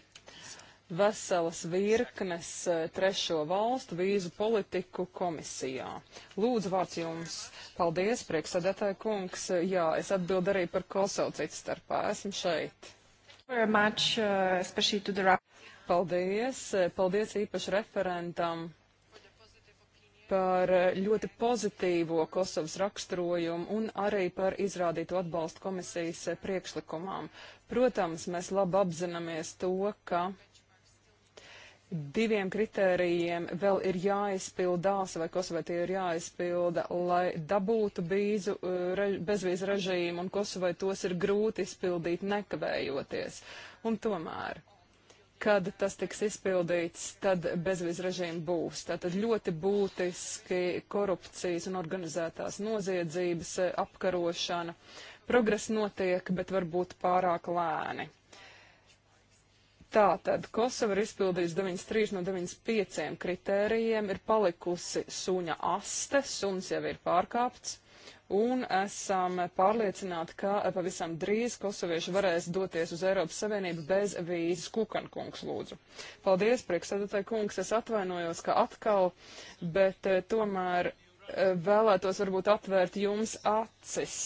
veselas virknes uh, trešo valstu vīzu politiku komisijā. Lūdzu, vārds jums. Paldies, priekšsēdētāja kungs. Jā, es atbildu arī par Kosovu citu starpā. Esmu šeit. Much, uh, paldies, paldies īpaši referentam par uh, ļoti pozitīvo Kosovas raksturojumu un arī par izrādīto atbalstu komisijas uh, priekšlikumām. Protams, mēs labi apzināmies to, ka diviem kritērijiem vēl ir jāizpildās, vai Kosovai tie ir jāizpilda, lai dabūtu bīzu uh, rež, bezvīzu režīmu, un Kosovai tos ir grūti izpildīt nekavējoties. Un tomēr, kad tas tiks izpildīts, tad bezvīzu režīmu būs. Tātad ļoti būtiski korupcijas un organizētās noziedzības uh, apkarošana. Progress notiek, bet varbūt pārāk lēni. Tātad Kosova ir izpildījusi 93 no 95 kritērijiem, ir palikusi suņa aste, suns jau ir pārkāpts, un esam pārliecināti, ka pavisam drīz kosovieši varēs doties uz Eiropas Savienību bez vīzes. Kukan kungs, lūdzu. Paldies, priekšsēdētāji kungs, es atvainojos, ka atkal, bet eh, tomēr eh, vēlētos varbūt atvērt jums acis.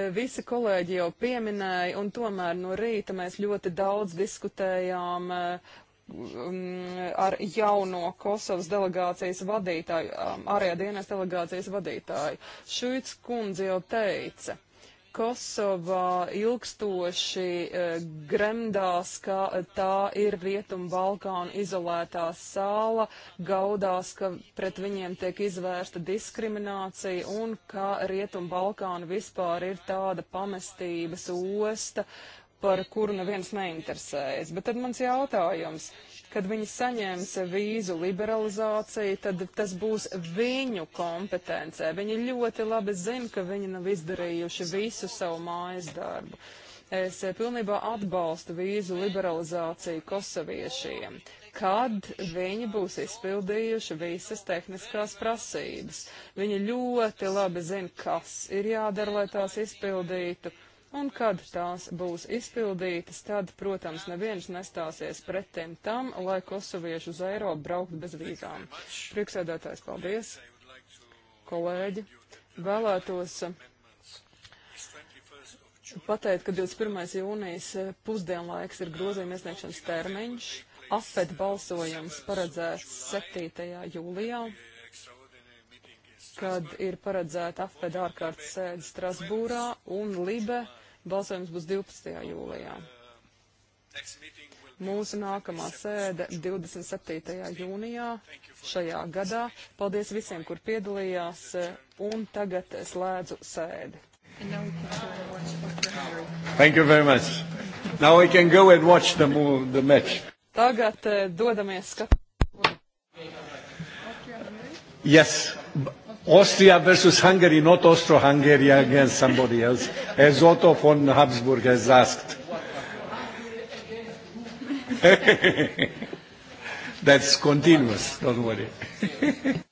E, visi kolēģi jau pieminēja, un tomēr no rīta mēs ļoti daudz diskutējām e, ar jauno Kosovas delegācijas vadītāju, ārējā dienas delegācijas vadītāju. Šuits kundze jau teica, Kosovā ilgstoši e, gremdās, ka tā ir Rietumu Balkānu izolētā sāla, gaudās, ka pret viņiem tiek izvērsta diskriminācija un ka Rietumu Balkānu vispār ir tāda pamestības osta, par kuru neviens neinteresējas. Bet tad mans jautājums. Uh, Kad viņi saņems vīzu liberalizāciju, tad tas būs viņu kompetencē. Viņi ļoti labi zina, ka viņi nav izdarījuši visu savu mājas darbu. Es eh, pilnībā atbalstu vīzu liberalizāciju kosoviešiem, kad viņi būs izpildījuši visas tehniskās prasības. Viņi ļoti labi zina, kas ir jādara, lai tās izpildītu, un kad tās būs izpildītas, tad, protams, neviens nestāsies pretim tam, lai kosovieši uz Eiropu braukt bez vīzām. Prieksēdētājs, paldies! Kolēģi, vēlētos pateikt, ka 21. jūnijas pusdienlaiks ir grozījuma iesniegšanas termiņš. Afet balsojums paredzēts 7. jūlijā, kad ir paredzēta afet ārkārtas sēde Strasbūrā un Libe Balsojums būs 12. jūlijā. Mūsu nākamā sēde 27. jūnijā šajā gadā. Paldies visiem, kur piedalījās, un tagad slēdzu sēdi. Thank you very much. Now we can go and watch the, move, the match. Tagad eh, dodamies skatīt. Yes. Austria versus Hungary, not Austro-Hungary against somebody else, as Otto von Habsburg has asked. That's continuous, don't worry.